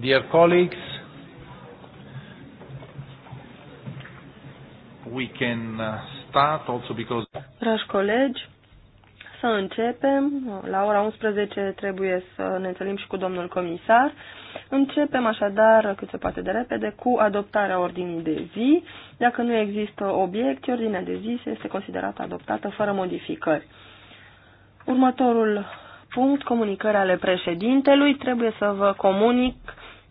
Dear colleagues, we can uh, start also because Dragi colegi, să începem. La ora 11 trebuie să ne întâlnim și cu domnul comisar. Începem așadar cât se poate de repede cu adoptarea ordinii de zi. Dacă nu există obiecte, ordinea de zi este considerată adoptată fără modificări. Următorul punct, comunicări ale președintelui, trebuie să vă comunic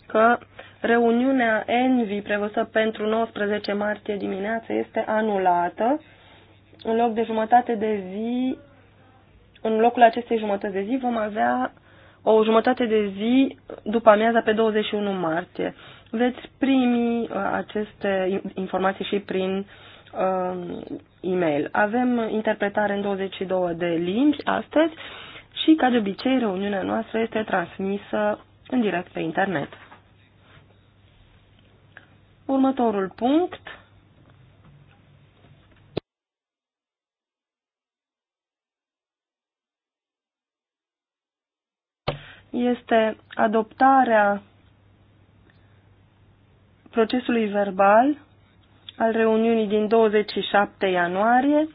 că reuniunea ENVI prevăzută pentru 19 martie dimineață este anulată. În loc de jumătate de zi, în locul acestei jumătăți de zi vom avea o jumătate de zi după amiaza pe 21 martie. Veți primi uh, aceste informații și prin uh, e-mail. Avem interpretare în 22 de limbi astăzi și, ca de obicei, reuniunea noastră este transmisă în direct pe internet. Următorul punct. Este adoptarea procesului verbal al reuniunii din 27 ianuarie.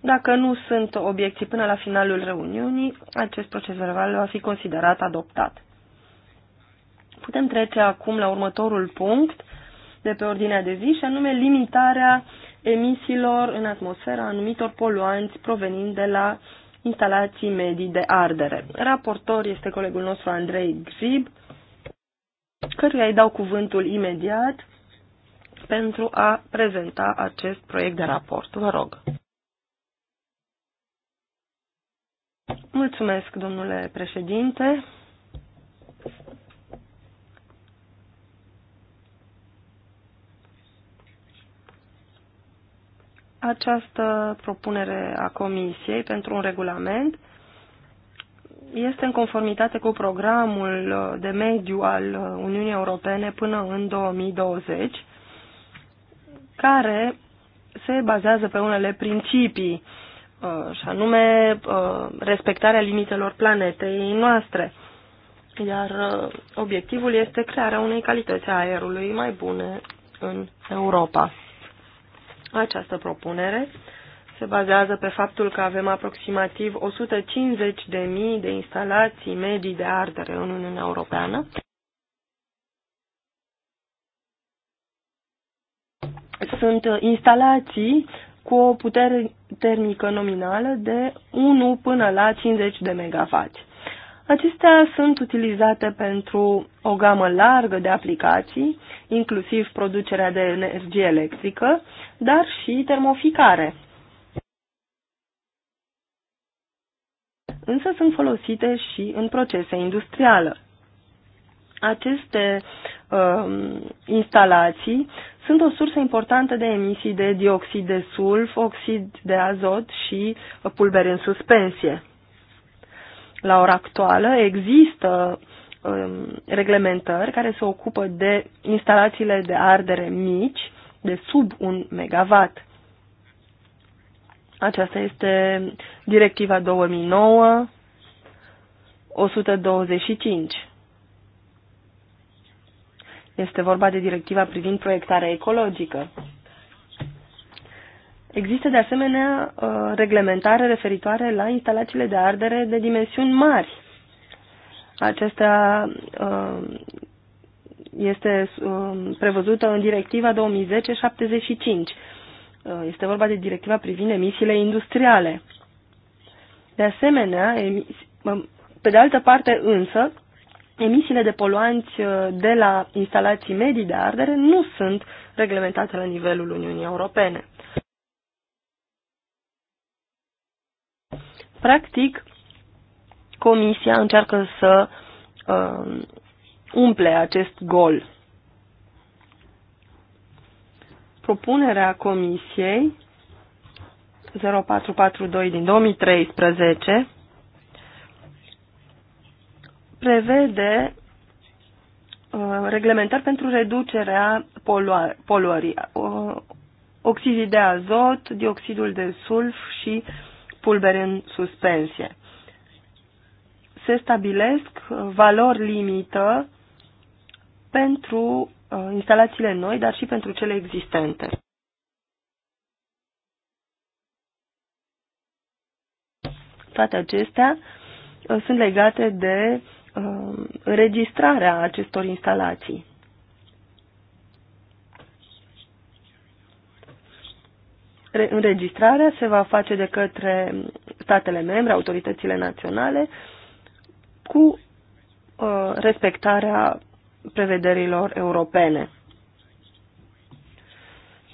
Dacă nu sunt obiecții până la finalul reuniunii, acest proces verbal va fi considerat adoptat. Putem trece acum la următorul punct, de pe ordinea de zi, și anume limitarea emisiilor în atmosferă anumitor poluanți provenind de la instalații medii de ardere. Raportor este colegul nostru Andrei Grib, căruia îi dau cuvântul imediat pentru a prezenta acest proiect de raport. Vă rog. Mulțumesc, domnule președinte. Această propunere a Comisiei pentru un regulament este în conformitate cu programul de mediu al Uniunii Europene până în 2020, care se bazează pe unele principii, uh, și anume uh, respectarea limitelor planetei noastre. Iar uh, obiectivul este crearea unei calități a aerului mai bune în Europa. Această propunere se bazează pe faptul că avem aproximativ 150.000 de instalații medii de ardere în Uniunea Europeană. Sunt instalații cu o putere termică nominală de 1 până la 50 de MW. Acestea sunt utilizate pentru o gamă largă de aplicații, inclusiv producerea de energie electrică, dar și termoficare. Însă sunt folosite și în procese industriale. Aceste uh, instalații sunt o sursă importantă de emisii de dioxid de sulf, oxid de azot și pulbere în suspensie. La ora actuală există um, reglementări care se ocupă de instalațiile de ardere mici, de sub un megawatt. Aceasta este directiva 2009 125. Este vorba de directiva privind proiectarea ecologică. Există de asemenea uh, reglementare referitoare la instalațiile de ardere de dimensiuni mari. Acesta uh, este um, prevăzută în directiva 2010-75. Uh, este vorba de directiva privind emisiile industriale. De asemenea, pe de altă parte însă, emisiile de poluanți de la instalații medii de ardere nu sunt reglementate la nivelul Uniunii Europene. Practic, Comisia încearcă să uh, umple acest gol. Propunerea Comisiei 0442 din 2013 prevede reglementar uh, reglementări pentru reducerea poluării, uh, oxizii de azot, dioxidul de sulf și uh, pulbere în suspensie. Se stabilesc uh, valori limită pentru uh, instalațiile noi, dar și pentru cele existente. Toate acestea uh, sunt legate de înregistrarea acestor instalații. Înregistrarea se va face de către statele membre, autoritățile naționale, cu uh, respectarea prevederilor europene.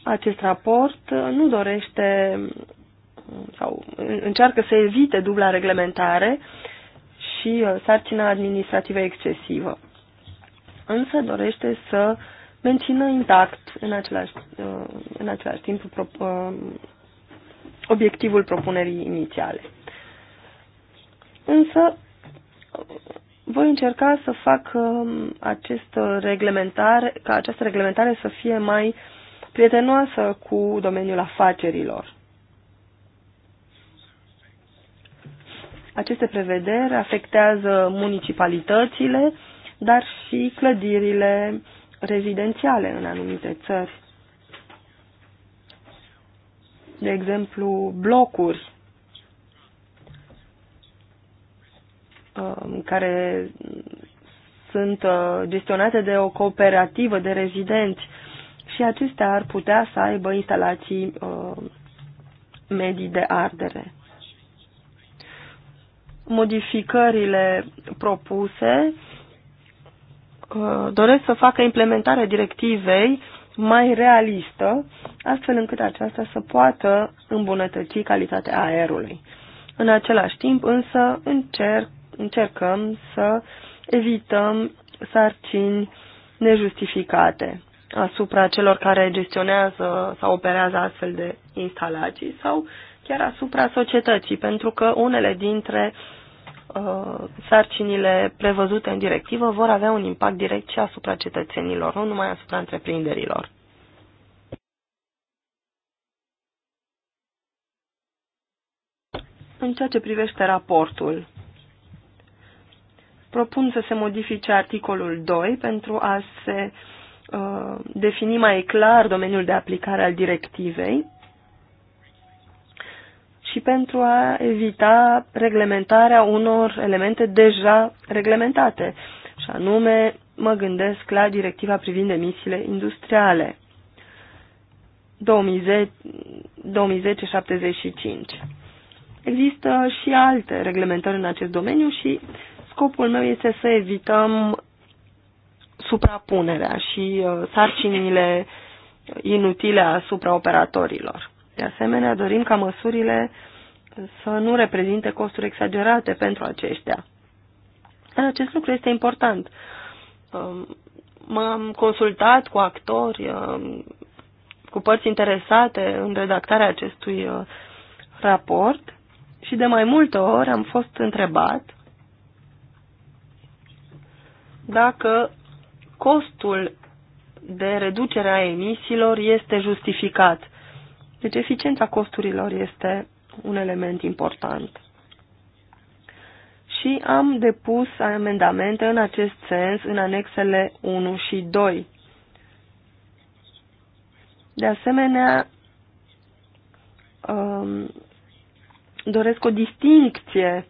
Acest raport uh, nu dorește uh, sau încearcă să evite dubla reglementare și sarcina administrativă excesivă. Însă dorește să uh, mențină intact în același, uh, în același timp uh, obiectivul propunerii inițiale. Însă, voi încerca să fac um, acest reglementare, ca această reglementare să fie mai prietenoasă cu domeniul afacerilor. Aceste prevederi afectează municipalitățile, dar și clădirile, rezidențiale în anumite țări. De exemplu, blocuri um, care sunt uh, gestionate de o cooperativă de rezidenți și acestea ar putea să aibă instalații uh, medii de ardere. Modificările propuse Uh, doresc să facă implementarea directivei mai realistă, astfel încât aceasta să poată îmbunătăți calitatea aerului. În același timp, însă, încerc, încercăm să evităm sarcini nejustificate asupra celor care gestionează sau operează astfel de instalații sau chiar asupra societății, pentru că unele dintre uh, Uh, sarcinile prevăzute în directivă vor avea un impact direct și asupra cetățenilor, nu numai asupra întreprinderilor. În ceea ce privește raportul, propun să se modifice articolul 2 pentru a se uh, defini mai clar domeniul de aplicare al directivei și pentru a evita reglementarea unor elemente deja reglementate. Și anume, mă gândesc la directiva privind emisiile industriale 2010-75. Există și alte reglementări în acest domeniu și scopul meu este să evităm suprapunerea și uh, sarcinile inutile asupra operatorilor. De asemenea, dorim ca măsurile să nu reprezinte costuri exagerate pentru aceștia. Dar acest lucru este important. Um, M-am consultat cu actori, um, cu părți interesate în redactarea acestui uh, raport și de mai multe ori am fost întrebat dacă costul de reducere a emisiilor este justificat. Deci eficiența costurilor este un element important. Și am depus amendamente în acest sens în anexele 1 și 2. De asemenea, um, doresc o distincție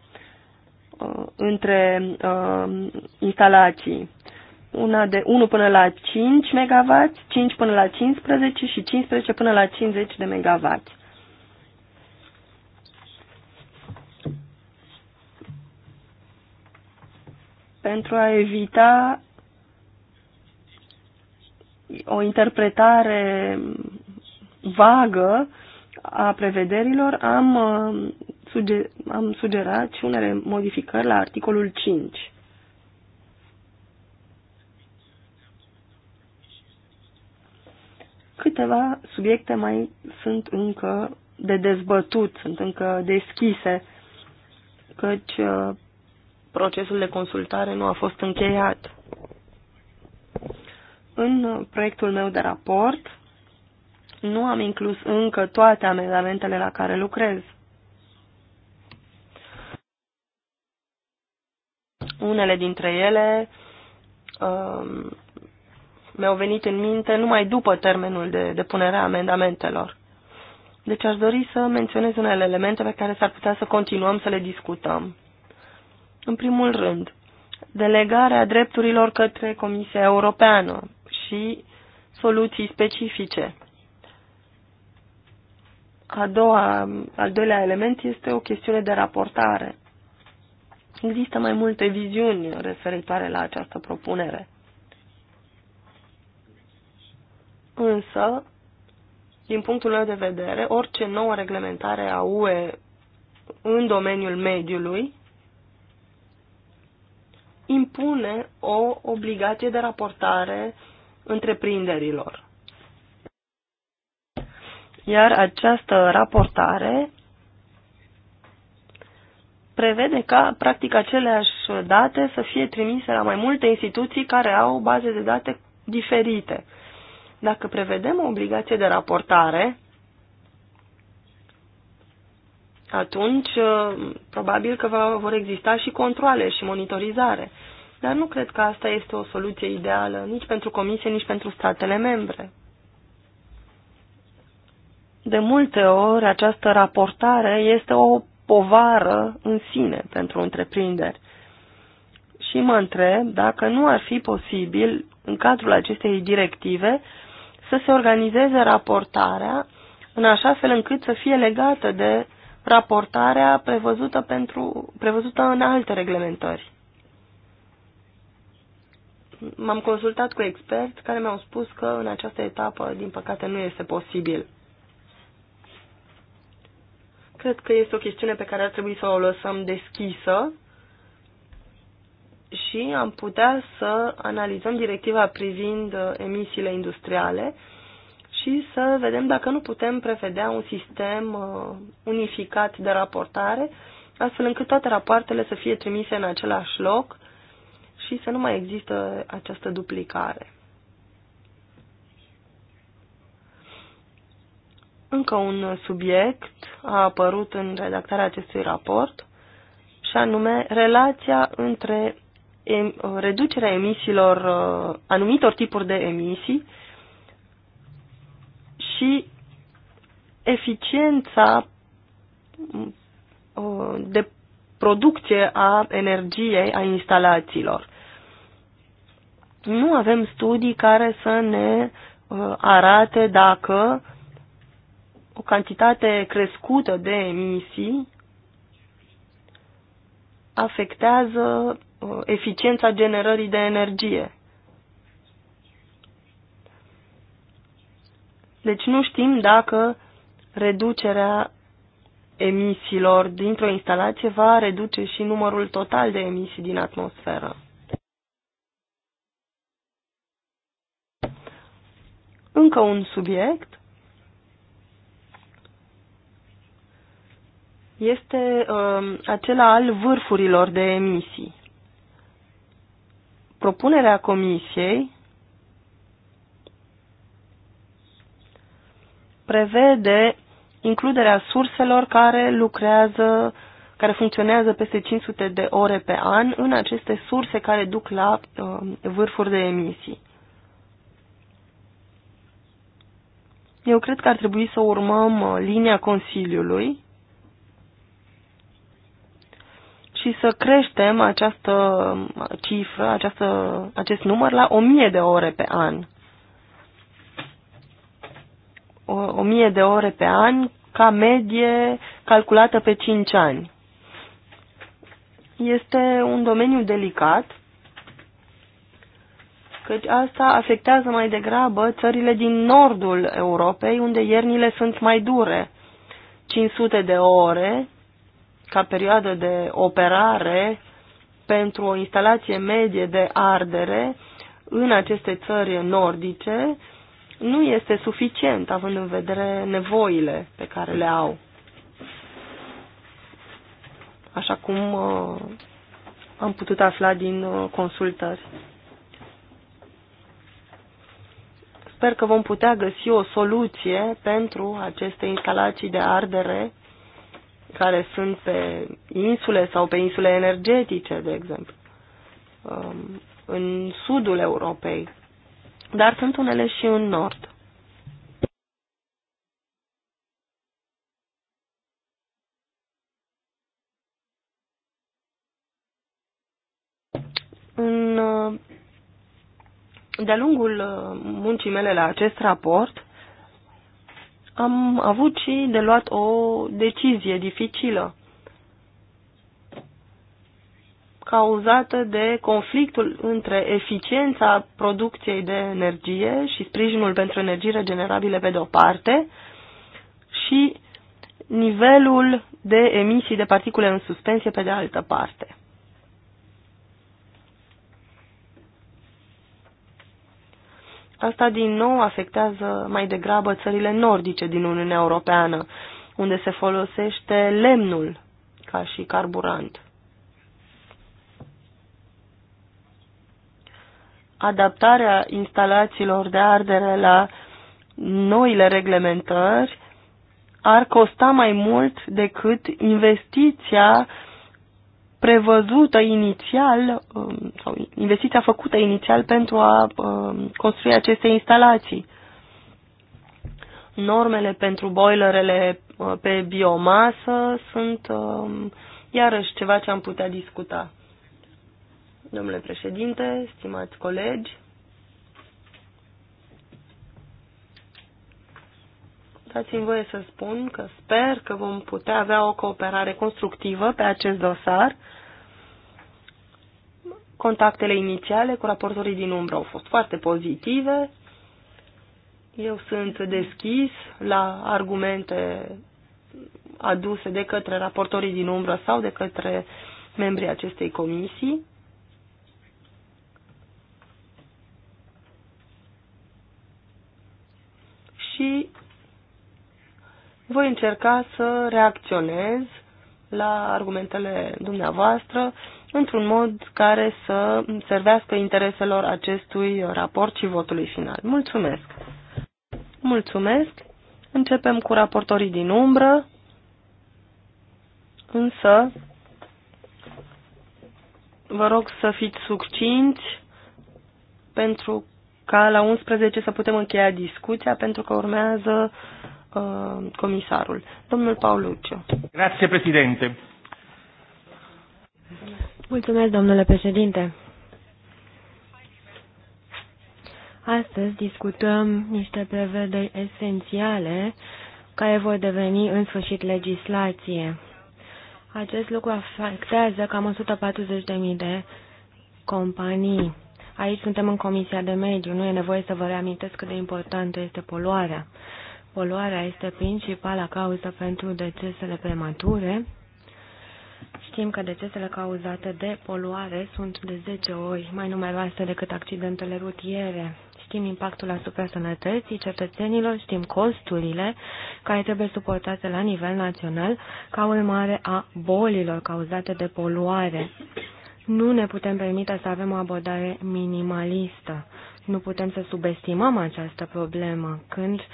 uh, între um, instalații una de 1 până la 5 MW, 5 până la 15 și 15 până la 50 de MW. Pentru a evita o interpretare vagă a prevederilor, am, uh, suge- am sugerat și unele modificări la articolul 5. Câteva subiecte mai sunt încă de dezbătut, sunt încă deschise, căci uh, procesul de consultare nu a fost încheiat. În proiectul meu de raport nu am inclus încă toate amendamentele la care lucrez. Unele dintre ele um, mi-au venit în minte numai după termenul de depunere a amendamentelor. Deci aș dori să menționez unele elemente pe care s-ar putea să continuăm să le discutăm. În primul rând, delegarea drepturilor către Comisia Europeană și soluții specifice. A doua, al doilea element este o chestiune de raportare. Există mai multe viziuni referitoare la această propunere. Însă, din punctul meu de vedere, orice nouă reglementare a UE în domeniul mediului impune o obligație de raportare întreprinderilor. Iar această raportare prevede ca, practic, aceleași date să fie trimise la mai multe instituții care au baze de date diferite. Dacă prevedem o obligație de raportare, atunci uh, probabil că va, vor exista și controle și monitorizare. Dar nu cred că asta este o soluție ideală nici pentru Comisie, nici pentru statele membre. De multe ori, această raportare este o povară în sine pentru întreprinderi. Și mă întreb dacă nu ar fi posibil, în cadrul acestei directive, să se organizeze raportarea în așa fel încât să fie legată de raportarea prevăzută, pentru, prevăzută în alte reglementări. M-am consultat cu experți care mi-au spus că în această etapă, din păcate, nu este posibil. Cred că este o chestiune pe care ar trebui să o lăsăm deschisă și am putea să analizăm directiva privind uh, emisiile industriale și să vedem dacă nu putem prevedea un sistem uh, unificat de raportare, astfel încât toate rapoartele să fie trimise în același loc și să nu mai există această duplicare. Încă un subiect a apărut în redactarea acestui raport, și anume relația între Uh, reducerea emisiilor, uh, anumitor tipuri de emisii și eficiența mm, uh, de producție a energiei a instalațiilor. Nu avem studii care să ne arate dacă o cantitate crescută de emisii afectează uh, eficiența generării de energie. Deci nu știm dacă reducerea emisiilor dintr-o instalație va reduce și numărul total de emisii din atmosferă. Încă un subiect este uh, acela al vârfurilor de emisii. Propunerea Comisiei prevede includerea surselor care lucrează, care funcționează peste 500 de ore pe an în aceste surse care duc la uh, vârfuri de emisii. Eu cred că ar trebui să urmăm uh, linia Consiliului și să creștem această cifră, această, acest număr la 1000 de ore pe an. o 1000 de ore pe an ca medie calculată pe 5 ani. Este un domeniu delicat, căci asta afectează mai degrabă țările din nordul Europei, unde iernile sunt mai dure. 500 de ore ca perioadă de operare pentru o instalație medie de ardere în aceste țări nordice nu este suficient, având în vedere nevoile pe care le au. Așa cum uh, am putut afla din uh, consultări. Sper că vom putea găsi o soluție pentru aceste instalații de ardere care sunt pe insule sau pe insule energetice, de exemplu, um, în sudul Europei, dar sunt unele și în nord. În, uh, de-a lungul uh, muncii mele la acest raport, am avut și de luat o decizie dificilă cauzată de conflictul între eficiența producției de energie și sprijinul pentru energii regenerabile pe de-o parte și nivelul de emisii de particule în suspensie pe de altă parte. Asta din nou afectează mai degrabă țările nordice din Uniunea Europeană, unde se folosește lemnul ca și carburant. Adaptarea instalațiilor de ardere la noile reglementări ar costa mai mult decât investiția uh, prevăzută inițial um, sau investiția făcută inițial pentru a um, construi aceste instalații. Normele pentru boilerele uh, pe biomasă sunt um, iarăși ceva ce am putea discuta. Domnule președinte, stimați colegi, Dați-mi voie să spun că sper că vom putea avea o cooperare constructivă pe acest dosar. Contactele inițiale cu raportorii din umbră au fost foarte pozitive. Eu sunt deschis la argumente aduse de către raportorii din umbră sau de către membrii acestei comisii. Și voi încerca să reacționez la argumentele dumneavoastră într-un mod care să servească intereselor acestui raport și votului final. Mulțumesc! Mulțumesc! Începem cu raportorii din umbră, însă vă rog să fiți succinți pentru ca la 11 să putem încheia discuția, pentru că urmează uh, uh, comisarul. Domnul Lucio. Grazie, președinte. Mulțumesc, domnule președinte. Astăzi discutăm niște prevederi esențiale care vor deveni în sfârșit legislație. Acest lucru afectează cam 140.000 de companii. Aici suntem în Comisia de Mediu, nu e nevoie să vă reamintesc cât de importantă este poluarea. Poluarea este principala cauză pentru decesele premature. Știm că decesele cauzate de poluare sunt de 10 ori mai numeroase decât accidentele rutiere. Știm impactul asupra sănătății cetățenilor, știm costurile care trebuie suportate la nivel național ca urmare a bolilor cauzate de poluare. Nu ne putem permite să avem o abordare minimalistă. Nu putem să subestimăm această problemă când uh,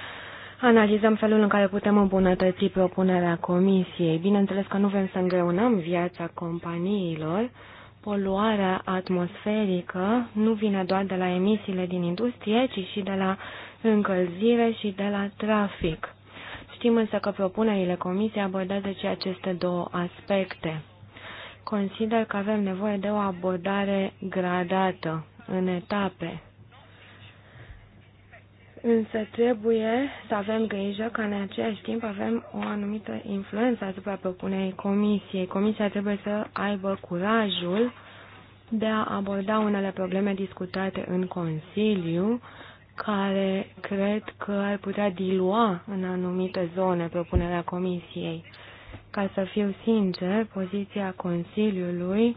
analizăm felul în care putem îmbunătăți propunerea comisiei. Bineînțeles că nu vrem să îngreunăm viața companiilor. Poluarea atmosferică nu vine doar de la emisiile din industrie, ci și de la încălzire și de la trafic. Știm însă că propunerile comisiei abordează și aceste două aspecte. Consider că avem nevoie de o abordare gradată, în etape, Însă trebuie să avem grijă că în același timp avem o anumită influență asupra propunerii comisiei. Comisia trebuie să aibă curajul de a aborda unele probleme discutate în Consiliu, care cred că ar putea dilua în anumite zone propunerea comisiei. Ca să fiu sincer, poziția Consiliului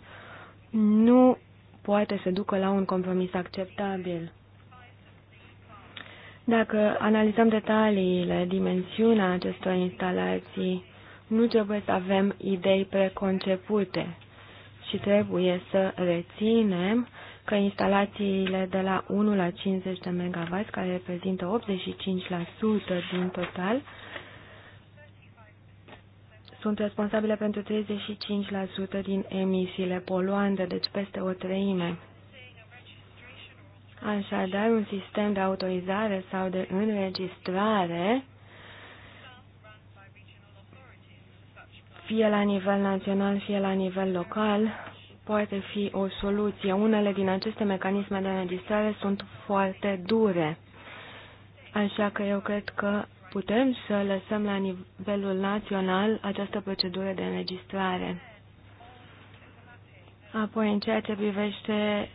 nu poate să ducă la un compromis acceptabil. Dacă analizăm detaliile, dimensiunea acestor instalații, nu trebuie să avem idei preconcepute și trebuie să reținem că instalațiile de la 1 la 50 de MW, care reprezintă 85% din total, sunt responsabile pentru 35% din emisiile poluante, deci peste o treime. Așadar, un sistem de autorizare sau de înregistrare, fie la nivel național, fie la nivel local, poate fi o soluție. Unele din aceste mecanisme de înregistrare sunt foarte dure, așa că eu cred că putem să lăsăm la nivelul național această procedură de înregistrare. Apoi, în ceea ce privește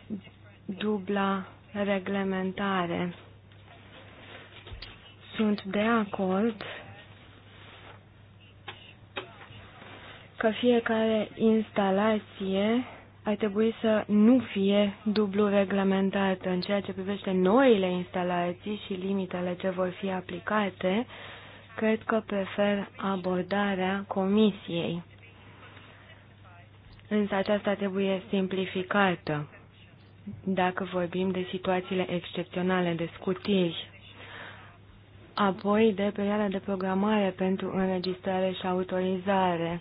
dubla reglementare. Sunt de acord că fiecare instalație ar trebui să nu fie dublu reglementată în ceea ce privește noile instalații și limitele ce vor fi aplicate, cred că prefer abordarea comisiei. Însă aceasta trebuie simplificată dacă vorbim de situațiile excepționale, de scutiri, apoi de perioada de programare pentru înregistrare și autorizare.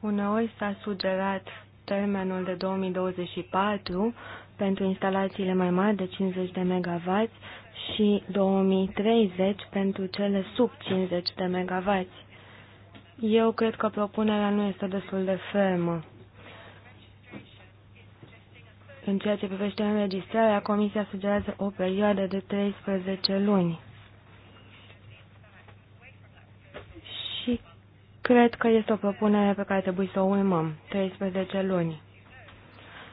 Uneori s-a sugerat termenul de 2024 pentru instalațiile mai mari de 50 de MW și 2030 pentru cele sub 50 de MW. Eu cred că propunerea nu este destul de fermă. În ceea ce privește înregistrarea, Comisia sugerează o perioadă de 13 luni. Și cred că este o propunere pe care trebuie să o urmăm, 13 luni.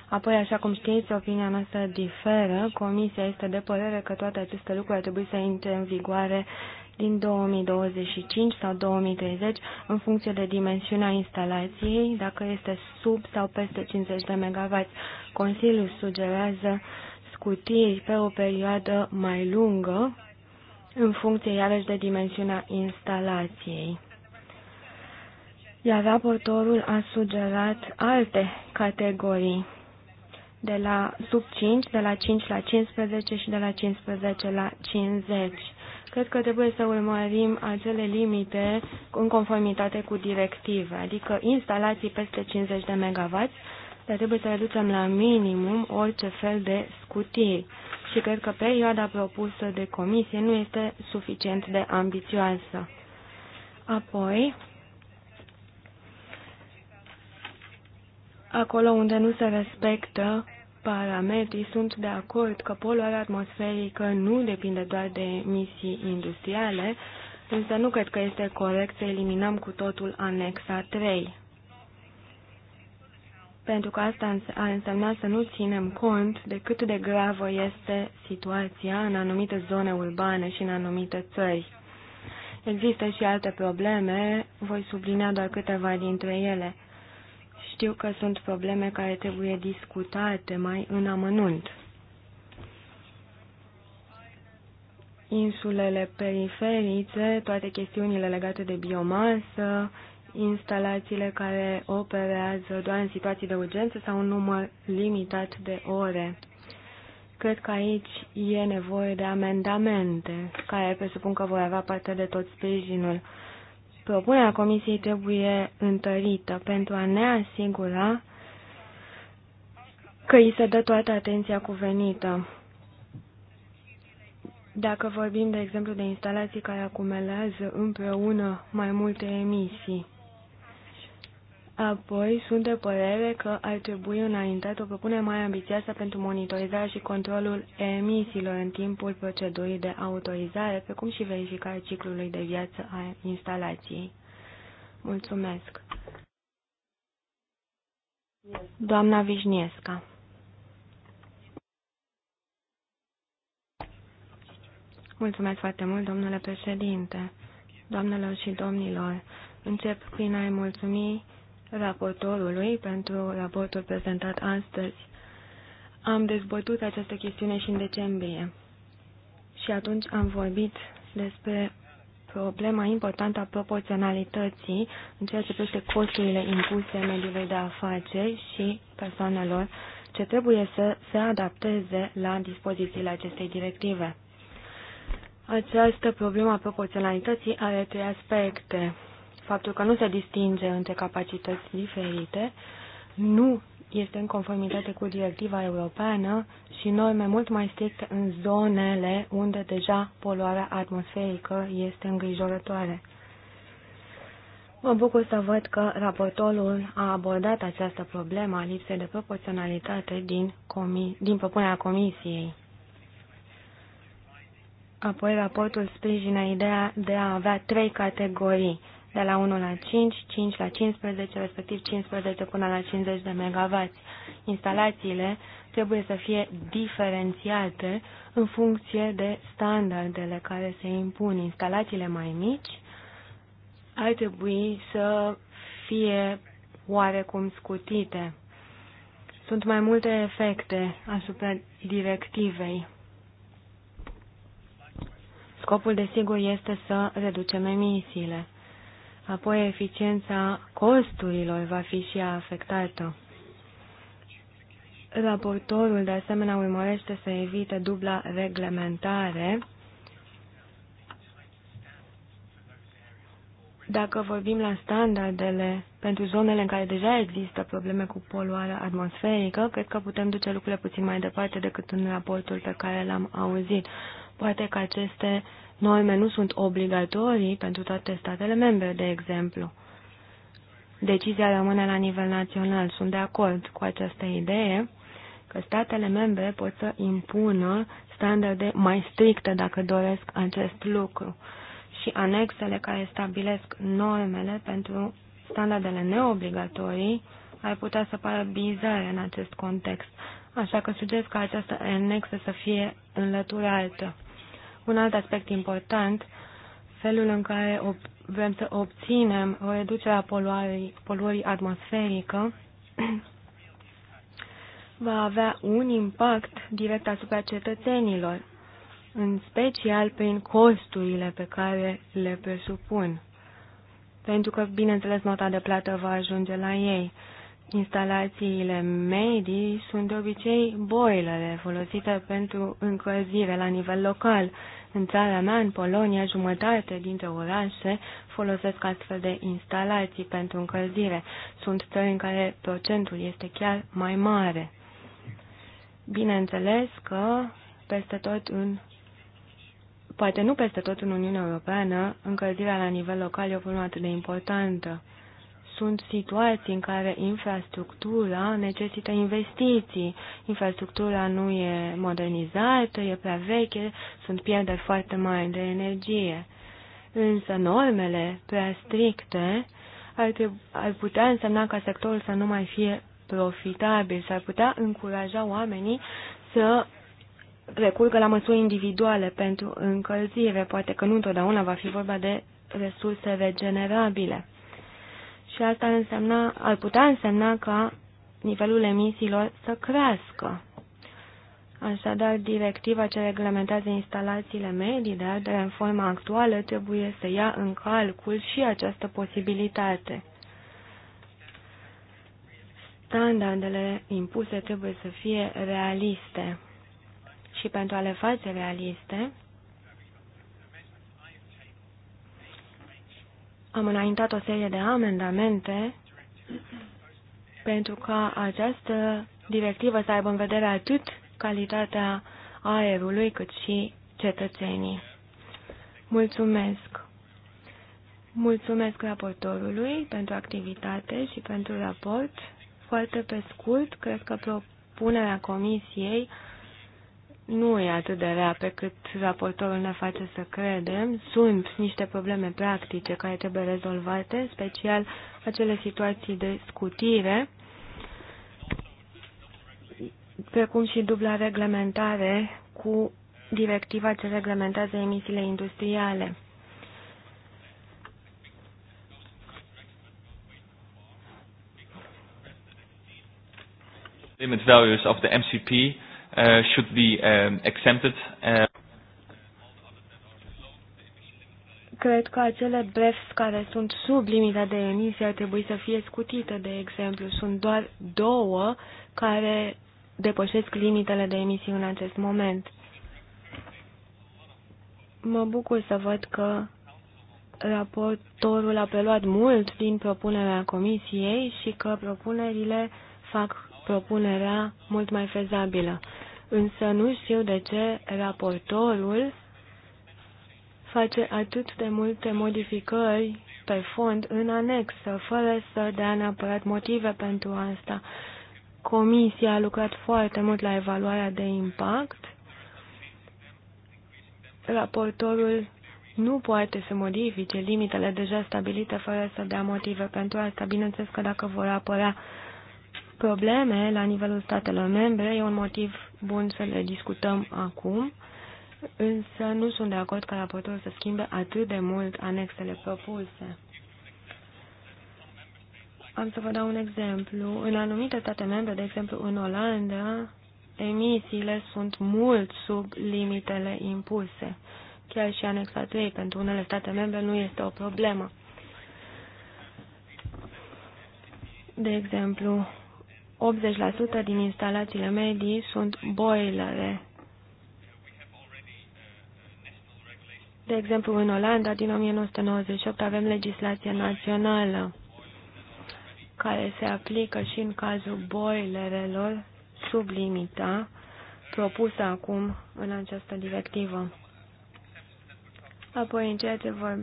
Apoi, așa cum știți, opinia noastră diferă. Comisia este de părere că toate aceste lucruri ar trebui să intre în vigoare din 2025 sau 2030 în funcție de dimensiunea instalației, dacă este sub sau peste 50 de MW. Consiliul sugerează scutiri pe o perioadă mai lungă în funcție iarăși de dimensiunea instalației. Iar raportorul a sugerat alte categorii de la sub 5, de la 5 la 15 și de la 15 la 50. Cred că trebuie să urmărim acele limite în conformitate cu directive, adică instalații peste 50 de MW, dar trebuie să reducem la minimum orice fel de scutiri, Și cred că perioada propusă de comisie nu este suficient de ambițioasă. Apoi, acolo unde nu se respectă parametrii sunt de acord că poluarea atmosferică nu depinde doar de emisii industriale, însă nu cred că este corect să eliminăm cu totul anexa 3. Pentru că asta a însemnat să nu ținem cont de cât de gravă este situația în anumite zone urbane și în anumite țări. Există și alte probleme, voi sublinia doar câteva dintre ele. Știu că sunt probleme care trebuie discutate mai în amănunt. Insulele periferice, toate chestiunile legate de biomasă, instalațiile care operează doar în situații de urgență sau un număr limitat de ore. Cred că aici e nevoie de amendamente, care presupun că voi avea parte de tot sprijinul Propunerea Comisiei trebuie întărită pentru a ne asigura că îi se dă toată atenția cuvenită. Dacă vorbim, de exemplu, de instalații care acumulează împreună mai multe emisii, Apoi, sunt de părere că ar trebui înaintat o propunere mai ambițioasă pentru monitorizarea și controlul emisiilor în timpul procedurii de autorizare, precum și verificarea ciclului de viață a instalației. Mulțumesc. Doamna Vișniesca. Mulțumesc foarte mult, domnule președinte, doamnelor și domnilor. Încep prin a-i mulțumi raportorului pentru raportul prezentat astăzi. Am dezbătut această chestiune și în decembrie și atunci am vorbit despre problema importantă a proporționalității în ceea ce privește costurile impuse mediului de afaceri și persoanelor ce trebuie să se adapteze la dispozițiile acestei directive. Această problemă a proporționalității are trei aspecte faptul că nu se distinge între capacități diferite nu este în conformitate cu directiva europeană și norme mult mai stricte în zonele unde deja poluarea atmosferică este îngrijorătoare. Mă bucur să văd că raportorul a abordat această problemă a lipsei de proporționalitate din, comi din propunerea comisiei. Apoi, raportul sprijină ideea de a avea trei categorii de la 1 la 5, 5 la 15, respectiv 15 până la 50 de MW. Instalațiile trebuie să fie diferențiate în funcție de standardele care se impun. Instalațiile mai mici ar trebui să fie oarecum scutite. Sunt mai multe efecte asupra directivei. Scopul, desigur, este să reducem emisiile. Apoi eficiența costurilor va fi și ea afectată. Raportorul de asemenea urmărește să evite dubla reglementare. Dacă vorbim la standardele pentru zonele în care deja există probleme cu poluarea atmosferică, cred că putem duce lucrurile puțin mai departe decât în raportul pe care l-am auzit. Poate că aceste norme nu sunt obligatorii pentru toate statele membre, de exemplu. Decizia rămâne la nivel național. Sunt de acord cu această idee că statele membre pot să impună standarde mai stricte dacă doresc acest lucru și anexele care stabilesc normele pentru standardele neobligatorii ar putea să pară bizare în acest context, așa că sugerez ca această anexă să fie înlăturată. Un alt aspect important, felul în care vrem să obținem o reducere a poluării, poluării atmosferică, va avea un impact direct asupra cetățenilor, în special prin costurile pe care le presupun. Pentru că, bineînțeles, nota de plată va ajunge la ei. Instalațiile medii sunt de obicei boilele folosite pentru încălzire la nivel local. În țara mea, în Polonia, jumătate dintre orașe folosesc astfel de instalații pentru încălzire. Sunt țări în care procentul este chiar mai mare. Bineînțeles că peste tot în poate nu peste tot în Uniunea Europeană, încălzirea la nivel local e o problemă atât de importantă sunt situații în care infrastructura necesită investiții. Infrastructura nu e modernizată, e prea veche, sunt pierderi foarte mari de energie. Însă normele prea stricte ar, trebui, ar putea însemna ca sectorul să nu mai fie profitabil, s-ar putea încuraja oamenii să recurgă la măsuri individuale pentru încălzire. Poate că nu întotdeauna va fi vorba de resurse regenerabile și asta ar, însemna, ar putea însemna ca nivelul emisiilor să crească. Așadar, directiva ce reglementează instalațiile medii de ardere în forma actuală trebuie să ia în calcul și această posibilitate. Standardele impuse trebuie să fie realiste și pentru a le face realiste, Am înaintat o serie de amendamente pentru ca această directivă să aibă în vedere atât calitatea aerului cât și cetățenii. Mulțumesc! Mulțumesc raportorului pentru activitate și pentru raport. Foarte pe scurt, cred că propunerea comisiei nu e atât de rea pe cât raportorul ne face să credem. Sunt niște probleme practice care trebuie rezolvate, special acele situații de scutire, precum și dubla reglementare cu directiva ce reglementează emisiile industriale. Limit values of the MCP uh, should be um, exempted. Uh. Cred că acele BEFs care sunt sub limita de emisie ar trebui să fie scutite, de exemplu. Sunt doar două care depășesc limitele de emisie în acest moment. Mă bucur să văd că raportorul a preluat mult din propunerea comisiei și că propunerile fac propunerea mult mai fezabilă. Însă nu știu de ce raportorul face atât de multe modificări pe fond în anexă, fără să dea neapărat motive pentru asta. Comisia a lucrat foarte mult la evaluarea de impact. Raportorul nu poate să modifice limitele deja stabilite fără să dea motive pentru asta. Bineînțeles că dacă vor apărea uh, probleme la nivelul statelor membre, e un motiv bun să le discutăm acum, însă nu sunt de acord ca raportul să schimbe atât de mult anexele propuse. Am să vă dau un exemplu. În anumite state membre, de exemplu în Olanda, emisiile sunt mult sub limitele impuse. Chiar și anexa 3 pentru unele state membre nu este o problemă. De exemplu, 80% din instalațiile medii sunt boilere. De exemplu, în Olanda, din 1998, avem legislația națională care se aplică și în cazul boilerelor sub limita propusă acum în această directivă. Apoi, în ceea ce vă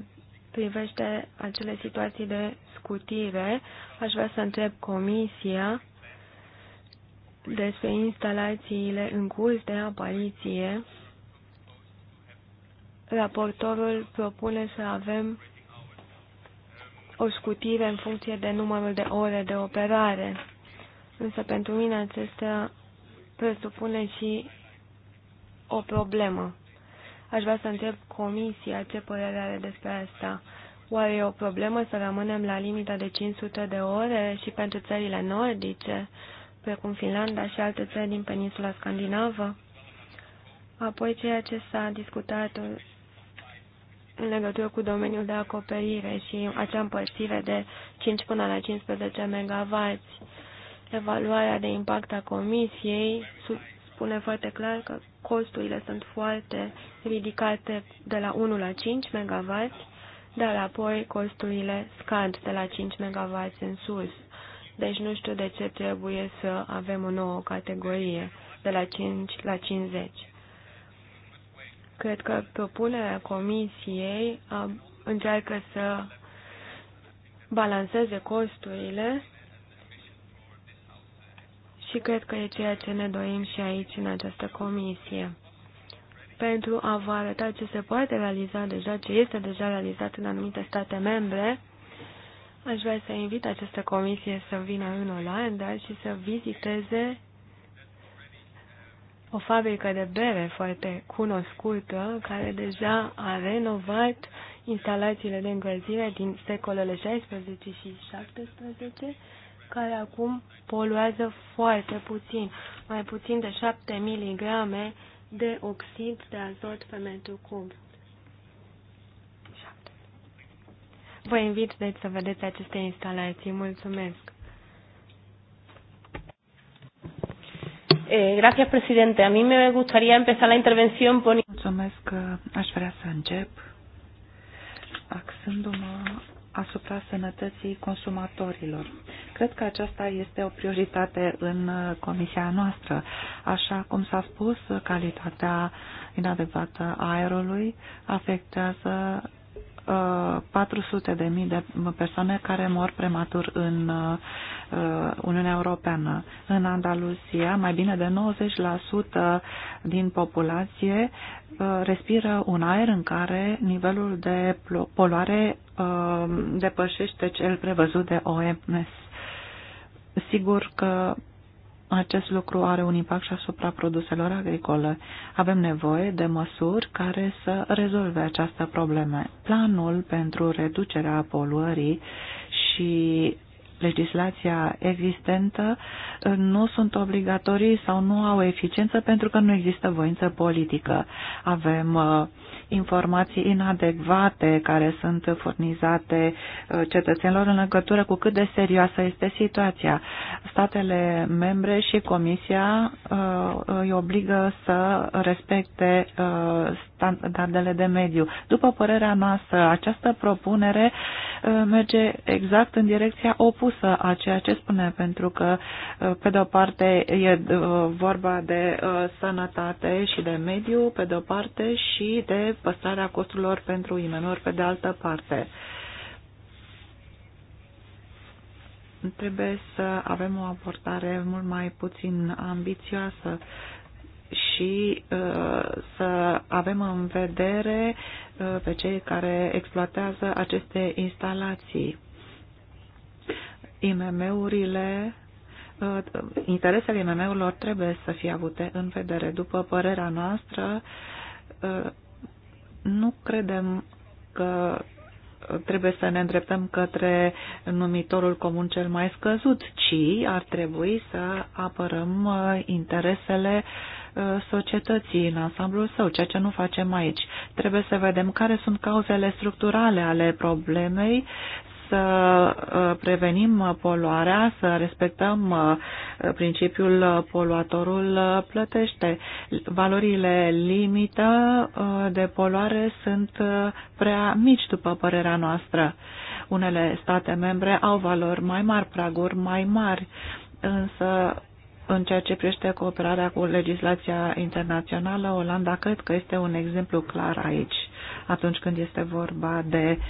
privește acele situații de scutire, aș vrea să întreb Comisia despre instalațiile în curs de apariție, raportorul propune să avem o scutire în funcție de numărul de ore de operare. Însă pentru mine acesta presupune și o problemă. Aș vrea să întreb comisia ce părere are despre asta. Oare e o problemă să rămânem la limita de 500 de ore și pentru țările nordice? precum Finlanda și alte țări din peninsula scandinavă. Apoi ceea ce s-a discutat în legătură cu domeniul de acoperire și acea împărțire de 5 până la 15 MW. Evaluarea de impact a comisiei spune foarte clar că costurile sunt foarte ridicate de la 1 la 5 MW, dar apoi costurile scad de la 5 MW în sus. Deci nu știu de ce trebuie să avem o nouă categorie de la 5 la 50. Cred că propunerea comisiei încearcă să balanceze costurile și cred că e ceea ce ne dorim și aici, în această comisie. Pentru a vă arăta ce se poate realiza deja, ce este deja realizat în anumite state membre, Aș vrea să invit această comisie să vină în Olanda și să viziteze o fabrică de bere foarte cunoscută, care deja a renovat instalațiile de încălzire din secolele 16 și 17, care acum poluează foarte puțin, mai puțin de 7 mg de oxid de azot pe metru cub. Vă invit, deci, să vedeți aceste instalații. Mulțumesc! Eh, gracias, presidente. A mí me gustaría empezar la intervención Mulțumesc. Eh, aș vrea să încep axându-mă asupra sănătății consumatorilor. Cred că aceasta este o prioritate în eh, comisia noastră. Așa cum s-a spus, calitatea inadecvată a aerului afectează 400 de mii de persoane care mor prematur în uh, Uniunea Europeană. În Andaluzia, mai bine de 90% din populație uh, respiră un aer în care nivelul de poluare uh, depășește cel prevăzut de OMS. Sigur că acest lucru are un impact și asupra produselor agricole. Avem nevoie de măsuri care să rezolve această problemă. Planul pentru reducerea poluării și legislația existentă uh, nu sunt obligatorii sau nu au eficiență pentru că nu există voință politică. Avem uh, informații inadecvate care sunt furnizate uh, cetățenilor în legătură cu cât de serioasă este situația. Statele membre și Comisia uh, îi obligă să respecte uh, standardele de mediu. După părerea noastră, această propunere merge exact în direcția opusă a ceea ce spune, pentru că, pe de o parte, e vorba de sănătate și de mediu, pe de o parte, și de păstrarea costurilor pentru imm pe de altă parte. Trebuie să avem o abordare mult mai puțin ambițioasă și uh, să avem în vedere uh, pe cei care exploatează aceste instalații. IMM-urile, uh, interesele IMM-urilor trebuie să fie avute în vedere. După părerea noastră, nu credem că trebuie să ne îndreptăm către numitorul comun cel mai scăzut, ci ar trebui să apărăm uh, interesele uh, societății în ansamblul său, ceea ce nu facem aici. Trebuie să vedem care sunt cauzele structurale ale problemei, să uh, prevenim uh, poluarea, să respectăm uh, principiul poluatorul plătește. Valorile limită de poluare sunt prea mici, după părerea noastră. Unele state membre au valori mai mari, praguri mai mari, însă în ceea ce privește cooperarea cu legislația internațională, Olanda cred că este un exemplu clar aici, atunci când este vorba de uh,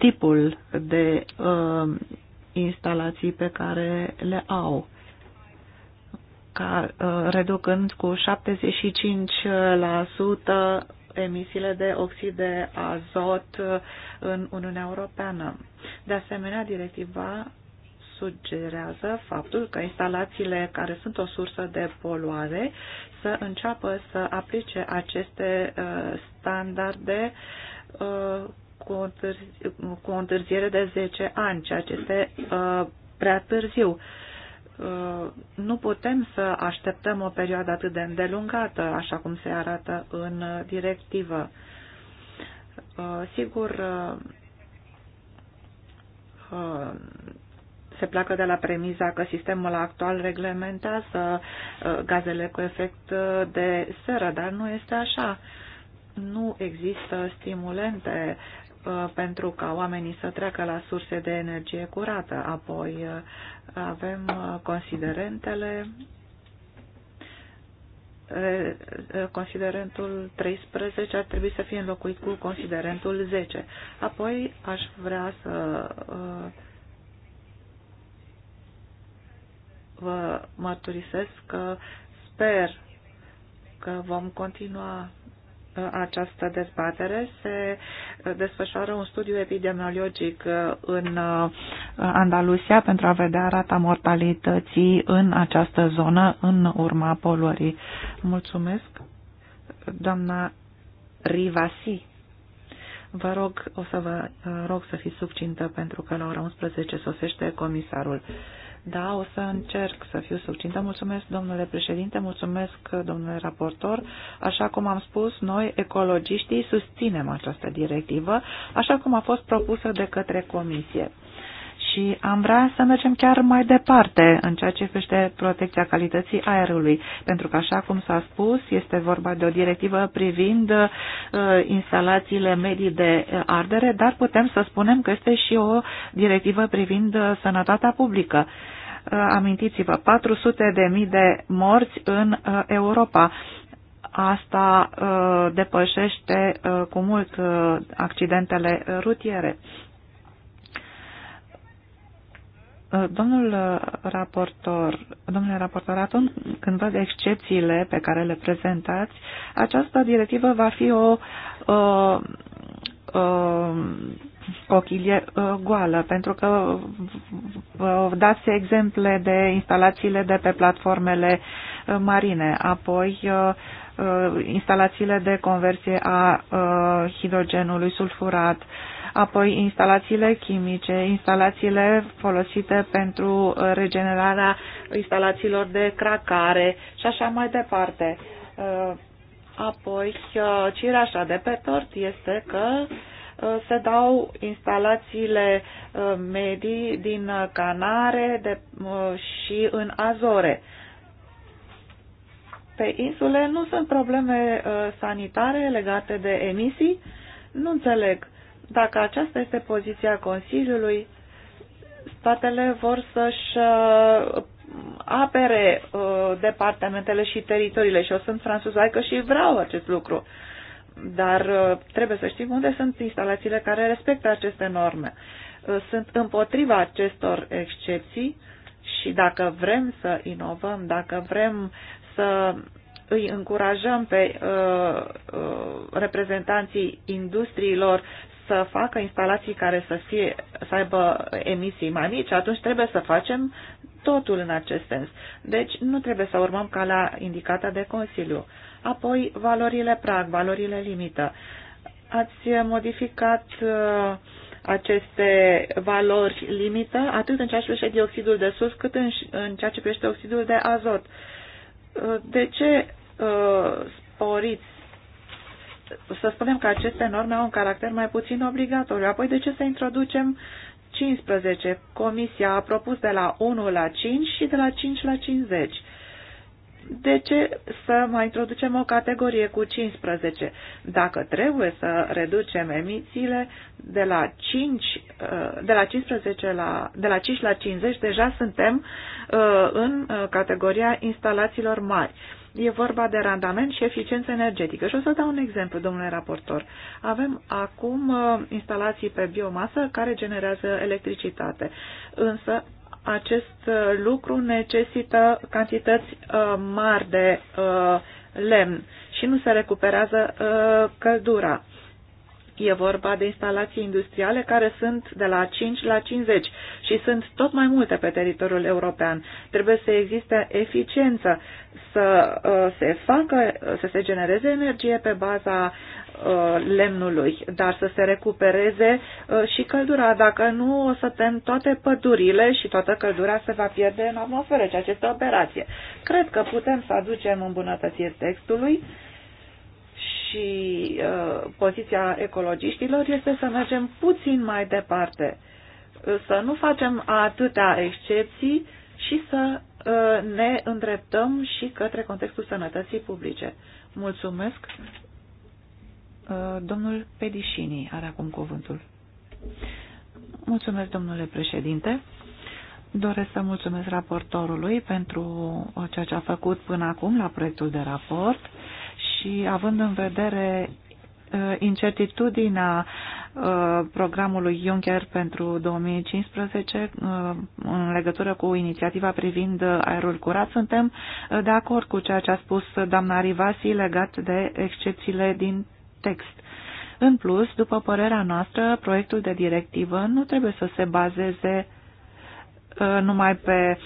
tipul de uh, instalații pe care le au, ca, uh, reducând cu 75% emisiile de oxid de azot uh, în Uniunea Europeană. De asemenea, directiva sugerează faptul că instalațiile care sunt o sursă de poluare să înceapă să aplice aceste uh, standarde uh, cu o, întârzi, cu o întârziere de 10 ani, ceea ce este uh, prea târziu. Uh, nu putem să așteptăm o perioadă atât de îndelungată, așa cum se arată în directivă. Uh, sigur, uh, uh, se pleacă de la premiza că sistemul actual reglementează uh, gazele cu efect uh, de seră, dar nu este așa. Nu există stimulente Uh, pentru ca oamenii să treacă la surse de energie curată. Apoi uh, avem uh, considerentele, considerentul 13 ar trebui să fie înlocuit cu considerentul 10. Apoi aș vrea să vă mărturisesc că sper că vom continua această dezbatere se uh, desfășoară un studiu epidemiologic uh, în uh, Andalusia pentru a vedea rata mortalității în această zonă în urma poluării. Mulțumesc, doamna Rivasi. Vă rog, o să vă rog să fiți subcintă pentru că la ora 11 sosește comisarul. Da, o să încerc să fiu subțintă. Mulțumesc, domnule președinte, mulțumesc, domnule raportor. Așa cum am spus, noi, ecologiștii, susținem această directivă, așa cum a fost propusă de către comisie și am vrea să mergem chiar mai departe în ceea ce privește protecția calității aerului, pentru că, așa cum s-a spus, este vorba de o directivă privind uh, instalațiile medii de uh, ardere, dar putem să spunem că este și o directivă privind uh, sănătatea publică. Uh, amintiți-vă, 400 de mii de morți în uh, Europa asta uh, depășește uh, cu mult uh, accidentele rutiere. Uh, domnul uh, raportor, domnule raportor, atunci când văd excepțiile pe care le prezentați, această directivă va fi o o o ochilie uh, goală, pentru că uh, dați exemple de instalațiile de pe platformele uh, marine, apoi instalațiile de conversie a hidrogenului sulfurat, apoi instalațiile chimice, instalațiile folosite pentru uh, regenerarea instalațiilor de cracare și așa mai departe. Uh, apoi, uh, cireașa de pe tort este că se dau instalațiile medii din Canare de, și în Azore. Pe insule nu sunt probleme sanitare legate de emisii? Nu înțeleg. Dacă aceasta este poziția Consiliului, statele vor să-și uh, apere uh, departamentele și teritoriile și eu sunt franțuzaică și vreau acest lucru. Dar uh, trebuie să știm unde sunt instalațiile care respectă aceste norme. Sunt împotriva acestor excepții și dacă vrem să inovăm, dacă vrem să îi încurajăm pe uh, uh, reprezentanții industriilor să facă instalații care să, fie, să aibă emisii mai mici, atunci trebuie să facem totul în acest sens. Deci nu trebuie să urmăm ca la indicată de Consiliu. Apoi, valorile prag, valorile limită. Ați modificat uh, aceste valori limită, atât în ceea ce privește dioxidul de sus, cât în, în ceea ce privește oxidul de azot. Uh, de ce uh, sporiți să spunem că aceste norme au un caracter mai puțin obligatoriu. Apoi de ce să introducem 15? Comisia a propus de la 1 la 5 și de la 5 la 50. De ce să mai introducem o categorie cu 15? Dacă trebuie să reducem emisiile de la 5 uh, de la 15 la de la 5 la 50 deja suntem uh, în uh, categoria instalațiilor mari. E vorba de randament și eficiență energetică. Și o să dau un exemplu, domnule raportor. Avem acum uh, instalații pe biomasă care generează electricitate, însă acest uh, lucru necesită cantități uh, mari de lemn și nu se recuperează căldura E vorba de instalații industriale care sunt de la 5 la 50 și sunt tot mai multe pe teritoriul european. Trebuie să existe eficiență, să uh, se facă, uh, să se genereze energie pe baza uh, lemnului, dar să se recupereze și căldura. Dacă nu, o să tem toate pădurile și toată căldura se va pierde în atmosferă, ceea ce este o operație. Cred că putem să aducem îmbunătățiri textului și uh, poziția ecologiștilor este să mergem puțin mai departe, să nu facem atâtea excepții și să uh, ne îndreptăm și către contextul sănătății publice. Mulțumesc. Uh, domnul Pedișini are acum cuvântul. Mulțumesc, domnule președinte. Doresc să mulțumesc raportorului pentru ceea ce a făcut până acum la proiectul de raport și având în vedere uh, incertitudinea uh, programului Juncker pentru 2015 uh, în legătură cu inițiativa privind aerul curat, suntem de acord cu ceea ce a spus doamna Rivasi legat de excepțiile din text. În plus, după părerea noastră, proiectul de directivă nu trebuie să se bazeze numai pe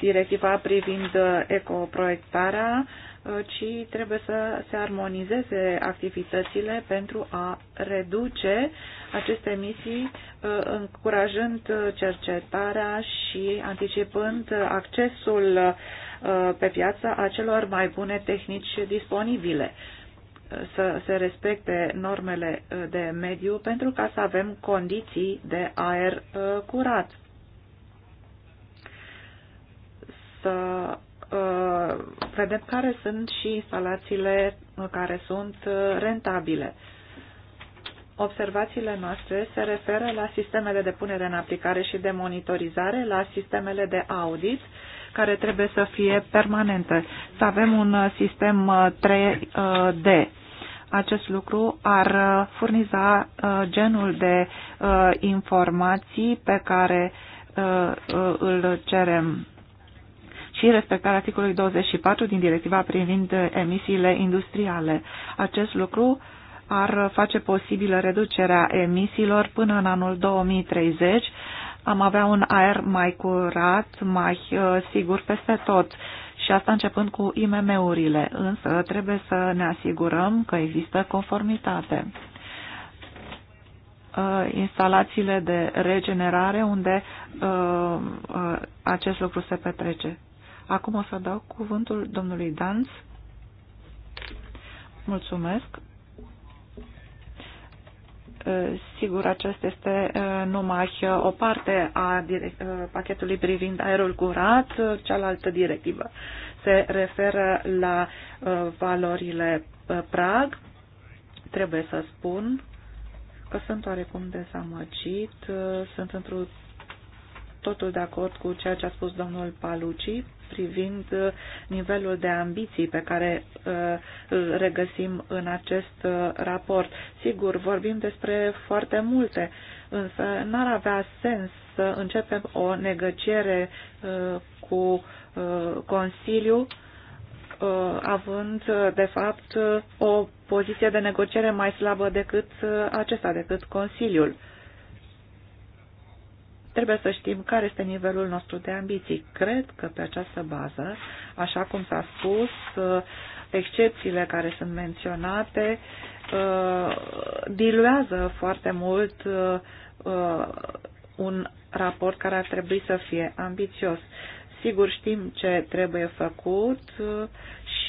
directiva privind ecoproiectarea, Uh, ci trebuie să se armonizeze activitățile pentru a reduce aceste emisii, uh, încurajând cercetarea și anticipând accesul uh, pe piață a celor mai bune tehnici disponibile să se respecte normele de mediu pentru ca să avem condiții de aer curat. Să Uh, vedem care sunt și instalațiile care sunt uh, rentabile. Observațiile noastre se referă la sistemele de punere în aplicare și de monitorizare, la sistemele de audit, care trebuie să fie permanente. Să avem un uh, sistem 3D. Acest lucru ar furniza genul de informații pe care îl cerem și respectarea articolului 24 din directiva privind emisiile industriale. Acest lucru ar face posibilă reducerea emisiilor până în anul 2030. Am avea un aer mai curat, mai uh, sigur peste tot și asta începând cu IMM-urile, însă trebuie să ne asigurăm că există conformitate. Uh, instalațiile de regenerare unde uh, acest lucru se petrece. Acum o să dau cuvântul domnului Danz. Mulțumesc. Sigur, aceasta este numai o parte a pachetului privind aerul curat, cealaltă directivă se referă la valorile prag. Trebuie să spun că sunt oarecum dezamăgit, sunt într totul de acord cu ceea ce a spus domnul Paluci privind uh, nivelul de ambiții pe care uh, îl regăsim în acest uh, raport. Sigur, vorbim despre foarte multe, însă n-ar avea sens să începem o negăciere cu Consiliu având, de fapt, o poziție de negociere mai slabă decât acesta, decât Consiliul. Trebuie să știm care este nivelul nostru de ambiții. Cred că pe această bază, așa cum s-a spus, uh, excepțiile care sunt menționate uh, diluează foarte mult uh, un raport care ar trebui să fie ambițios. Sigur știm ce trebuie făcut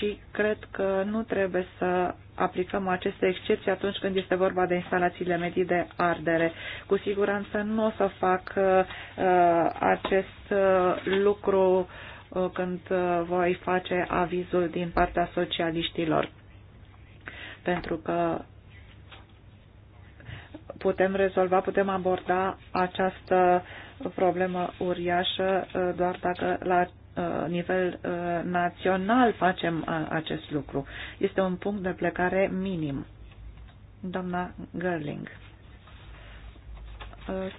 și cred că nu trebuie să aplicăm aceste excepții atunci când este vorba de instalațiile medii de ardere. Cu siguranță nu o să fac uh, acest uh, lucru uh, când uh, voi face avizul din partea socialiștilor. Pentru că putem rezolva, putem aborda această problemă uriașă uh, doar dacă la Uh, nivel uh, național facem uh, acest lucru. Este un punct de plecare minim. Doamna Gerling.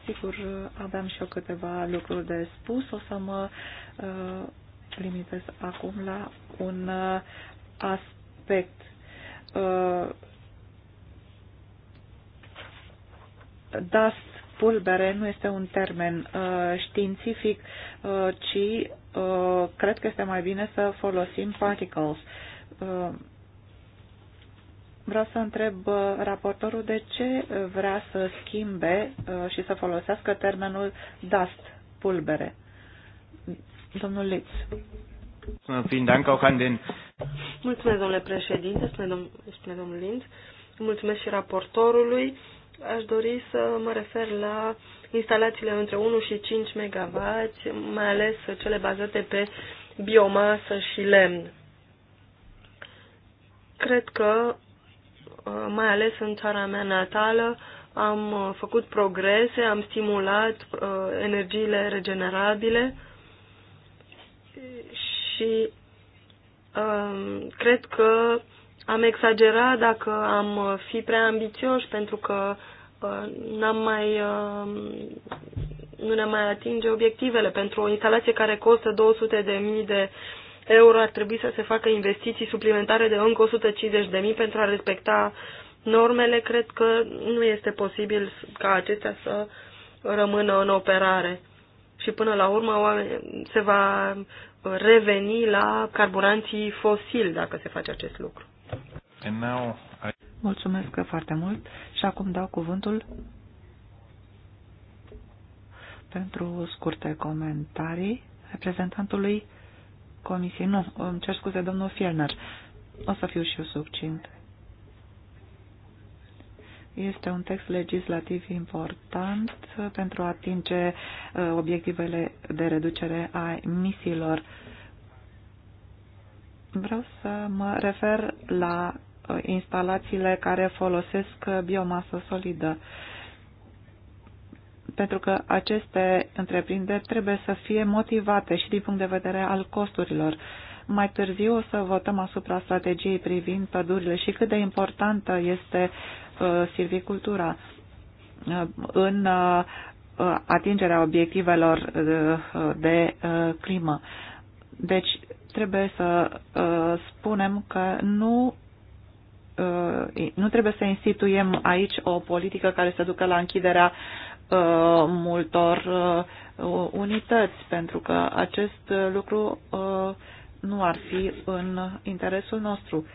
Sigur, aveam și eu câteva lucruri de spus. O să mă limitez acum la un aspect dust pulbere nu este un termen uh, științific, uh, ci Uh, cred că este mai bine să folosim particles. Uh, vreau să întreb uh, raportorul de ce vrea să schimbe și să folosească termenul dust, pulbere. Domnul Litz. Mulțumesc, domnule președinte, spune, domnul Lind. Mulțumesc și raportorului aș dori să mă refer la instalațiile între 1 și 5 MW, mai ales cele bazate pe biomasă și lemn. Cred că, uh, mai ales în țara mea natală, am uh, făcut progrese, am stimulat uh, energiile regenerabile și um, cred că am exagerat dacă am fi prea ambițioși, pentru că n-am mai, uh, nu ne mai atinge obiectivele. Pentru o instalație care costă 200.000 de mii de euro ar trebui să se facă investiții suplimentare de încă 150.000 de mii pentru a respecta normele. Cred că nu este posibil ca acestea să rămână în operare. Și până la urmă se va reveni la carburanții fosili dacă se face acest lucru. And now Mulțumesc foarte mult și acum dau cuvântul pentru scurte comentarii reprezentantului Comisiei. Nu, îmi cer scuze, domnul Fielner. O să fiu și eu subcint. Este un text legislativ important pentru a atinge uh, obiectivele de reducere a emisiilor. Vreau să mă refer la instalațiile care folosesc biomasă solidă. Pentru că aceste întreprinderi trebuie să fie motivate și din punct de vedere al costurilor. Mai târziu o să votăm asupra strategiei privind pădurile și cât de importantă este uh, silvicultura uh, în uh, atingerea obiectivelor uh, de uh, climă. Deci trebuie să uh, spunem că nu Uh, nu trebuie să instituiem aici o politică care să ducă la închiderea uh, multor uh, unități, pentru că acest lucru nu ar fi în interesul nostru.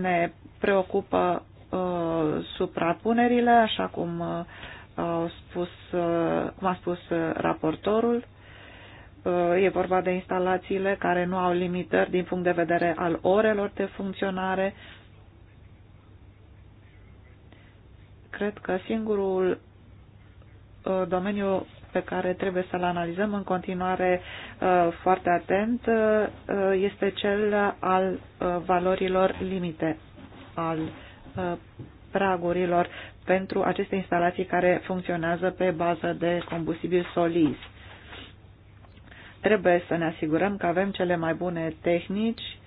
Ne preocupă suprapunerile, așa cum, spus, cum a spus raportorul. Uh, e vorba de instalațiile care nu au limitări din punct de vedere al orelor de funcționare. Cred că singurul uh, domeniu pe care trebuie să-l analizăm în continuare uh, foarte atent este cel al valorilor limite, al pragurilor pentru aceste instalații care funcționează pe bază de combustibil solist. Trebuie să ne asigurăm că avem cele mai bune tehnici.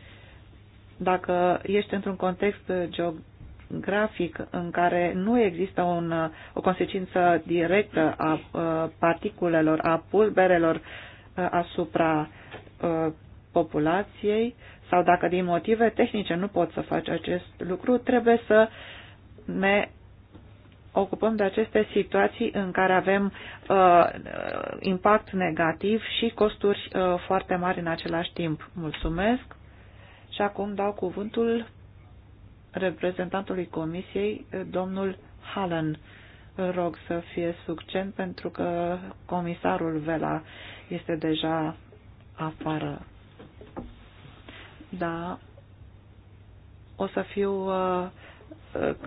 Dacă ești într-un context geografic în care nu există un, o consecință directă a particulelor, a pulberelor asupra populației, sau dacă din motive tehnice nu poți să faci acest lucru, trebuie să ne ocupăm de aceste situații în care avem uh, impact negativ și costuri uh, foarte mari în același timp. Mulțumesc și acum dau cuvântul reprezentantului Comisiei, domnul Hallen. Rog să fie succent pentru că comisarul Vela este deja afară. Da, o să fiu uh,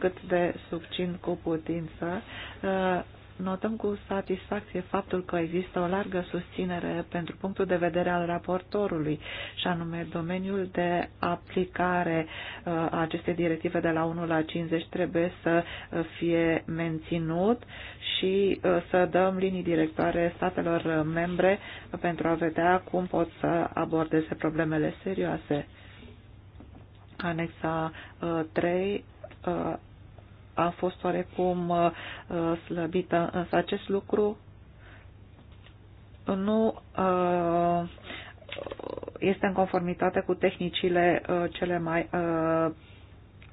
cât de succint cu putință, uh, notăm cu satisfacție faptul că există o largă susținere pentru punctul de vedere al raportorului, și anume domeniul de aplicare uh, a acestei directive de la 1 la 50 trebuie să fie menținut și uh, să dăm linii directoare statelor membre pentru a vedea cum pot să abordeze problemele serioase. Anexa 3 Uh, a fost oarecum uh, uh, slăbită, însă acest lucru nu este în conformitate cu tehnicile cele mai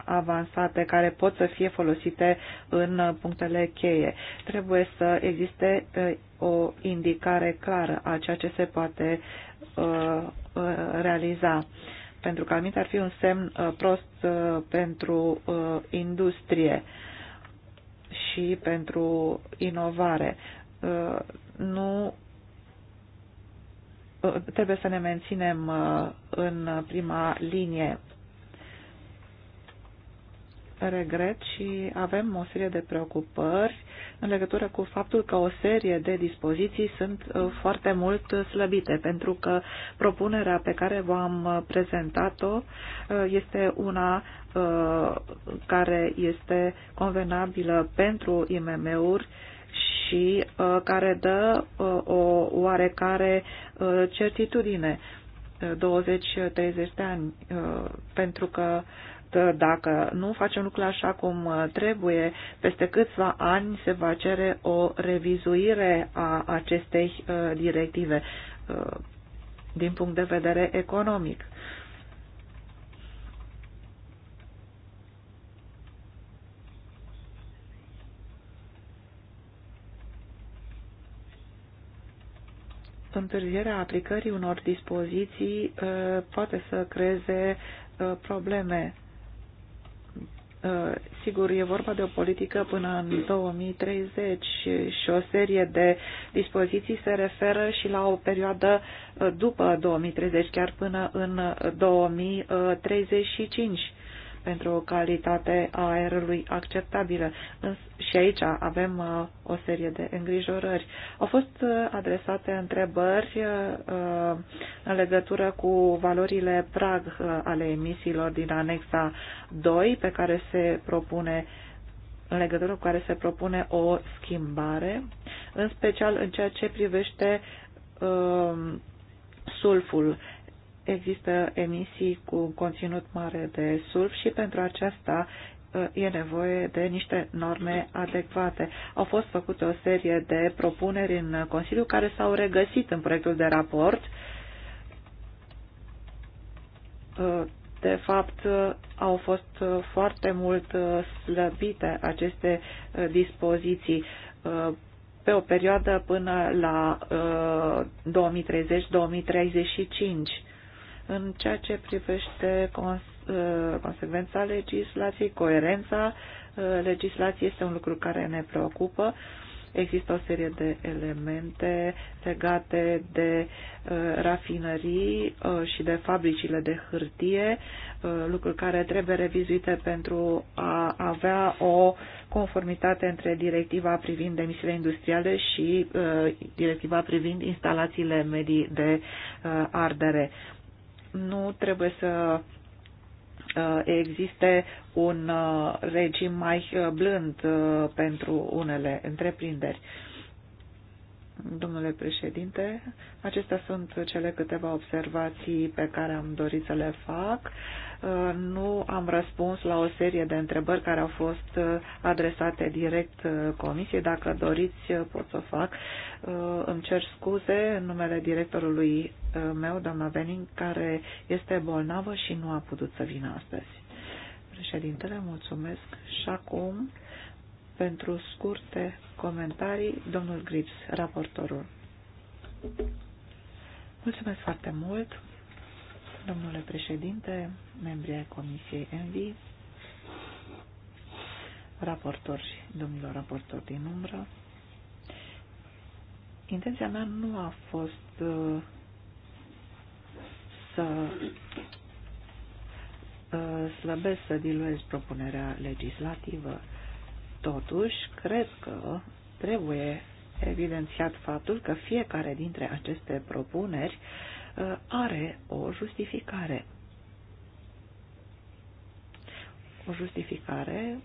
avansate care pot să fie folosite în punctele cheie. Trebuie să existe o indicare clară a ceea ce se poate realiza pentru că anumit ar fi un semn uh, prost uh, pentru uh, industrie și pentru inovare. Nu trebuie să ne menținem în prima linie. Regret și avem o serie de preocupări în legătură cu faptul că o serie de dispoziții sunt uh, foarte mult slăbite, pentru că propunerea pe care v-am uh, prezentat-o uh, este una care este convenabilă pentru IMM-uri și care dă o oarecare certitudine 20-30 de ani, pentru că dacă nu facem lucrurile așa cum uh, trebuie, peste câțiva ani se va cere o revizuire a acestei uh, directive uh, din punct de vedere economic. întârzierea aplicării unor dispoziții poate să creeze probleme Uh, sigur, e vorba de o politică până în 2030 și o serie de dispoziții se referă și la o perioadă uh, după 2030, chiar până în 2035 pentru o calitate a aerului acceptabilă. Și aici avem uh, o serie de îngrijorări. Au fost uh, adresate întrebări uh, în legătură cu valorile prag ale emisiilor din anexa 2 pe care se propune în legătură cu care se propune o schimbare, în special în ceea ce privește um, sulful există emisii cu conținut mare de sulf și pentru aceasta uh, e nevoie de niște norme adecvate. Au fost făcute o serie de propuneri în Consiliu care s-au regăsit în proiectul de raport. Uh, de fapt, uh, au fost foarte mult slăbite aceste dispoziții pe o perioadă până la 2030-2035 în ceea ce privește cons- uh, consecvența legislației, coerența uh, legislației este un lucru care ne preocupă. Există o serie de elemente legate de uh, rafinării uh, și de fabricile de hârtie, uh, lucruri care trebuie revizuite pentru a avea o conformitate între directiva privind emisiile industriale și uh, directiva privind instalațiile medii de uh, ardere nu trebuie să uh, existe un uh, regim mai uh, blând pentru unele întreprinderi. Domnule președinte, acestea sunt cele câteva observații pe care am dorit să le fac. Uh, nu am răspuns la o serie de întrebări care au fost uh, adresate direct uh, comisiei. Dacă doriți, pot să o fac. Îmi cer scuze în numele directorului meu, doamna Benin, care este bolnavă și nu a putut să vină astăzi. Președintele, mulțumesc. Și acum pentru scurte comentarii, domnul Grips, raportorul. Mulțumesc foarte mult, domnule președinte, membrii ai Comisiei ENVI, raportori și domnilor raportori din umbră. Intenția mea nu a fost uh, să uh, slăbesc, să diluez propunerea legislativă. Totuși, cred că trebuie evidențiat faptul că fiecare dintre aceste propuneri uh, are o justificare. O justificare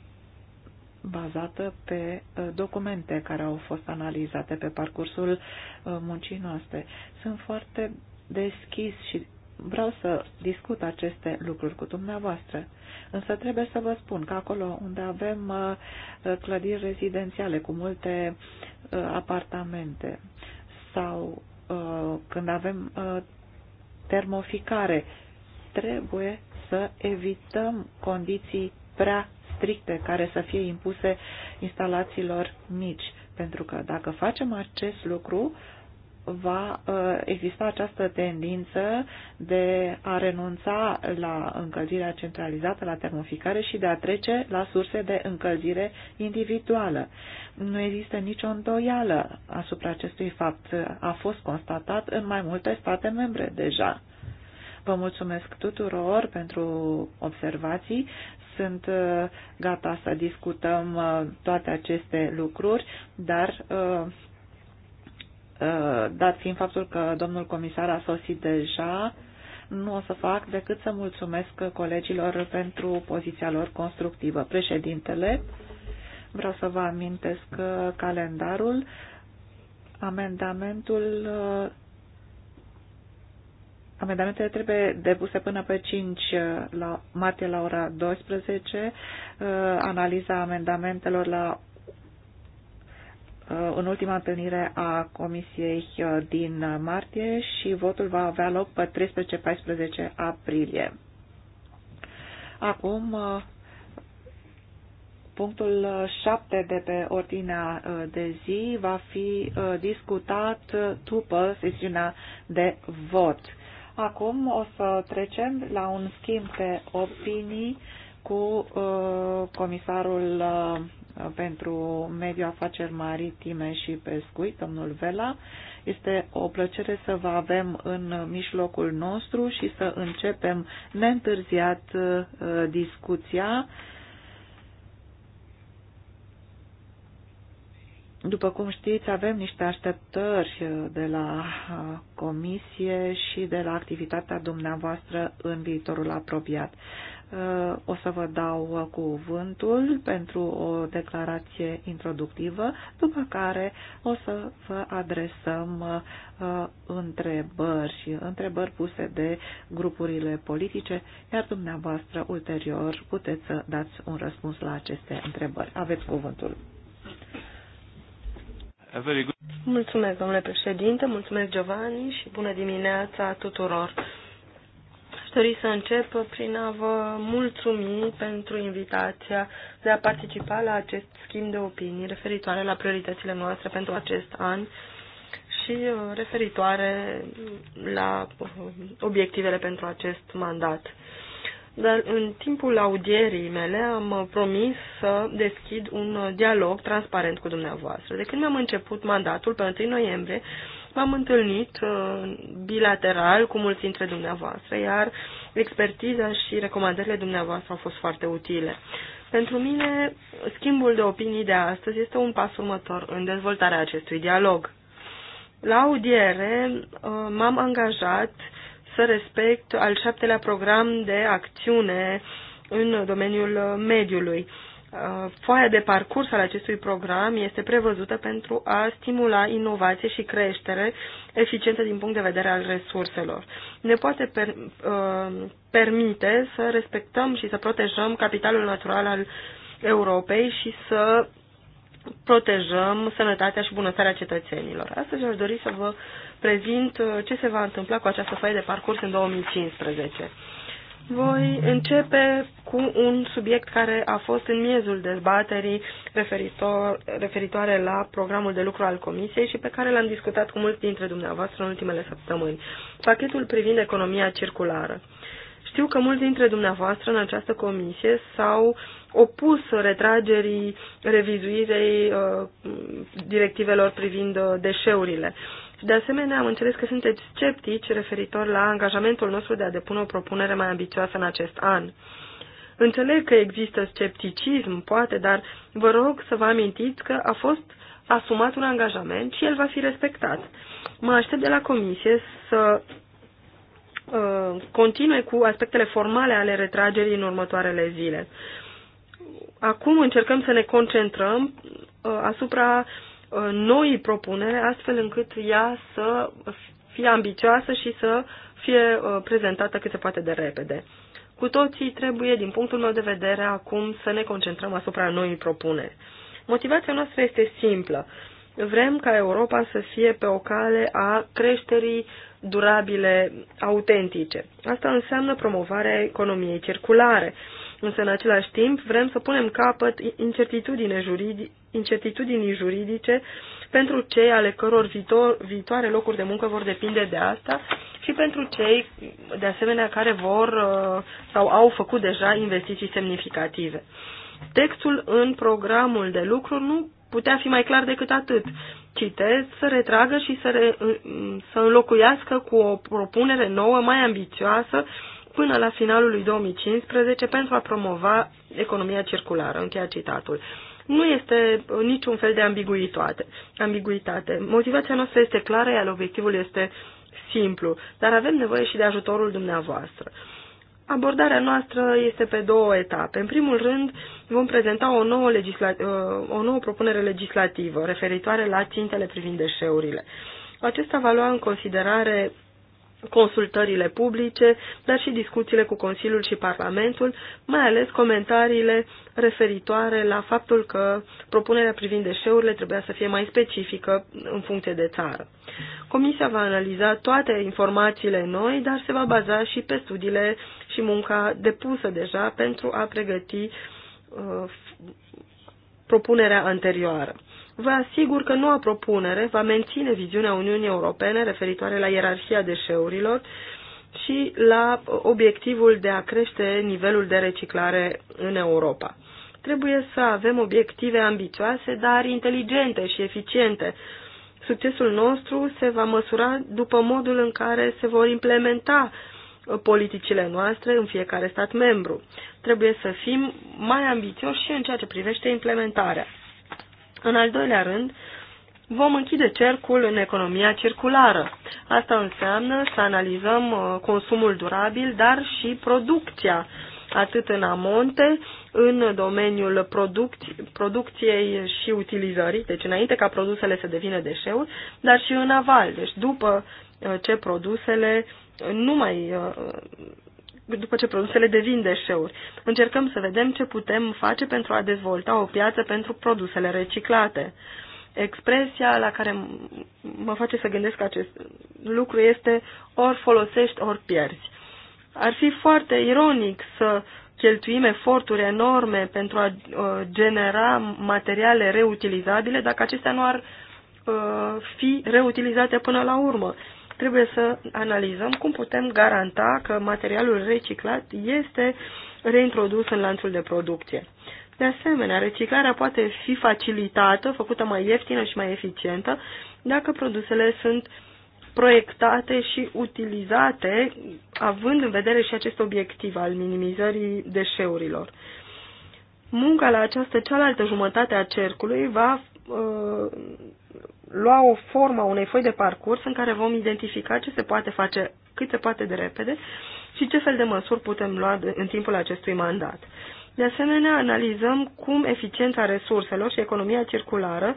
bazată pe uh, documente care au fost analizate pe parcursul uh, muncii noastre. Sunt foarte deschis și vreau să discut aceste lucruri cu dumneavoastră. Însă trebuie să vă spun că acolo unde avem uh, clădiri rezidențiale cu multe uh, apartamente sau uh, când avem termoficare, trebuie să evităm condiții prea stricte care să fie impuse instalațiilor mici, pentru că dacă facem acest lucru, va uh, exista această tendință de a renunța la încălzirea centralizată, la termoficare și de a trece la surse de încălzire individuală. Nu există nicio îndoială asupra acestui fapt. A fost constatat în mai multe state membre deja. Vă mulțumesc tuturor pentru observații. Sunt uh, gata să discutăm uh, toate aceste lucruri, dar Uh, dat fiind faptul că domnul comisar a sosit deja, nu o să fac decât să mulțumesc colegilor pentru poziția lor constructivă. Președintele, vreau să vă amintesc uh, calendarul. Amendamentul uh, Amendamentele trebuie depuse până pe 5 la, martie la ora 12, analiza amendamentelor la Uh, în ultima întâlnire a Comisiei uh, din martie și votul va avea loc pe 13-14 aprilie. Acum, uh, punctul 7 de pe ordinea de zi va fi discutat după sesiunea de vot. Acum o să trecem la un schimb de opinii cu comisarul pentru mediul afaceri maritime și pescuit, domnul Vela. Este o plăcere să vă avem în mijlocul nostru și să începem neîntârziat uh, discuția. După cum știți, avem niște așteptări de la uh, comisie și de la activitatea dumneavoastră în viitorul apropiat. Uh, o să vă dau cuvântul pentru o declarație introductivă, după care o să vă adresăm uh, întrebări, întrebări puse de grupurile politice, iar dumneavoastră ulterior puteți să dați un răspuns la aceste întrebări. Aveți cuvântul. Mulțumesc, domnule președinte, mulțumesc, Giovanni, și bună dimineața tuturor dori să încep prin a vă mulțumi pentru invitația de a participa la acest schimb de opinii referitoare la prioritățile noastre pentru acest an și uh, referitoare la uh, obiectivele pentru acest mandat. Dar în timpul audierii mele am uh, promis să deschid un dialog transparent cu dumneavoastră. De când mi-am început mandatul, pe 1 noiembrie, M-am întâlnit uh, bilateral cu mulți dintre dumneavoastră, iar expertiza și recomandările dumneavoastră au fost foarte utile. Pentru mine, schimbul de opinii de astăzi este un pas următor în dezvoltarea acestui dialog. La audiere uh, m-am angajat să respect al șaptelea program de acțiune în domeniul mediului Uh, foaia de parcurs al acestui program este prevăzută pentru a stimula inovație și creștere eficientă din punct de vedere al resurselor. Ne poate per, uh, permite să respectăm și să protejăm capitalul natural al Europei și să protejăm sănătatea și bunăstarea cetățenilor. Astăzi aș dori să vă prezint uh, ce se va întâmpla cu această foaie de parcurs în 2015. Voi începe cu un subiect care a fost în miezul dezbaterii referitor, referitoare la programul de lucru al Comisiei și pe care l-am discutat cu mulți dintre dumneavoastră în ultimele săptămâni, pachetul privind economia circulară. Știu că mulți dintre dumneavoastră în această comisie s-au opus retragerii, revizuirei uh, directivelor privind uh, deșeurile. De asemenea, am înțeles că sunteți sceptici referitor la angajamentul nostru de a depune o propunere mai ambițioasă în acest an. Înțeleg că există scepticism, poate, dar vă rog să vă amintiți că a fost asumat un angajament și el va fi respectat. Mă aștept de la comisie să uh, continue cu aspectele formale ale retragerii în următoarele zile. Acum încercăm să ne concentrăm uh, asupra uh, Uh, noi propunere, astfel încât ea să fie ambicioasă și să fie uh, prezentată cât se poate de repede. Cu toții trebuie, din punctul meu de vedere, acum să ne concentrăm asupra noii propuneri. Motivația noastră este simplă. Vrem ca Europa să fie pe o cale a creșterii durabile, autentice. Asta înseamnă promovarea economiei circulare. Însă, în același timp, vrem să punem capăt incertitudine juridic, incertitudinii juridice pentru cei ale căror viitor, viitoare locuri de muncă vor depinde de asta și pentru cei, de asemenea, care vor uh, sau au făcut deja investiții semnificative. Textul în programul de lucru nu putea fi mai clar decât atât. Citez, să retragă și să, re, să înlocuiască cu o propunere nouă mai ambițioasă până la finalul lui 2015 pentru a promova economia circulară. Încheia citatul. Nu este niciun fel de ambiguitate. ambiguitate. Motivația noastră este clară, iar obiectivul este simplu, dar avem nevoie și de ajutorul dumneavoastră. Abordarea noastră este pe două etape. În primul rând, vom prezenta o nouă, legisla... Uh, o nouă propunere legislativă referitoare la țintele privind deșeurile. Acesta va lua în considerare consultările publice, dar și discuțiile cu Consiliul și Parlamentul, mai ales comentariile referitoare la faptul că propunerea privind deșeurile trebuia să fie mai specifică în funcție de țară. Comisia va analiza toate informațiile noi, dar se va baza și pe studiile și munca depusă deja pentru a pregăti uh, propunerea anterioară. Vă asigur că noua propunere va menține viziunea Uniunii Europene referitoare la ierarhia deșeurilor și la obiectivul de a crește nivelul de reciclare în Europa. Trebuie să avem obiective ambițioase, dar inteligente și eficiente. Succesul nostru se va măsura după modul în care se vor implementa uh, politicile noastre în fiecare stat membru. Trebuie să fim mai ambițioși și în ceea ce privește implementarea. În al doilea rând, vom închide cercul în economia circulară. Asta înseamnă să analizăm uh, consumul durabil, dar și producția, atât în amonte, în domeniul produc- producției și utilizării, deci înainte ca produsele să devină deșeuri, dar și în aval, deci după uh, ce produsele nu mai uh, după ce produsele devin deșeuri. Încercăm să vedem ce putem face pentru a dezvolta o piață pentru produsele reciclate. Expresia la care mă face să gândesc acest lucru este ori folosești, ori pierzi. Ar fi foarte ironic să cheltuim eforturi enorme pentru a uh, genera materiale reutilizabile dacă acestea nu ar uh, fi reutilizate până la urmă trebuie să analizăm cum putem garanta că materialul reciclat este reintrodus în lanțul de producție. De asemenea, reciclarea poate fi facilitată, făcută mai ieftină și mai eficientă, dacă produsele sunt proiectate și utilizate, având în vedere și acest obiectiv al minimizării deșeurilor. Munca la această cealaltă jumătate a cercului va uh, lua o formă a unei foi de parcurs în care vom identifica ce se poate face cât se poate de repede și ce fel de măsuri putem lua în timpul acestui mandat. De asemenea, analizăm cum eficiența resurselor și economia circulară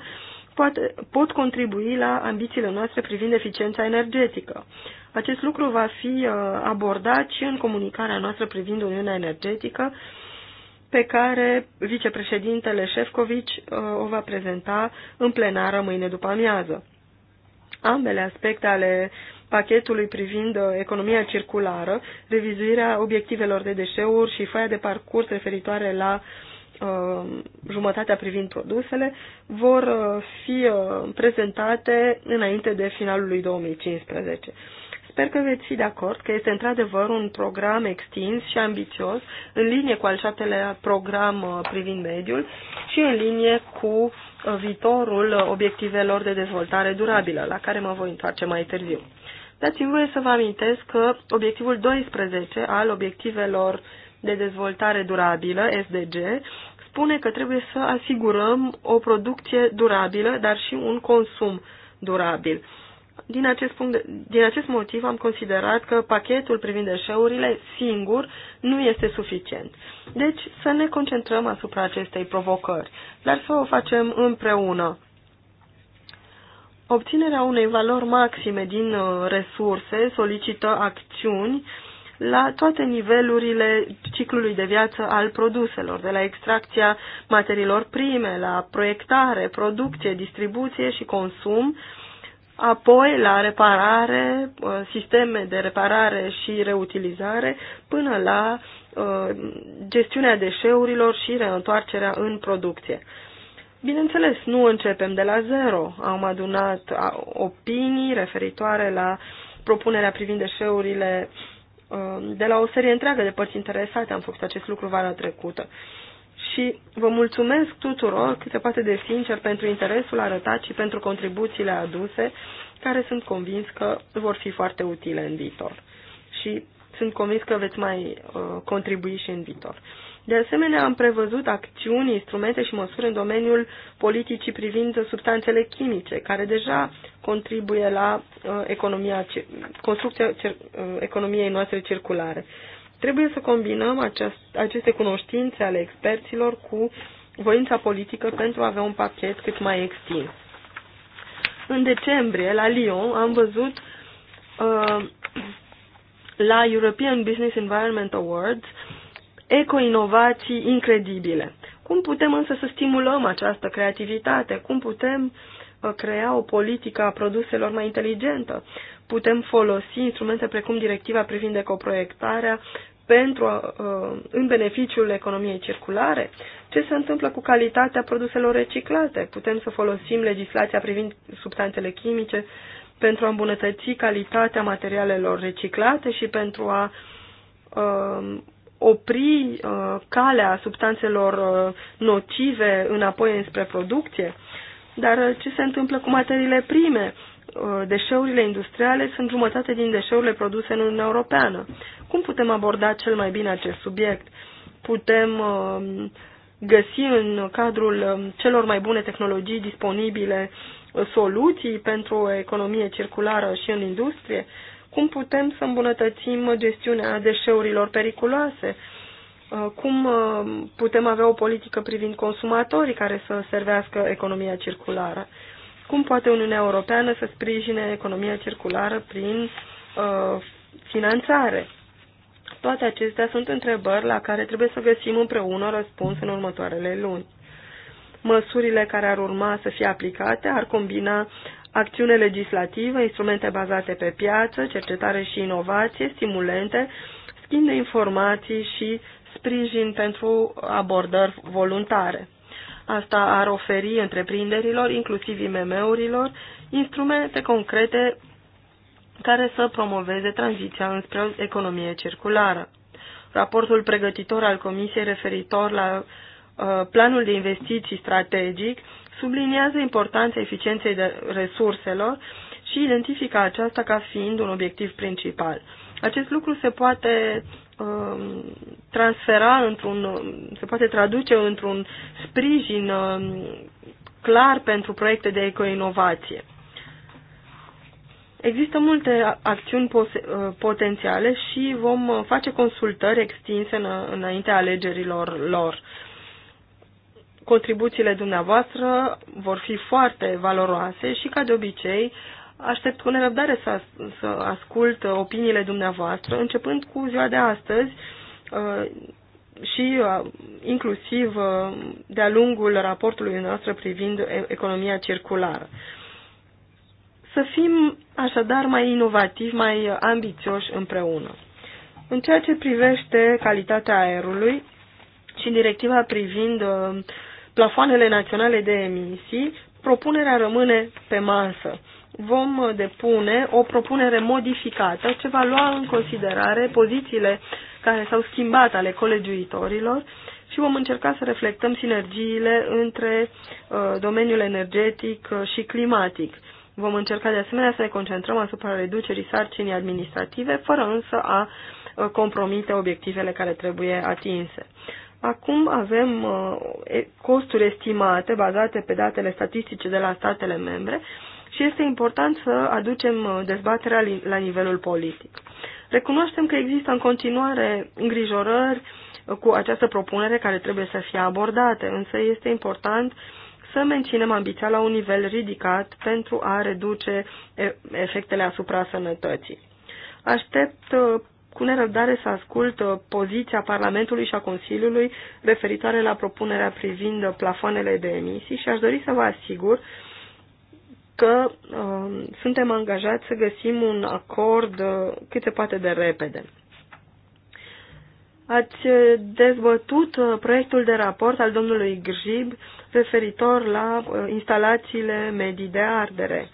poate, pot contribui la ambițiile noastre privind eficiența energetică. Acest lucru va fi uh, abordat și în comunicarea noastră privind Uniunea Energetică, pe care vicepreședintele Șefcovici uh, o va prezenta în plenară mâine după amiază. Ambele aspecte ale pachetului privind uh, economia circulară, revizuirea obiectivelor de deșeuri și foaia de parcurs referitoare la uh, jumătatea privind produsele, vor uh, fi uh, prezentate înainte de finalul lui 2015 sper că veți fi de acord că este într-adevăr un program extins și ambițios, în linie cu al șaptelea program uh, privind mediul și în linie cu uh, viitorul uh, obiectivelor de dezvoltare durabilă, la care mă voi întoarce mai târziu. Dați-mi voie să vă amintesc că obiectivul 12 al obiectivelor de dezvoltare durabilă, SDG, spune că trebuie să asigurăm o producție durabilă, dar și un consum durabil. Din acest, punct de, din acest motiv am considerat că pachetul privind deșeurile singur nu este suficient. Deci să ne concentrăm asupra acestei provocări, dar să o facem împreună. Obținerea unei valori maxime din uh, resurse solicită acțiuni la toate nivelurile ciclului de viață al produselor, de la extracția materiilor prime, la proiectare, producție, distribuție și consum, apoi la reparare, uh, sisteme de reparare și reutilizare, până la uh, gestiunea deșeurilor și reîntoarcerea în producție. Bineînțeles, nu începem de la zero. Am adunat opinii referitoare la propunerea privind deșeurile uh, de la o serie întreagă de părți interesate. Am făcut acest lucru vara trecută și vă mulțumesc tuturor cât se poate de sincer pentru interesul arătat și pentru contribuțiile aduse, care sunt convins că vor fi foarte utile în viitor. Și sunt convins că veți mai uh, contribui și în viitor. De asemenea, am prevăzut acțiuni, instrumente și măsuri în domeniul politicii privind substanțele chimice, care deja contribuie la uh, economia, construcția cir, uh, economiei noastre circulare. Uh, Trebuie să combinăm aceast, aceste cunoștințe ale experților cu voința politică pentru a avea un pachet cât mai extins. În decembrie, la Lyon, am văzut uh, la European Business Environment Awards eco-inovații incredibile. Cum putem însă să stimulăm această creativitate? Cum putem Uh, crea o politică a produselor mai inteligentă. Putem folosi instrumente precum directiva privind ecoproiectarea pentru, uh, în beneficiul economiei circulare? Ce se întâmplă cu calitatea produselor reciclate? Putem să folosim legislația privind substanțele chimice pentru a îmbunătăți calitatea materialelor reciclate și pentru a uh, opri calea substanțelor nocive înapoi înspre producție? Dar uh, ce se întâmplă cu materiile prime? Uh, deșeurile industriale sunt jumătate din deșeurile produse în Uniunea Europeană. Cum putem aborda cel mai bine acest subiect? Putem uh, găsi în cadrul um, celor mai bune tehnologii disponibile soluții pentru o economie circulară și în industrie? Cum putem să îmbunătățim gestiunea deșeurilor periculoase? Uh, cum uh, putem avea o politică privind consumatorii care să servească economia circulară? Cum poate Uniunea Europeană să sprijine economia circulară prin uh, finanțare? Toate acestea sunt întrebări la care trebuie să găsim împreună răspuns în următoarele luni. Măsurile care ar urma să fie aplicate ar combina acțiune legislativă, instrumente bazate pe piață, cercetare și inovație, stimulente, schimb de informații și uh, sprijin pentru abordări voluntare. Asta ar oferi întreprinderilor, inclusiv IMM-urilor, instrumente concrete care să promoveze tranziția înspre o economie circulară. Raportul pregătitor al Comisiei referitor la uh, planul de investiții strategic subliniază importanța eficienței de resurselor și identifică aceasta ca fiind un obiectiv principal. Acest lucru se poate Um, transfera într-un, se poate traduce într-un sprijin um, clar pentru proiecte de ecoinovație. Există multe acțiuni uh, potențiale și vom uh, face consultări extinse înaintea alegerilor lor. Contribuțiile dumneavoastră vor fi foarte valoroase și, ca de obicei, Aștept cu nerăbdare să, să ascult uh, opiniile dumneavoastră, începând cu ziua de astăzi uh, și uh, inclusiv de-a lungul raportului nostru privind economia circulară. Să fim așadar mai inovativi, mai ambițioși împreună. În ceea ce privește calitatea aerului și directiva privind plafoanele naționale de emisii, propunerea rămâne pe masă vom depune o propunere modificată ce va lua în considerare pozițiile care s-au schimbat ale colegiuitorilor și vom încerca să reflectăm sinergiile între uh, domeniul energetic și climatic. Vom încerca de asemenea să ne concentrăm asupra reducerii sarcinii administrative, fără însă a uh, compromite obiectivele care trebuie atinse. Acum avem uh, costuri estimate bazate pe datele statistice de la statele membre și este important să aducem uh, dezbaterea la nivelul politic. Recunoaștem că există în continuare îngrijorări uh, cu această propunere care trebuie să fie abordate, însă este important să menținem ambiția la un nivel ridicat pentru a reduce efectele asupra sănătății. Aștept uh, cu nerăbdare să ascult poziția Parlamentului și a Consiliului referitoare la propunerea privind plafoanele de emisii și aș dori să vă asigur că uh, suntem angajați să găsim un acord uh, cât se poate de repede. Ați uh, dezbătut uh, proiectul de raport al domnului Grjib referitor la uh, instalațiile medii de ardere.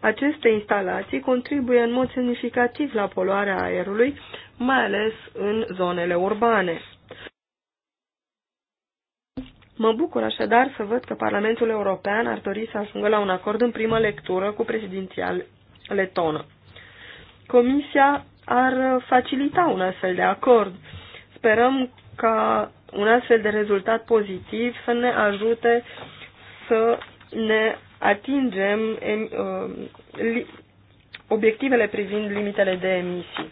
Aceste instalații contribuie în mod semnificativ la poluarea aerului, mai ales în zonele urbane. Mă bucur așadar să văd că Parlamentul European ar dori să ajungă la un acord în primă lectură cu președinția letonă. Comisia ar facilita un astfel de acord. Sperăm ca un astfel de rezultat pozitiv să ne ajute să ne atingem uh, obiectivele privind limitele de emisii.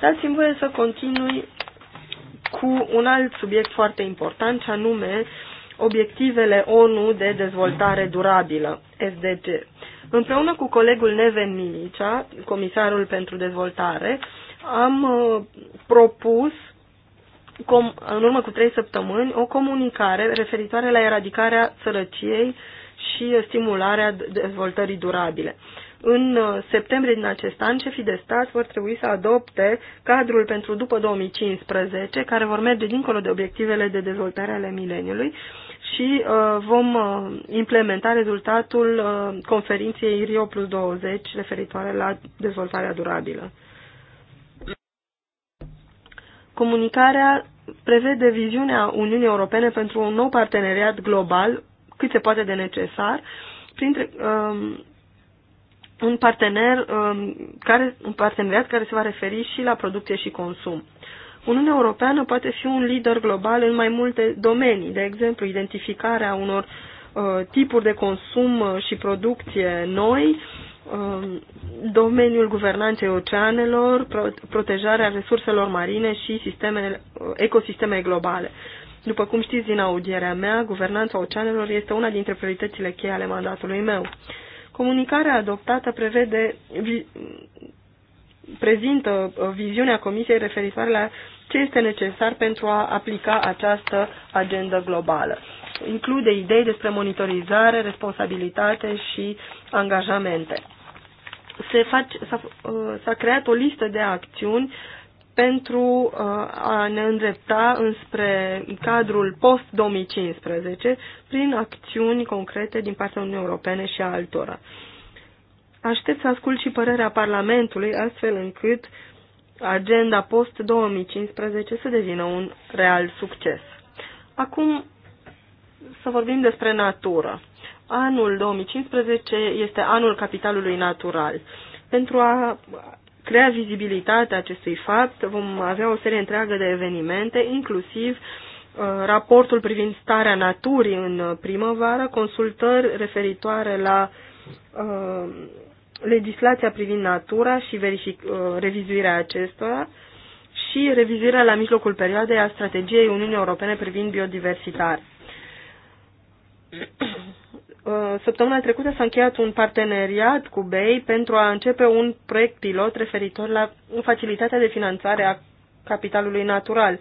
Dați-mi voie să continui cu un alt subiect foarte important, ce anume obiectivele ONU de dezvoltare durabilă, SDG. Împreună cu colegul Neven Minicea, comisarul pentru dezvoltare, am uh, propus com, în urmă cu trei săptămâni o comunicare referitoare la eradicarea sărăciei și stimularea dezvoltării durabile. În uh, septembrie din acest an, șefii de stat vor trebui să adopte cadrul pentru după 2015, care vor merge dincolo de obiectivele de dezvoltare ale mileniului și uh, vom uh, implementa rezultatul uh, conferinței Rio plus 20 referitoare la dezvoltarea durabilă. Comunicarea prevede viziunea Uniunii Europene pentru un nou parteneriat global, cât se poate de necesar, printre, um, un, partener, um, care, un parteneriat care se va referi și la producție și consum. Uniunea Europeană poate fi un lider global în mai multe domenii, de exemplu, identificarea unor uh, tipuri de consum uh, și producție noi, uh, domeniul guvernanței oceanelor, protejarea resurselor marine și sistemele, uh, ecosisteme globale. După cum știți din audierea mea, guvernanța oceanelor este una dintre prioritățile cheie ale mandatului meu. Comunicarea adoptată prevede prezintă uh, viziunea Comisiei referitoare la ce este necesar pentru a aplica această agendă globală. Include idei despre monitorizare, responsabilitate și angajamente. Uh, s-a creat o listă de acțiuni pentru uh, a ne îndrepta înspre cadrul post-2015 prin acțiuni concrete din partea Uniunii Europene și a altora. Aștept să ascult și părerea Parlamentului, astfel încât agenda post-2015 să devină un real succes. Acum să vorbim despre natură. Anul 2015 este anul capitalului natural. Pentru a crea vizibilitatea acestui fapt, vom avea o serie întreagă de evenimente, inclusiv uh, raportul privind starea naturii în primăvară, consultări referitoare la uh, legislația privind natura și verific, uh, revizuirea acestora și revizuirea la mijlocul perioadei a strategiei Uniunii Europene privind biodiversitar. Uh, săptămâna trecută s-a încheiat un parteneriat cu BEI pentru a începe un proiect pilot referitor la facilitatea de finanțare a capitalului natural.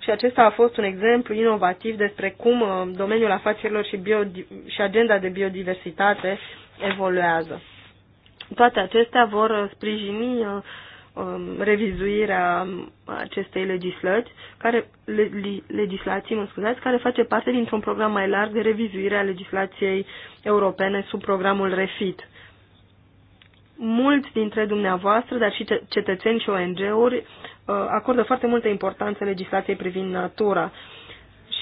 Și acesta a fost un exemplu inovativ despre cum uh, domeniul afacerilor și, bio, și agenda de biodiversitate evoluează. Toate acestea vor uh, sprijini uh, um, revizuirea acestei legislații, care, le, legislații mă scuzați, care face parte dintr-un program mai larg de revizuire a legislației europene sub programul REFIT. Mulți dintre dumneavoastră, dar și cetățeni și ONG-uri, uh, acordă foarte multă importanță legislației privind natura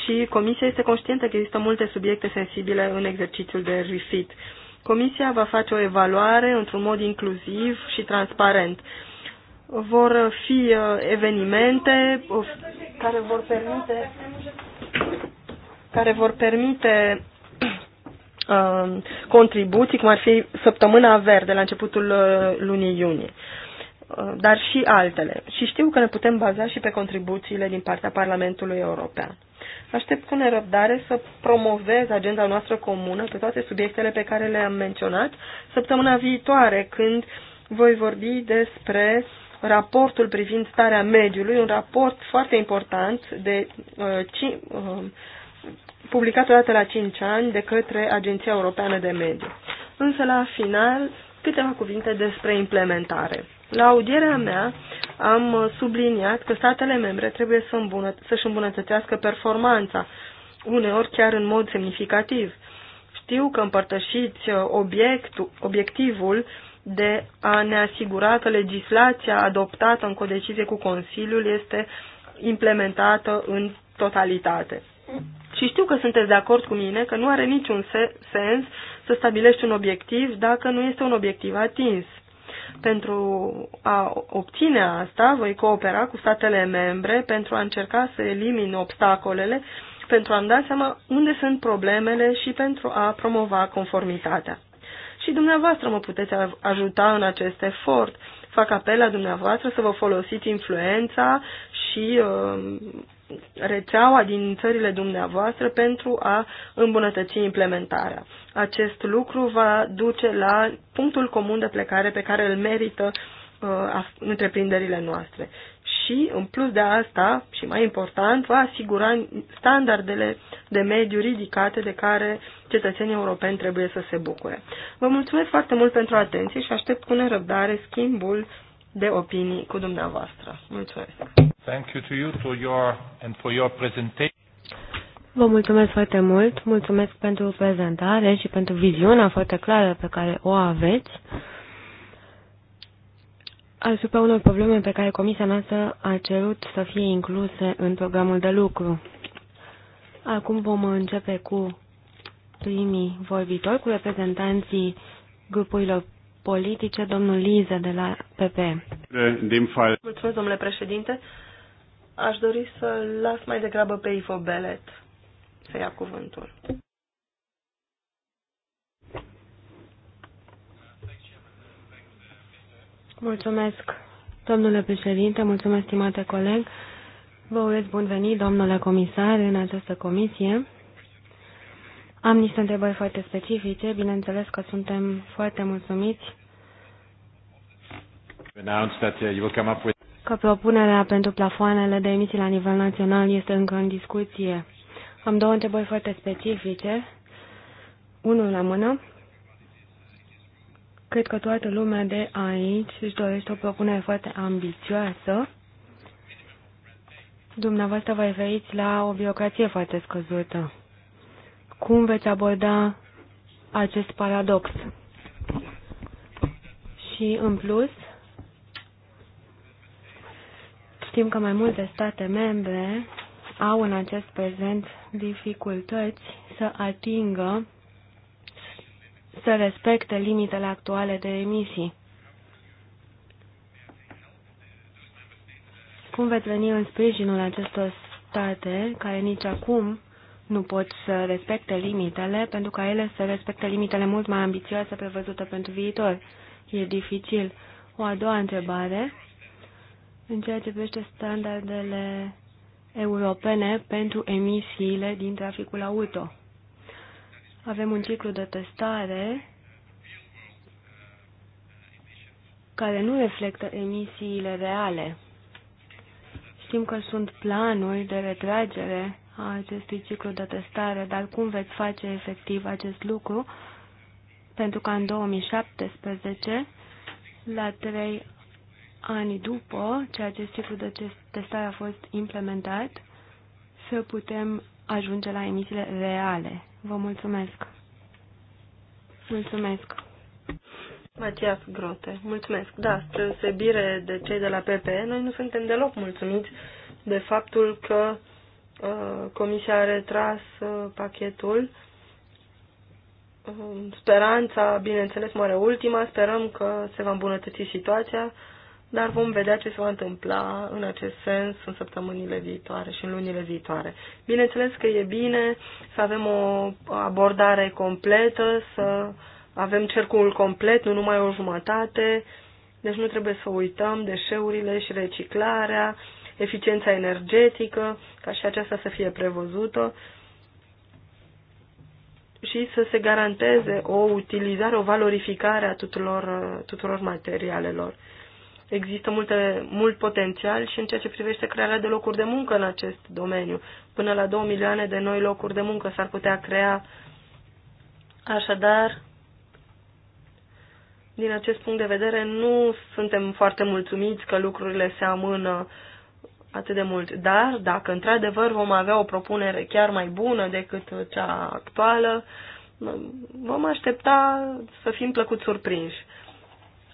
și Comisia este conștientă că există multe subiecte sensibile în exercițiul de REFIT. Comisia va face o evaluare într-un mod inclusiv și transparent. Vor fi uh, evenimente uh, care vor permite care vor permite uh, contribuții, cum ar fi săptămâna verde la începutul lunii iunie, dar și altele. Și știu că ne putem baza și pe contribuțiile din partea Parlamentului European. Aștept cu nerăbdare să promovez agenda noastră comună pe toate subiectele pe care le-am menționat săptămâna viitoare, când voi vorbi despre raportul privind starea mediului, un raport foarte important de uh, ci, uh, publicat odată la 5 ani de către Agenția Europeană de Mediu. Însă, la final, Câteva cuvinte despre implementare. La audierea mea am subliniat că statele membre trebuie să îmbunăt- să-și îmbunătățească performanța, uneori chiar în mod semnificativ. Știu că împărtășiți uh, obiectul, obiectivul de a ne asigura că legislația adoptată în codecizie cu Consiliul este implementată în totalitate. Și știu că sunteți de acord cu mine că nu are niciun sens să stabilești un obiectiv dacă nu este un obiectiv atins. Pentru a obține asta, voi coopera cu statele membre pentru a încerca să elimin obstacolele, pentru a-mi da seama unde sunt problemele și pentru a promova conformitatea. Și dumneavoastră mă puteți ajuta în acest efort. Fac apel la dumneavoastră să vă folosiți influența și uh, rețeaua din țările dumneavoastră pentru a îmbunătăți implementarea. Acest lucru va duce la punctul comun de plecare pe care îl merită uh, întreprinderile noastre. Și, în plus de asta, și mai important, va asigura standardele de mediu ridicate de care cetățenii europeni trebuie să se bucure. Vă mulțumesc foarte mult pentru atenție și aștept cu nerăbdare schimbul de opinii cu dumneavoastră. Mulțumesc! Thank you to you to your, and for your presentation. Vă mulțumesc foarte mult, mulțumesc pentru prezentare și pentru viziunea foarte clară pe care o aveți asupra unor probleme pe care Comisia noastră a cerut să fie incluse în programul de lucru. Acum vom începe cu primii vorbitori, cu reprezentanții grupurilor politice, domnul Lize de la PP. Mulțumesc, domnule președinte. Aș dori să las mai degrabă pe Ivo Belet să ia cuvântul. Mulțumesc, domnule președinte, mulțumesc, stimate coleg. Vă urez bun venit, domnule comisar, în această comisie. Am niște întrebări foarte specifice. Bineînțeles că suntem foarte mulțumiți uh, că propunerea pentru plafoanele de emisii la nivel național este încă în discuție. Am două întrebări foarte specifice. Unul la mână. Cred că toată lumea de aici își dorește o propunere foarte ambițioasă. Dumneavoastră vă referiți la o birocrație foarte scăzută. Cum veți aborda acest paradox? Și, în plus, știm că mai multe state membre au în acest prezent dificultăți să atingă, să respecte limitele actuale de emisii. Cum veți veni în sprijinul acestor state care nici acum nu pot să respecte limitele, pentru ca ele să respecte limitele mult mai ambițioase prevăzute pentru viitor. E dificil. O a doua întrebare, în ceea ce privește standardele europene pentru emisiile din traficul auto. Avem un ciclu de testare care nu reflectă emisiile reale. Știm că sunt planuri de retragere a acestui ciclu de testare, dar cum veți face efectiv acest lucru? Pentru că în 2017, la trei ani după ce acest ciclu de testare a fost implementat, să putem ajunge la emisiile reale. Vă mulțumesc! Mulțumesc! Matias Grote, mulțumesc. Da, spre de cei de la PPE, noi nu suntem deloc mulțumiți de faptul că Uh, Comisia a retras uh, pachetul. Uh, speranța, bineînțeles, mare ultima, sperăm că se va îmbunătăți situația, dar vom vedea ce se va întâmpla în acest sens în săptămânile viitoare și în lunile viitoare. Bineînțeles că e bine să avem o abordare completă, să avem cercul complet, nu numai o jumătate, deci nu trebuie să uităm deșeurile și reciclarea, eficiența energetică, ca și aceasta să fie prevăzută și să se garanteze o utilizare, o valorificare a tuturor, tuturor materialelor. Există multe, mult potențial și în ceea ce privește crearea de locuri de muncă în acest domeniu. Până la 2 milioane de noi locuri de muncă s-ar putea crea. Așadar, din acest punct de vedere, nu suntem foarte mulțumiți că lucrurile se amână uh, atât de mult. Dar dacă într-adevăr vom avea o propunere chiar mai bună decât cea actuală, vom aștepta să fim plăcut surprinși.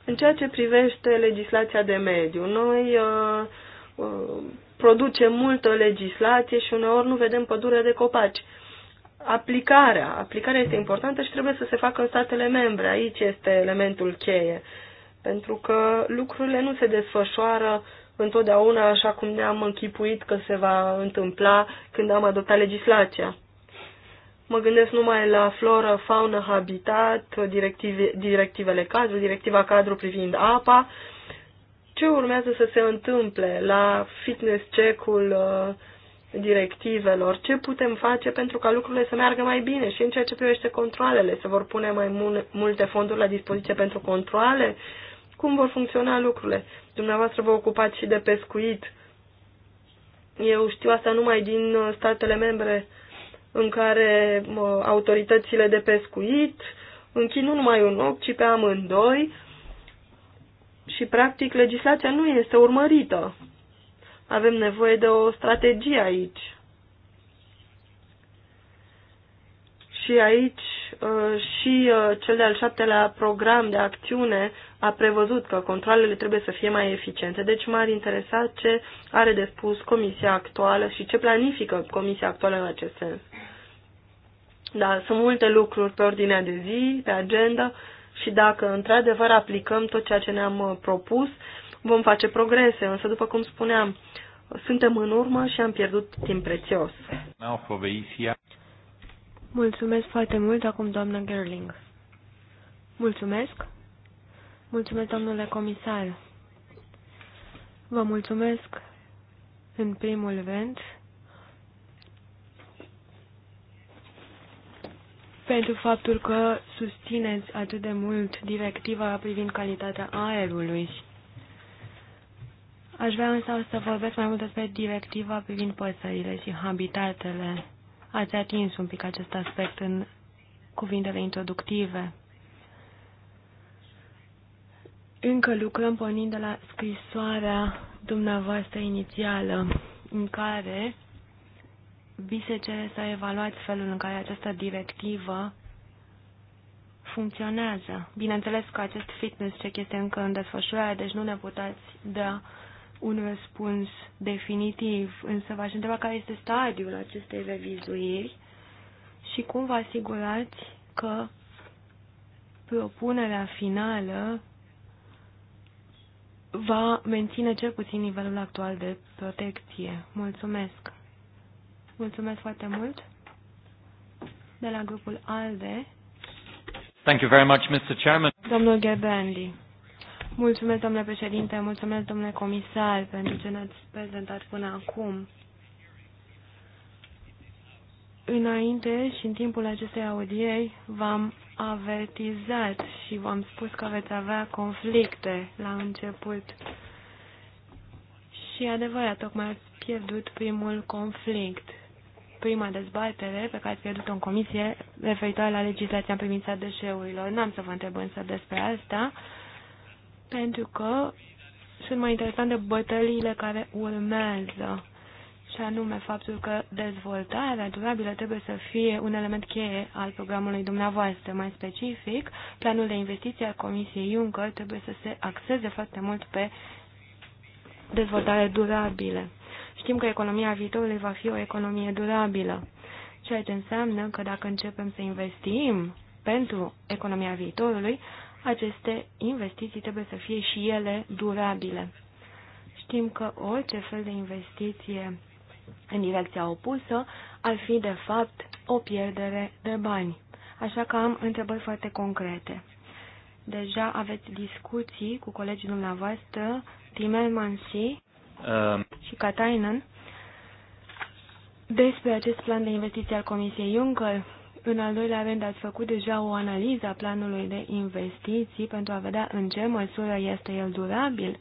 În ceea ce privește legislația de mediu, noi uh, uh, producem multă legislație și uneori nu vedem pădure de copaci. Aplicarea. Aplicarea este importantă și trebuie să se facă în statele membre. Aici este elementul cheie. Pentru că lucrurile nu se desfășoară uh, întotdeauna așa cum ne-am închipuit că se va întâmpla când am adoptat legislația. Mă gândesc numai la floră, faună, habitat, directive, directivele cadru, directiva cadru privind apa, ce urmează să se întâmple la fitness check-ul uh, directivelor, ce putem face pentru ca lucrurile să meargă mai bine și în ceea ce privește controlele, se vor pune mai multe fonduri la dispoziție pentru controle, cum vor funcționa lucrurile. Dumneavoastră vă ocupați și de pescuit. Eu știu asta numai din uh, statele membre în care autoritățile de pescuit închid nu numai un ochi, ci pe amândoi și, practic, legislația nu este urmărită. Avem nevoie de o strategie aici. Și aici Uh, și uh, cel de-al șaptelea program de acțiune a prevăzut că controlele trebuie să fie mai eficiente. Deci m-ar interesa ce are de spus comisia actuală și ce planifică comisia actuală în acest sens. Da, sunt multe lucruri pe ordinea de zi, pe agenda și dacă într-adevăr aplicăm tot ceea ce ne-am uh, propus, vom face progrese, însă după cum spuneam, suntem în urmă și am pierdut timp prețios. Mulțumesc foarte mult, acum doamna Gerling. Mulțumesc. Mulțumesc, domnule comisar. Vă mulțumesc în primul rând pentru faptul că susțineți atât de mult directiva privind calitatea aerului. Aș vrea însă să vorbesc mai mult despre directiva privind păsările și habitatele. Ați atins un pic acest aspect în cuvintele introductive. Încă lucrăm pornind de la scrisoarea dumneavoastră inițială, în care vi se cere să evaluați felul în care această directivă funcționează. Bineînțeles că acest fitness check este încă în desfășurare, deci nu ne puteți da un răspuns definitiv, însă v-aș întreba care este stadiul acestei revizuiri și cum vă asigurați că propunerea finală va menține cel puțin nivelul actual de protecție. Mulțumesc! Mulțumesc foarte mult! De la grupul ALDE. Thank you very much, Mr. Chairman. Domnul Gerbrandi. Mulțumesc, domnule președinte, mulțumesc, domnule comisar, pentru ce ne-ați prezentat până acum. Înainte și în timpul acestei audieri v-am avertizat și v-am spus că veți avea conflicte la început. Și adevărat, tocmai ați pierdut primul conflict, prima dezbatere pe care ați pierdut-o în comisie referitoare la legislația în privința deșeurilor. N-am să vă întreb însă despre asta pentru că sunt mai interesante bătăliile care urmează, și anume faptul că dezvoltarea durabilă trebuie să fie un element cheie al programului dumneavoastră. Mai specific, planul de investiție al Comisiei Juncker trebuie să se axeze foarte mult pe dezvoltare durabilă. Știm că economia viitorului va fi o economie durabilă, ceea ce înseamnă că dacă începem să investim pentru economia viitorului, aceste investiții trebuie să fie și ele durabile. Știm că orice fel de investiție în direcția opusă ar fi, de fapt, o pierdere de bani. Așa că am întrebări foarte concrete. Deja aveți discuții cu colegii dumneavoastră, Timel Mansi uh. Um. și Katainen, despre acest plan de investiții al Comisiei Juncker în al doilea rând, ați făcut deja o analiză a planului de investiții pentru a vedea în ce măsură este el durabil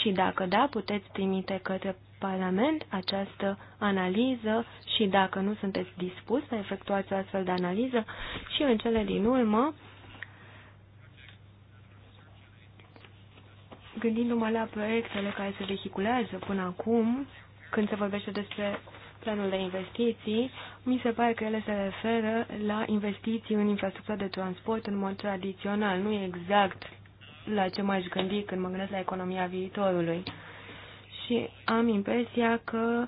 și dacă da, puteți trimite către Parlament această analiză și dacă nu sunteți dispus să efectuați o astfel de analiză și în cele din urmă, gândindu-mă la proiectele care se vehiculează până acum, când se vorbește despre planul de investiții, mi se pare că ele se referă la investiții în infrastructura de transport în mod tradițional, nu exact la ce m-aș gândi când mă gândesc la economia viitorului. Și am impresia că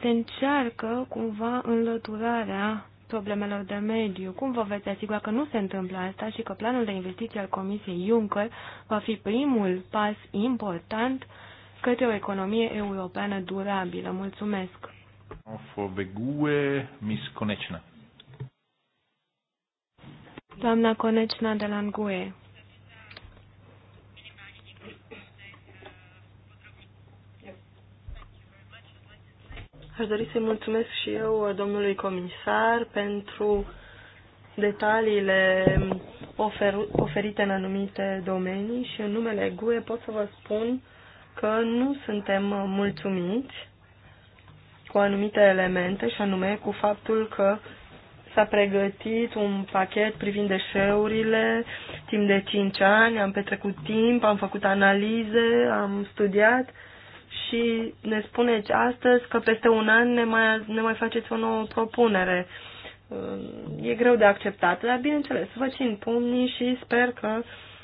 se încearcă cumva înlăturarea problemelor de mediu. Cum vă veți asigura că nu se întâmplă asta și că planul de investiții al Comisiei Juncker va fi primul pas important către o economie europeană durabilă? Mulțumesc! For Miss Doamna Conecna de la Ngue. Aș dori să-i mulțumesc și eu domnului comisar pentru detaliile ofer- oferite în anumite domenii și în numele GUE pot să vă spun că nu suntem mulțumiți cu anumite elemente, și anume cu faptul că s-a pregătit un pachet privind deșeurile timp de 5 ani, am petrecut timp, am făcut analize, am studiat și ne spuneți astăzi că peste un an ne mai, ne mai faceți o nouă propunere. Uh, e greu de acceptat, dar bineînțeles, vă țin pumnii și sper că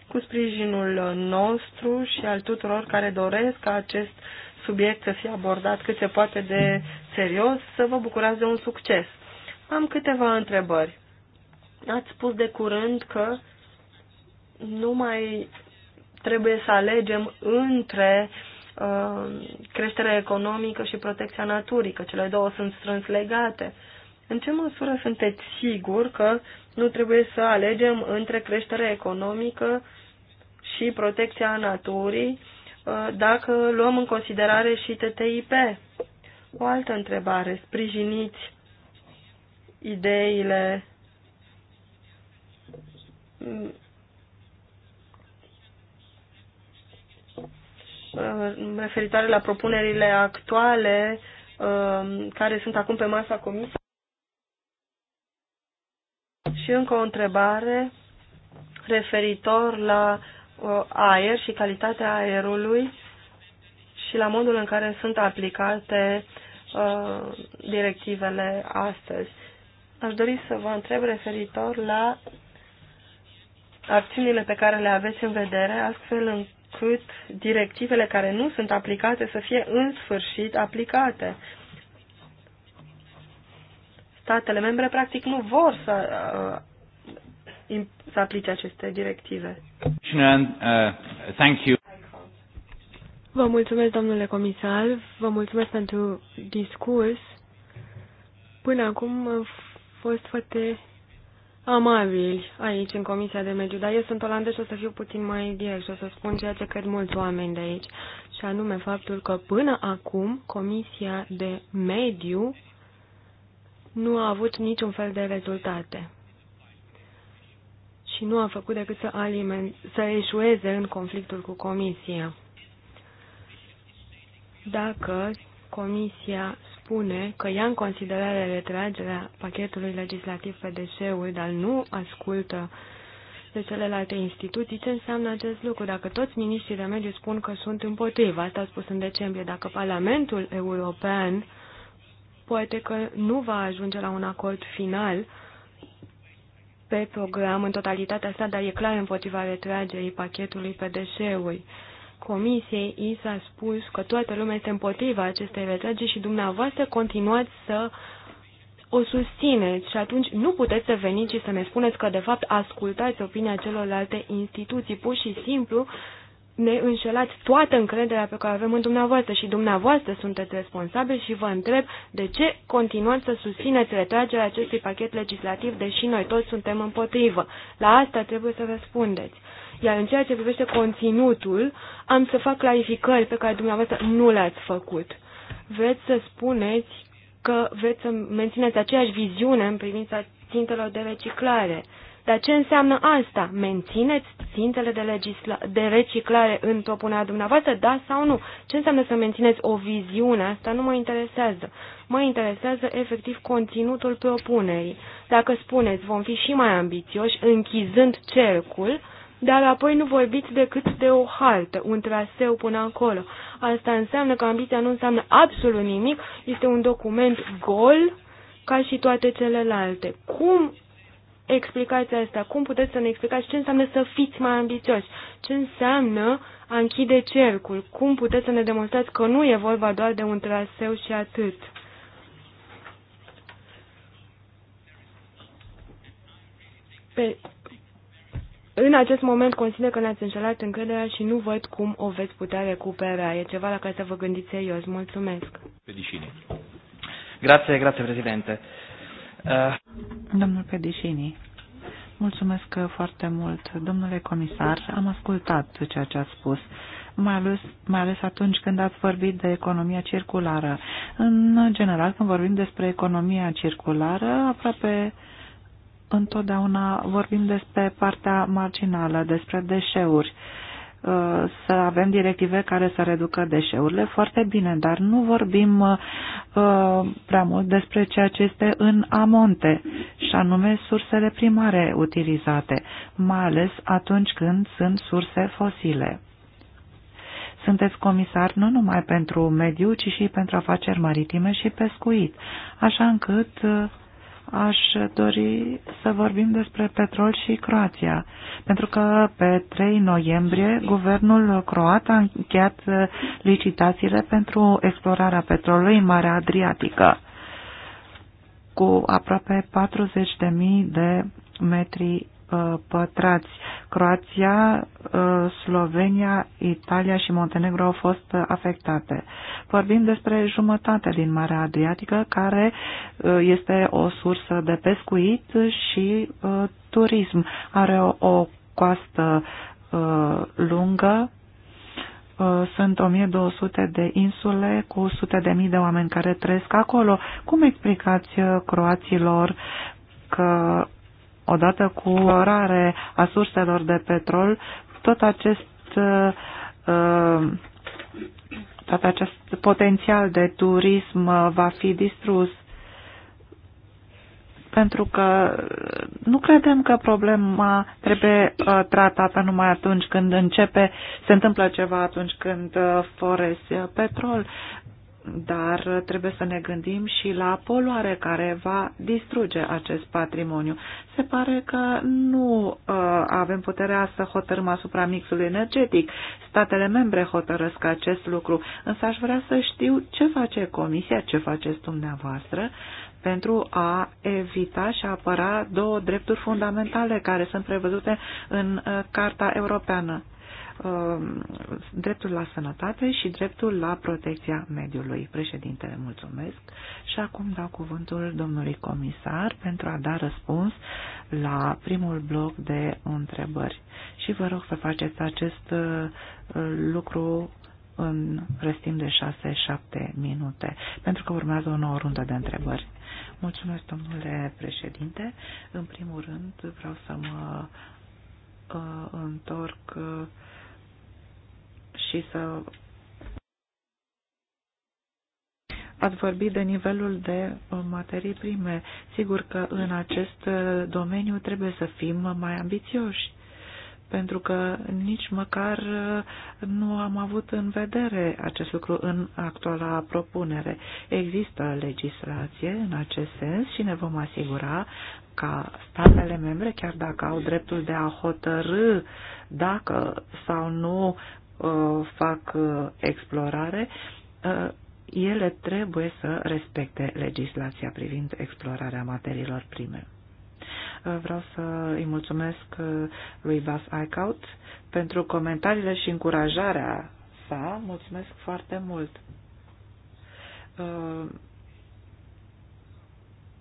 cu sprijinul nostru și al tuturor care doresc ca acest uh, subiect să fie abordat cât se poate de serios, să vă bucurați de un succes. Am câteva întrebări. Ați spus de curând că nu mai trebuie să alegem între uh, creșterea economică și protecția naturii, că cele două sunt strâns legate. În ce măsură sunteți sigur că nu trebuie să alegem între creșterea economică și protecția naturii Uh, dacă luăm în considerare și TTIP. O altă întrebare. Sprijiniți ideile uh, referitoare la propunerile actuale uh, care sunt acum pe masa comisiei. Și încă o întrebare referitor la Uh, aer și calitatea aerului și la modul în care sunt aplicate uh, directivele astăzi. Aș dori să vă întreb referitor la acțiunile pe care le aveți în vedere, astfel încât directivele care nu sunt aplicate să fie în sfârșit aplicate. Statele membre practic nu vor să uh, să aplice aceste directive. Uh, vă mulțumesc, domnule comisar, vă mulțumesc pentru discurs. Până acum am fost foarte amabili aici, în Comisia de Mediu, dar eu sunt olandez și o să fiu puțin mai direct și o să spun ceea ce cred mulți oameni de aici, și anume faptul că până acum Comisia de Mediu nu a avut niciun fel de rezultate și nu a făcut decât să, aliment, să eșueze în conflictul cu Comisia. Dacă Comisia spune că ia în considerare retragerea pachetului legislativ pe deșeuri, dar nu ascultă de celelalte instituții, ce înseamnă acest lucru? Dacă toți miniștrii de mediu spun că sunt împotriva, asta a spus în decembrie, dacă Parlamentul European poate că nu va ajunge la un acord final, pe program în totalitatea sa, dar e clar împotriva retragerii pachetului pe deșeuri. Comisiei i s-a spus că toată lumea este împotriva acestei retrageri și dumneavoastră continuați să o susțineți și atunci nu puteți să veniți și să ne spuneți că de fapt ascultați opinia celorlalte instituții. Pur și simplu ne înșelați toată încrederea pe care o avem în dumneavoastră și dumneavoastră sunteți responsabili și vă întreb de ce continuați să susțineți retragerea acestui pachet legislativ, deși noi toți suntem împotrivă. La asta trebuie să răspundeți. Iar în ceea ce privește conținutul, am să fac clarificări pe care dumneavoastră nu le-ați făcut. Vreți să spuneți că vreți să mențineți aceeași viziune în privința țintelor de reciclare dar ce înseamnă asta? Mențineți țintele de, de reciclare în topunea dumneavoastră, da sau nu? Ce înseamnă să mențineți o viziune? Asta nu mă interesează. Mă interesează efectiv conținutul propunerii. Dacă spuneți vom fi și mai ambițioși, închizând cercul, dar apoi nu vorbiți decât de o haltă, un traseu până acolo. Asta înseamnă că ambiția nu înseamnă absolut nimic, este un document gol ca și toate celelalte. Cum explicația asta? Cum puteți să ne explicați ce înseamnă să fiți mai ambițioși? Ce înseamnă a închide cercul? Cum puteți să ne demonstrați că nu e vorba doar de un traseu și atât? Pe... În acest moment consider că ne-ați înșelat încrederea și nu văd cum o veți putea recupera. E ceva la care să vă gândiți serios. Mulțumesc. Pe Grazie, grazie Presidente. Domnul Pedișini, mulțumesc foarte mult. Domnule comisar, am ascultat ceea ce ați spus, mai ales, mai ales atunci când ați vorbit de economia circulară. În general, când vorbim despre economia circulară, aproape întotdeauna vorbim despre partea marginală, despre deșeuri. Uh, Uh, să avem directive care să reducă deșeurile, foarte bine, dar nu vorbim uh, prea mult despre ceea ce este în amonte, și anume sursele primare utilizate, mai ales atunci când sunt surse fosile. Sunteți comisar nu numai pentru mediu, ci și pentru afaceri maritime și pescuit, așa încât uh, aș dori să vorbim despre petrol și Croația, pentru că pe 3 noiembrie guvernul croat a încheiat licitațiile pentru explorarea petrolului în Marea Adriatică cu aproape 40.000 de metri Uh, pătrați. Croația, uh, Slovenia, Italia și Montenegro au fost uh, afectate. Vorbim despre jumătate din Marea Adriatică, care este o sursă de pescuit și turism. Are o, o coastă lungă, sunt 1200 de insule cu sute de mii de oameni care trăiesc acolo. Cum explicați croaților că odată cu orare a surselor de petrol, tot acest uh, uh, tot acest potențial de turism va fi distrus pentru că nu credem că problema trebuie uh, tratată numai atunci când începe, se întâmplă ceva atunci când forezi petrol dar trebuie să ne gândim și la poluare care va distruge acest patrimoniu. Se pare că nu uh, avem puterea să hotărâm asupra mixului energetic. Statele membre hotărăsc acest lucru, însă aș vrea să știu ce face Comisia, ce faceți dumneavoastră pentru a evita și a apăra două drepturi fundamentale care sunt prevăzute în uh, Carta Europeană Um, dreptul la sănătate și dreptul la protecția mediului. Președintele, mulțumesc. Și acum dau cuvântul domnului comisar pentru a da răspuns la primul bloc de întrebări. Și vă rog să faceți acest uh, lucru în restim de 6-7 minute, pentru că urmează o nouă rundă de întrebări. Mulțumesc, domnule președinte. În primul rând, vreau să mă uh, întorc uh, și să Ați vorbit de nivelul de uh, materii prime. Sigur că în acest uh, domeniu trebuie să fim mai ambițioși, pentru că nici măcar uh, nu am avut în vedere acest lucru în actuala propunere. Există legislație în acest sens și ne vom asigura ca statele membre, chiar dacă au dreptul de a hotărâ dacă sau nu Uh, fac uh, explorare, uh, ele trebuie să respecte legislația privind explorarea materiilor prime. Vreau să îi mulțumesc lui Vas Eichaut pentru comentariile și încurajarea sa. Mulțumesc foarte mult!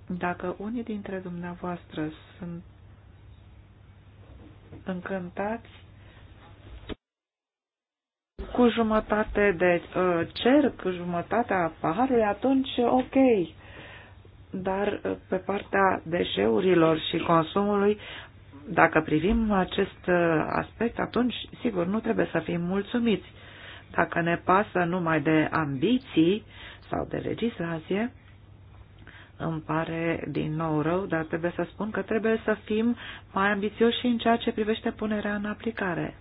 Dacă unii dintre dumneavoastră sunt încântați cu jumătate de uh, cerc, jumătatea paharului, atunci ok. Dar uh, pe partea deșeurilor și consumului, dacă privim acest uh, aspect, atunci, sigur, nu trebuie să fim mulțumiți. Dacă ne pasă numai de ambiții sau de legislație, îmi pare din nou rău, dar trebuie să spun că trebuie să fim mai ambițioși în ceea ce privește punerea în aplicare.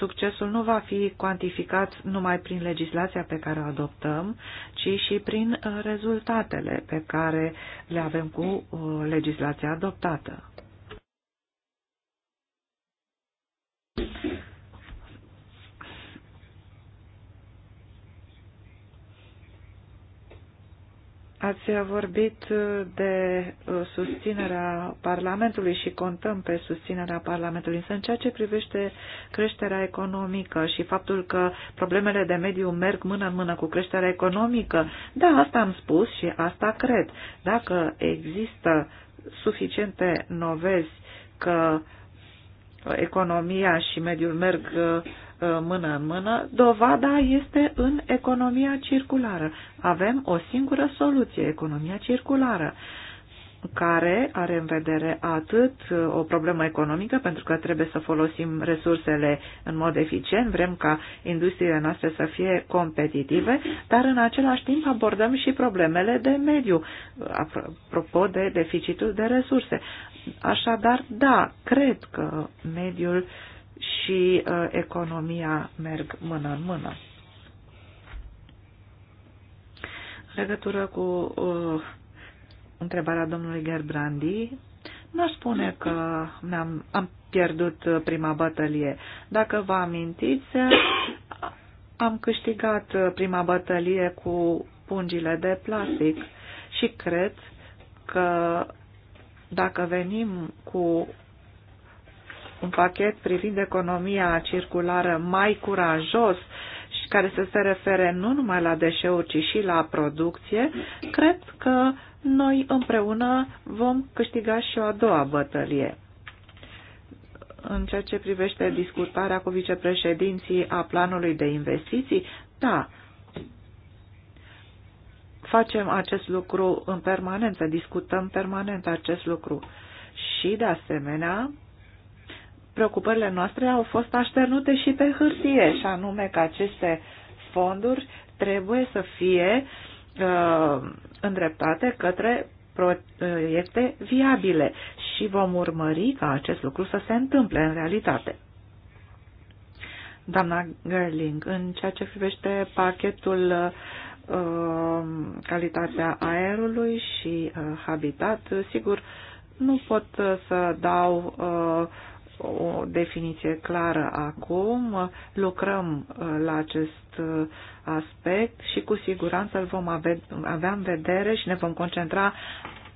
Succesul nu va fi cuantificat numai prin legislația pe care o adoptăm, ci și prin uh, rezultatele pe care le avem cu uh, legislația adoptată. Ați vorbit uh, de uh, susținerea Parlamentului și contăm pe susținerea Parlamentului, însă în ceea ce privește creșterea economică și faptul că problemele de mediu merg mână în mână cu creșterea economică, da, asta am spus și asta cred. Dacă există suficiente novezi că economia și mediul merg uh, Uh, mână în mână, dovada este în economia circulară. Avem o singură soluție, economia circulară care are în vedere atât uh, o problemă economică, pentru că trebuie să folosim resursele în mod eficient, vrem ca industriile noastre să fie competitive, dar în același timp abordăm și problemele de mediu, apropo de deficitul de resurse. Așadar, da, cred că mediul uh, și uh, economia merg mână în mână. În legătură cu uh, întrebarea domnului Gerbrandi, nu spune că am am pierdut uh, prima bătălie. Dacă vă amintiți, am câștigat uh, prima bătălie cu pungile de plastic și cred că dacă venim cu un pachet privind economia circulară mai curajos și care să se refere nu numai la deșeuri, ci și la producție, cred că noi împreună vom câștiga și o a doua bătălie în ceea ce privește discutarea cu vicepreședinții a planului de investiții, da, facem acest lucru în permanență, discutăm permanent acest lucru. Și, de asemenea, preocupările noastre au fost așternute și pe hârtie, și anume că aceste fonduri trebuie să fie uh, îndreptate către proiecte viabile și vom urmări ca acest lucru să se întâmple în realitate. Doamna Gerling, în ceea ce privește pachetul uh, calitatea aerului și uh, habitat. Sigur, nu pot uh, să dau uh, o definiție clară acum, lucrăm uh, la acest uh, aspect și cu siguranță îl vom avea în vedere și ne vom concentra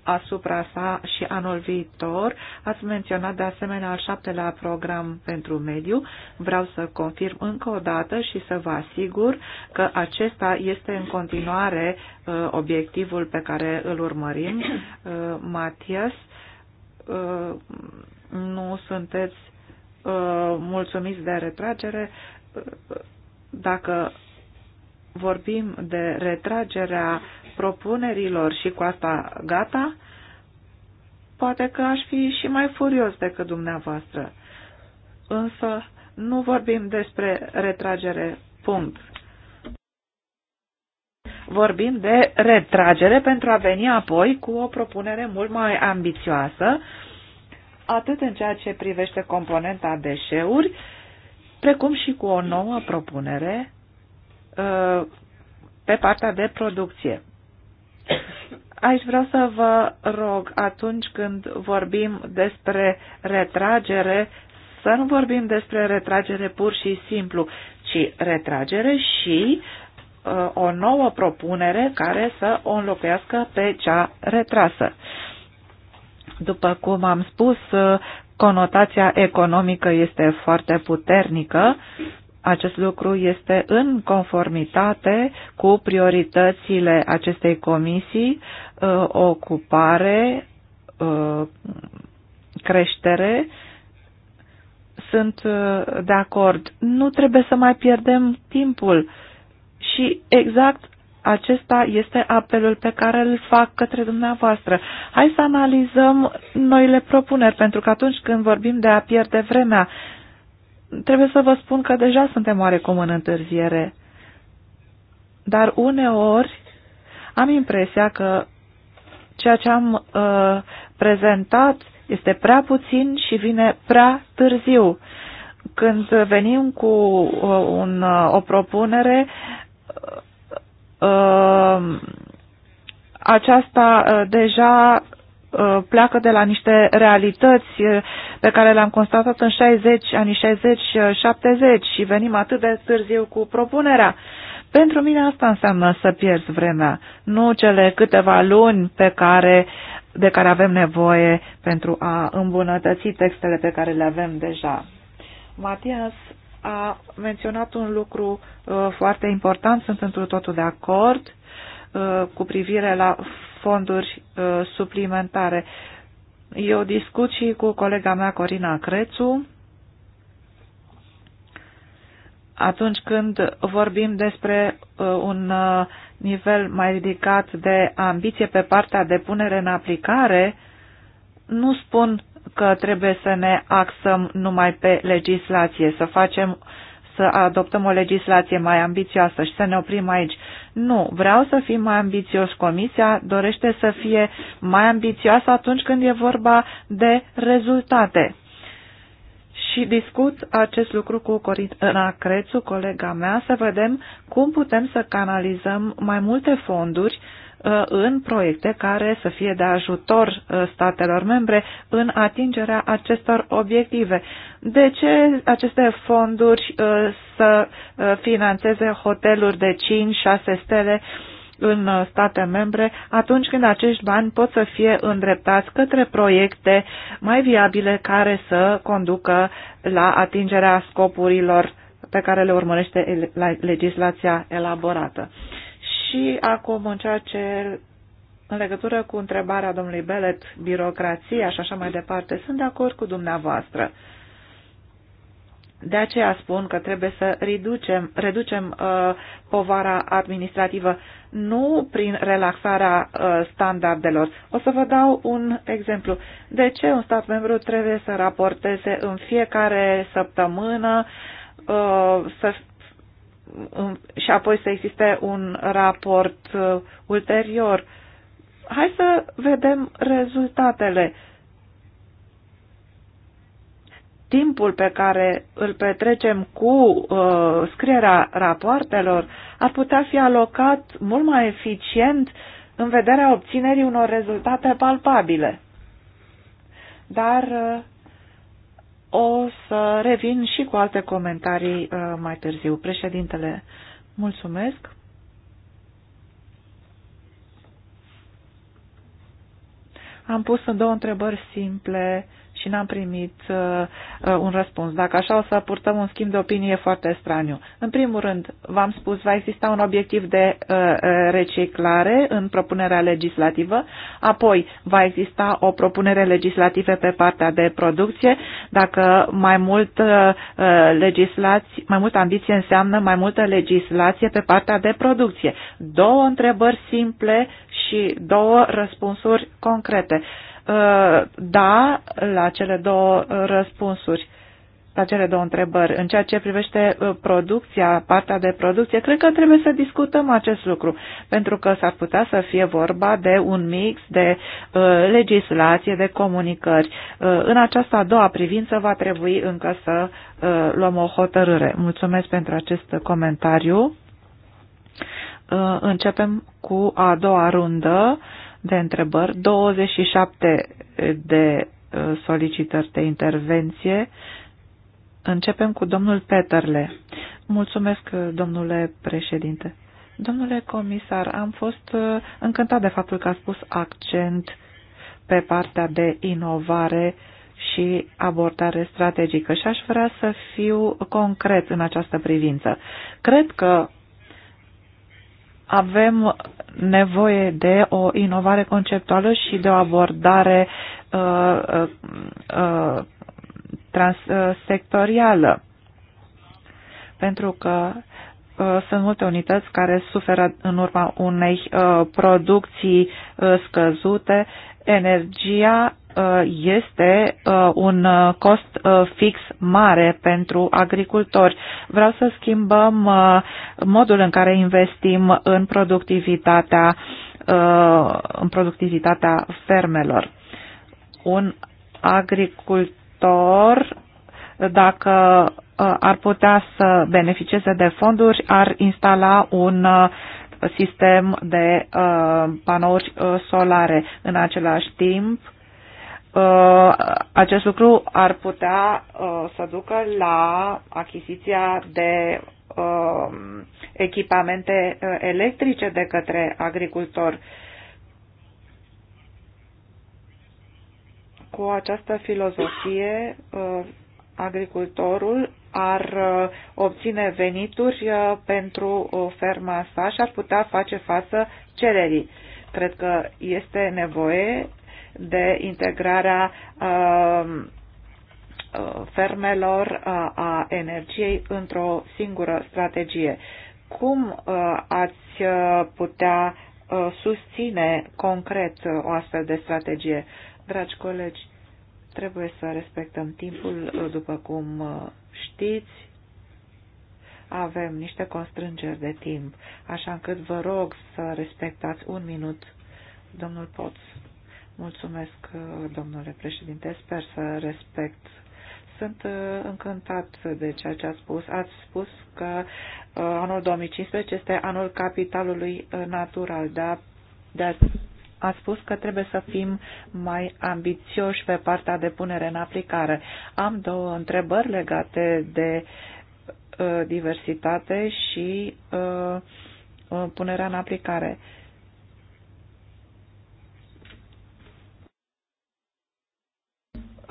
asupra sa și anul viitor. Ați menționat de asemenea al șaptelea program pentru mediu. Vreau să confirm încă o dată și să vă asigur că acesta este în continuare uh, obiectivul pe care îl urmărim. Uh, Matias, uh, nu sunteți uh, mulțumiți de retragere, dacă vorbim de retragerea propunerilor și cu asta gata, poate că aș fi și mai furios decât dumneavoastră. Însă nu vorbim despre retragere, punct. Vorbim de retragere pentru a veni apoi cu o propunere mult mai ambițioasă atât în ceea ce privește componenta deșeuri, precum și cu o nouă propunere uh, pe partea de producție. Aici vreau să vă rog, atunci când vorbim despre retragere, să nu vorbim despre retragere pur și simplu, ci retragere și uh, o nouă propunere care să o înlocuiască pe cea retrasă. După cum am spus, conotația economică este foarte puternică. Acest lucru este în conformitate cu prioritățile acestei comisii, uh, ocupare, uh, creștere. Sunt uh, de acord. Nu trebuie să mai pierdem timpul. Și exact acesta este apelul pe care îl fac către dumneavoastră. Hai să analizăm noile propuneri, pentru că atunci când vorbim de a pierde vremea, trebuie să vă spun că deja suntem oarecum în întârziere. Dar uneori am impresia că ceea ce am uh, prezentat este prea puțin și vine prea târziu. Când venim cu uh, un, uh, o propunere, Uh, aceasta uh, deja uh, pleacă de la niște realități pe care le-am constatat în 60, anii 60-70 și venim atât de târziu cu propunerea. Pentru mine asta înseamnă să pierzi vremea, nu cele câteva luni pe care, de care avem nevoie pentru a îmbunătăți textele pe care le avem deja. Matias a menționat un lucru uh, foarte important, sunt într totul de acord uh, cu privire la fonduri uh, suplimentare. Eu discut și cu colega mea Corina Crețu atunci când vorbim despre un nivel mai ridicat de ambiție pe partea de punere în aplicare, nu spun că trebuie să ne axăm numai pe legislație, să facem să adoptăm o legislație mai ambițioasă și să ne oprim aici. Nu, vreau să fim mai ambițioși. Comisia dorește să fie mai ambițioasă atunci când e vorba de rezultate. Și discut acest lucru cu Corina Crețu, colega mea, să vedem cum putem să canalizăm mai multe fonduri uh, Uh, în proiecte care să fie de ajutor uh, statelor membre în atingerea acestor obiective. De ce aceste fonduri uh, să financeze hoteluri de 5-6 stele în state membre atunci când acești bani pot să fie îndreptați către proiecte mai viabile care să conducă la atingerea scopurilor pe care le urmărește legislația elaborată. Și acum în ceea ce în legătură cu întrebarea domnului Belet, birocrația și așa mai departe, sunt de acord cu dumneavoastră. De aceea spun că trebuie să reducem, reducem uh, povara administrativă, nu prin relaxarea uh, standardelor. O să vă dau un exemplu. De ce un stat membru trebuie să raporteze în fiecare săptămână, uh, să și apoi să existe un raport uh, ulterior. Hai să vedem rezultatele. Timpul pe care îl petrecem cu uh, scrierea rapoartelor ar putea fi alocat mult mai eficient în vederea obținerii unor rezultate palpabile. Dar uh, o să revin și cu alte comentarii uh, mai târziu. Președintele, mulțumesc. Am pus două întrebări simple și n-am primit uh, uh, un răspuns. Dacă așa o să purtăm un schimb de opinie foarte straniu. În primul rând, v-am spus, va exista un obiectiv de uh, uh reciclare în propunerea legislativă, apoi va exista o propunere legislativă pe partea de producție. Dacă mai mult uh, uh legislați, mai multă ambiție înseamnă mai multă legislație pe partea de producție. Două întrebări simple și două răspunsuri concrete. Uh, da la cele două răspunsuri, la cele două întrebări. În ceea ce privește uh, producția, partea de producție, cred că trebuie să discutăm acest lucru, pentru că s-ar putea să fie vorba de un mix de uh, legislație, de comunicări. În această a doua privință va trebui încă să luăm o hotărâre. Mulțumesc pentru acest comentariu începem cu a doua rundă de întrebări, 27 de uh, solicitări de intervenție. Începem cu domnul Peterle. Mulțumesc, uh, domnule președinte. Domnule comisar, am fost uh, încântat de faptul că a spus accent pe partea de inovare și abordare strategică și aș vrea să fiu concret în această privință. Cred că avem nevoie de o inovare conceptuală și de o abordare uh, uh, uh, transsectorială. Uh, Pentru că uh, sunt multe unități care suferă în urma unei uh, producții scăzute. Energia Uh, este uh, un uh, cost fix mare pentru agricultori. Vreau să schimbăm modul în care investim în productivitatea, în productivitatea fermelor. Un agricultor, dacă ar putea să beneficieze de fonduri, ar instala un sistem de panouri solare. În același timp, Uh, acest lucru ar putea uh, să ducă la achiziția de um, echipamente uh, electrice de către agricultor. Cu această filozofie, agricultorul ar obține venituri pentru ferma sa și ar putea face față cererii. Cred că este nevoie de integrarea um, uh, fermelor uh, a energiei într-o singură strategie. Cum uh, ați putea susține concret o astfel de strategie? Dragi colegi, trebuie să respectăm timpul, după cum știți. Avem niște constrângeri de timp, așa încât vă rog să respectați un minut, domnul Poț. Mulțumesc, domnule președinte. Sper să respect. Sunt uh, încântat de ceea ce ați spus. Ați spus că uh, anul 2015 este anul capitalului uh, natural, dar de a spus că trebuie să fim mai ambițioși pe partea de punere în aplicare. Am două întrebări legate de uh, diversitate și uh, punerea în aplicare. Uh,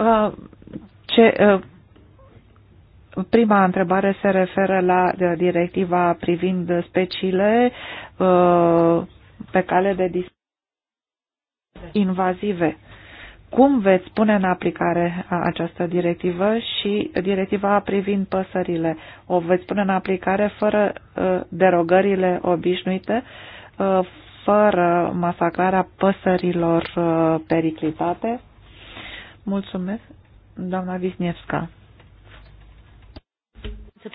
Uh, ce, uh, prima întrebare se referă la uh, directiva privind speciile pe cale de invazive. Cum veți pune în aplicare această directivă și directiva privind păsările? O veți pune în aplicare fără derogările obișnuite, fără masacrarea păsărilor periclitate? Mulțumesc, doamna Wisniewska.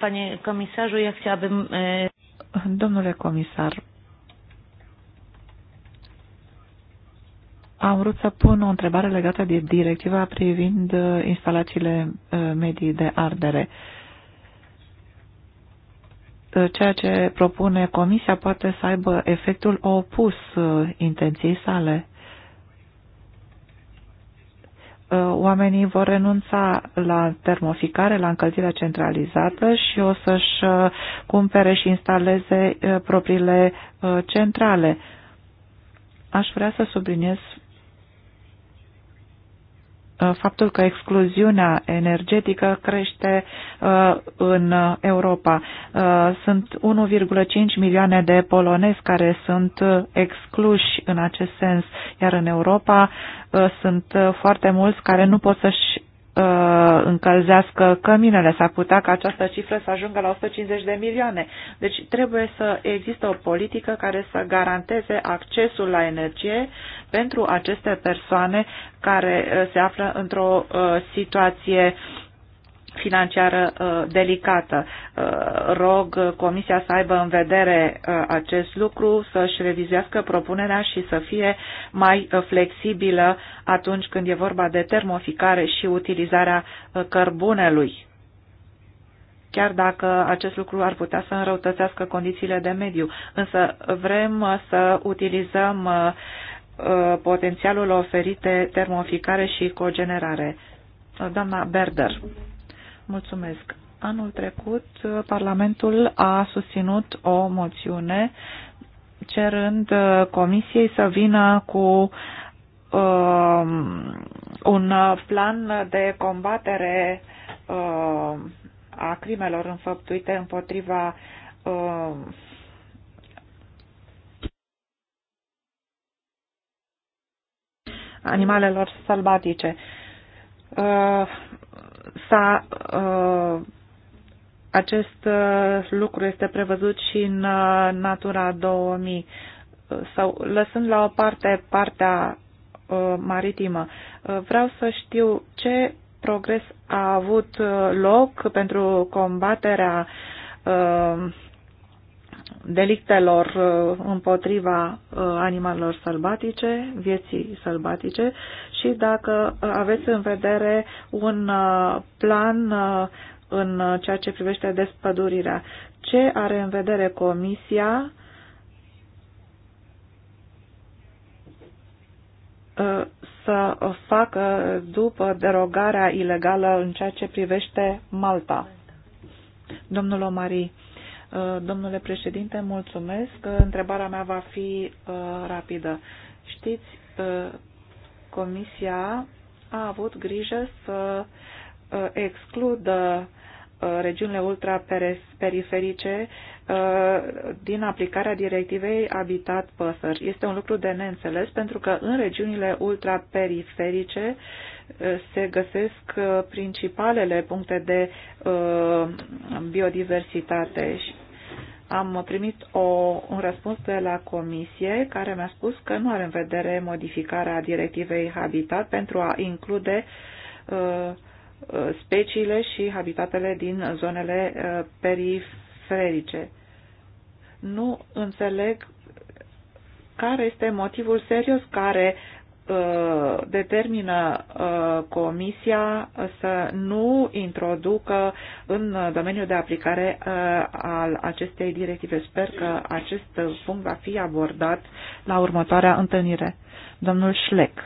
Panie komisarzu, ja chciałabym... Domnule comisar, am vrut să pun o întrebare legată de directiva privind instalațiile medii de ardere. Ceea ce propune Comisia poate să aibă efectul opus intenției sale. Uh, oamenii vor renunța la termoficare, la încălzirea centralizată și o să-și uh, cumpere și instaleze uh, propriile centrale. Aș vrea să subliniez Uh, faptul că excluziunea energetică crește uh, în Europa. Uh, sunt 1,5 milioane de polonezi care sunt excluși în acest sens, iar în Europa sunt foarte mulți care nu pot să-și uh, încălzească căminele. S-ar putea ca această cifră să ajungă la 150 de milioane. Deci trebuie să existe o politică care să garanteze accesul la energie pentru aceste persoane care uh, se află într-o uh, situație financiară uh, delicată. Uh, rog uh, Comisia să aibă în vedere acest lucru, să-și revizească propunerea și să fie mai flexibilă atunci când e vorba de termoficare și utilizarea cărbunelui chiar dacă acest lucru ar putea să înrăutățească condițiile de mediu. Însă vrem să utilizăm potențialul de termoficare și cogenerare. Doamna Berder. Mulțumesc. Anul trecut, Parlamentul a susținut o moțiune cerând uh, Comisiei să vină cu uh, un plan de combatere uh, a crimelor înfăptuite împotriva uh, animalelor sălbatice. Uh, s-a uh, acest uh, lucru este prevăzut și în uh, Natura 2000 sau lăsând la o parte partea maritimă. Vreau să știu ce progres a avut loc pentru combaterea delictelor uh, împotriva uh, animalelor sălbatice, vieții sălbatice și dacă uh, aveți în vedere un plan în ceea ce privește despădurirea. Ce are în vedere Comisia să o facă după derogarea ilegală în ceea ce privește Malta? Domnul Omarii. Uh, domnule președinte, mulțumesc. Uh, întrebarea mea va fi uh, rapidă. Știți, Comisia a avut grijă să excludă regiunile ultraperiferice din aplicarea directivei Habitat Păsări. Este un lucru de neînțeles pentru că în regiunile ultraperiferice se găsesc uh, principalele puncte de uh, biodiversitate. Am primit o, un răspuns de la comisie care mi-a spus că nu are în vedere modificarea directivei Habitat pentru a include uh, speciile și habitatele din zonele periferice. Nu înțeleg care este motivul serios care Uh, determină uh, Comisia să nu introducă în domeniul de aplicare uh, al acestei directive. Sper că acest punct va fi abordat la următoarea întâlnire. Domnul Schleck.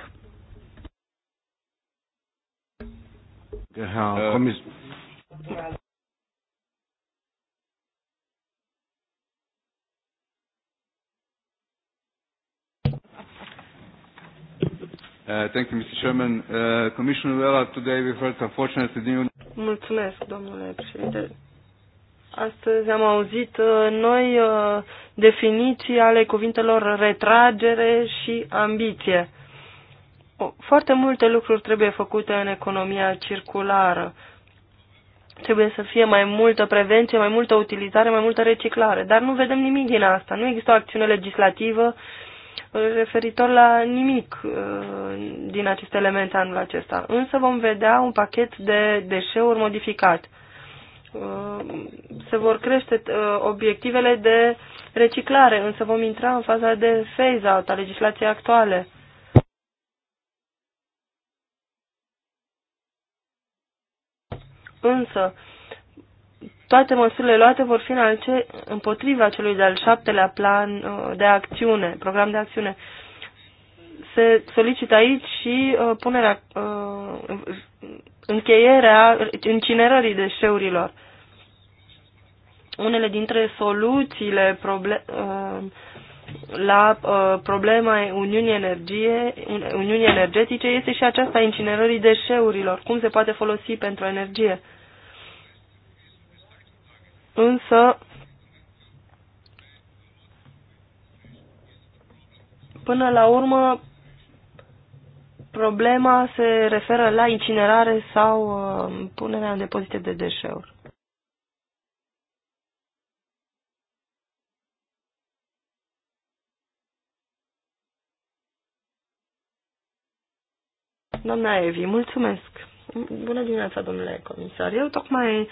Uh, thank you, Mr. Chairman. Uh, Commissioner Vela, today we heard unfortunately new... Mulțumesc, domnule președinte. Astăzi am auzit uh, noi uh, definiții ale cuvintelor retragere și ambiție. Foarte multe lucruri trebuie făcute în economia circulară. Trebuie să fie mai multă prevenție, mai multă utilizare, mai multă reciclare. Dar nu vedem nimic din asta. Nu există o acțiune legislativă uh, referitor la nimic uh, din aceste elemente anul acesta. Însă vom vedea un pachet de deșeuri modificat. Uh, se vor crește uh, obiectivele de reciclare, însă vom intra în faza de phase-out a legislației actuale. Însă, toate măsurile luate vor fi în alce, împotriva celui de-al șaptelea plan uh, de acțiune, program de acțiune. Se solicită aici și uh, punerea, uh, încheierea incinerării deșeurilor. Unele dintre soluțiile proble- uh, la uh, problema Uniunii, Energie, Uniunii Energetice este și aceasta a incinerării deșeurilor. Cum se poate folosi pentru energie? Uh, Însă, până la urmă, problema se referă la incinerare sau uh, punerea în depozite de deșeuri. Doamna Evi, mulțumesc. Bună dimineața, domnule comisar. Eu tocmai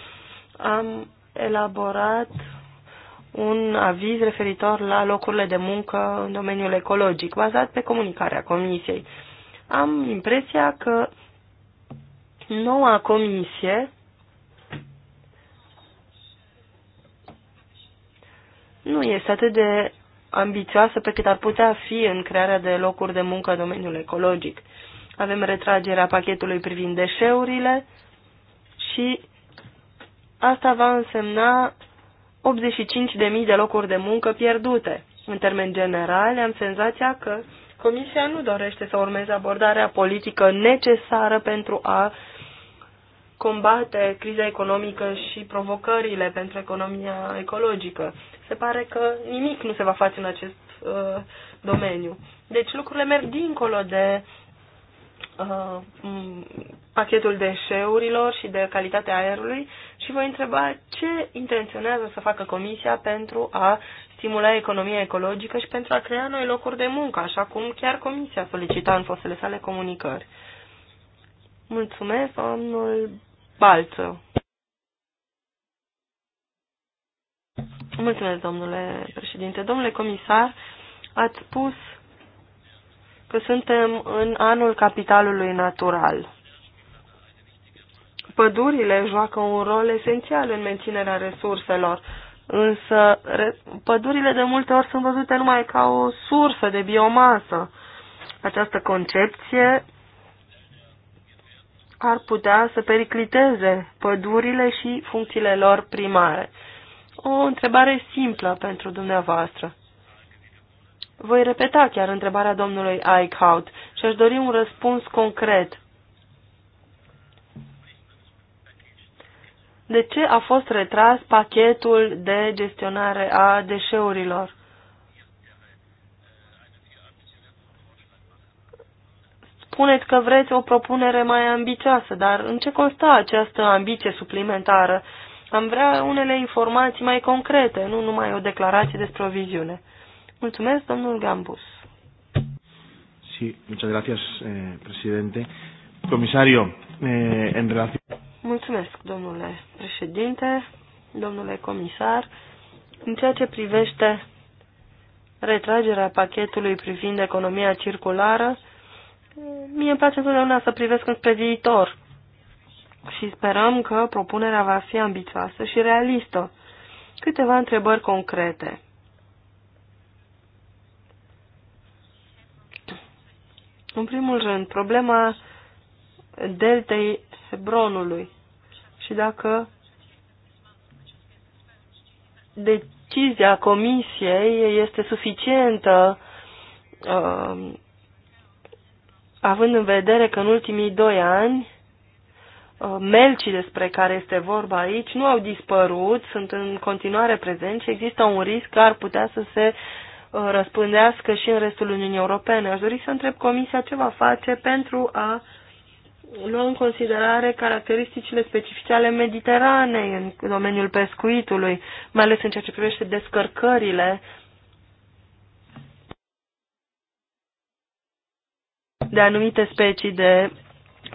am elaborat un aviz referitor la locurile de muncă în domeniul ecologic, bazat pe comunicarea Comisiei. Am impresia că noua Comisie nu este atât de ambițioasă pe cât ar putea fi în crearea de locuri de muncă în domeniul ecologic. Avem retragerea pachetului privind deșeurile și Asta va însemna 85.000 de locuri de muncă pierdute. În termen general, am senzația că Comisia nu dorește să urmeze abordarea politică necesară pentru a combate criza economică și provocările pentru economia ecologică. Se pare că nimic nu se va face în acest uh, domeniu. Deci lucrurile merg dincolo de Uh, pachetul deșeurilor și de calitatea aerului și voi întreba ce intenționează să facă Comisia pentru a stimula economia ecologică și pentru a crea noi locuri de muncă, așa cum chiar Comisia solicita în fostele sale comunicări. Mulțumesc, domnul Balță. Mulțumesc, domnule președinte. Domnule comisar, ați spus că suntem în anul capitalului natural. Pădurile joacă un rol esențial în menținerea resurselor, însă pădurile de multe ori sunt văzute numai ca o sursă de biomasă. Această concepție ar putea să pericliteze pădurile și funcțiile lor primare. O întrebare simplă pentru dumneavoastră. Voi repeta chiar întrebarea domnului Eichhout și aș dori un răspuns concret. De ce a fost retras pachetul de gestionare a deșeurilor? Spuneți că vreți o propunere mai ambicioasă, dar în ce consta această ambiție suplimentară? Am vrea unele informații mai concrete, nu numai o declarație despre o viziune. Mulțumesc, domnul Gambus. Sí, muchas gracias, eh, presidente. Comisario, eh, en relación... Mulțumesc, domnule președinte, domnule comisar. În ceea ce privește retragerea pachetului privind economia circulară, mie îmi place întotdeauna să privesc înspre viitor și sperăm că propunerea va fi ambițioasă și realistă. Câteva întrebări concrete. În primul rând, problema deltei Hebronului și dacă decizia comisiei este suficientă uh, având în vedere că în ultimii doi ani uh, melcii despre care este vorba aici nu au dispărut, sunt în continuare prezenți și există un risc că ar putea să se Uh, răspândească și în restul Uniunii Europene. Aș dori să întreb Comisia ce va face pentru a lua în considerare caracteristicile specifice ale Mediteranei în domeniul pescuitului, mai ales în ceea ce privește descărcările de anumite specii de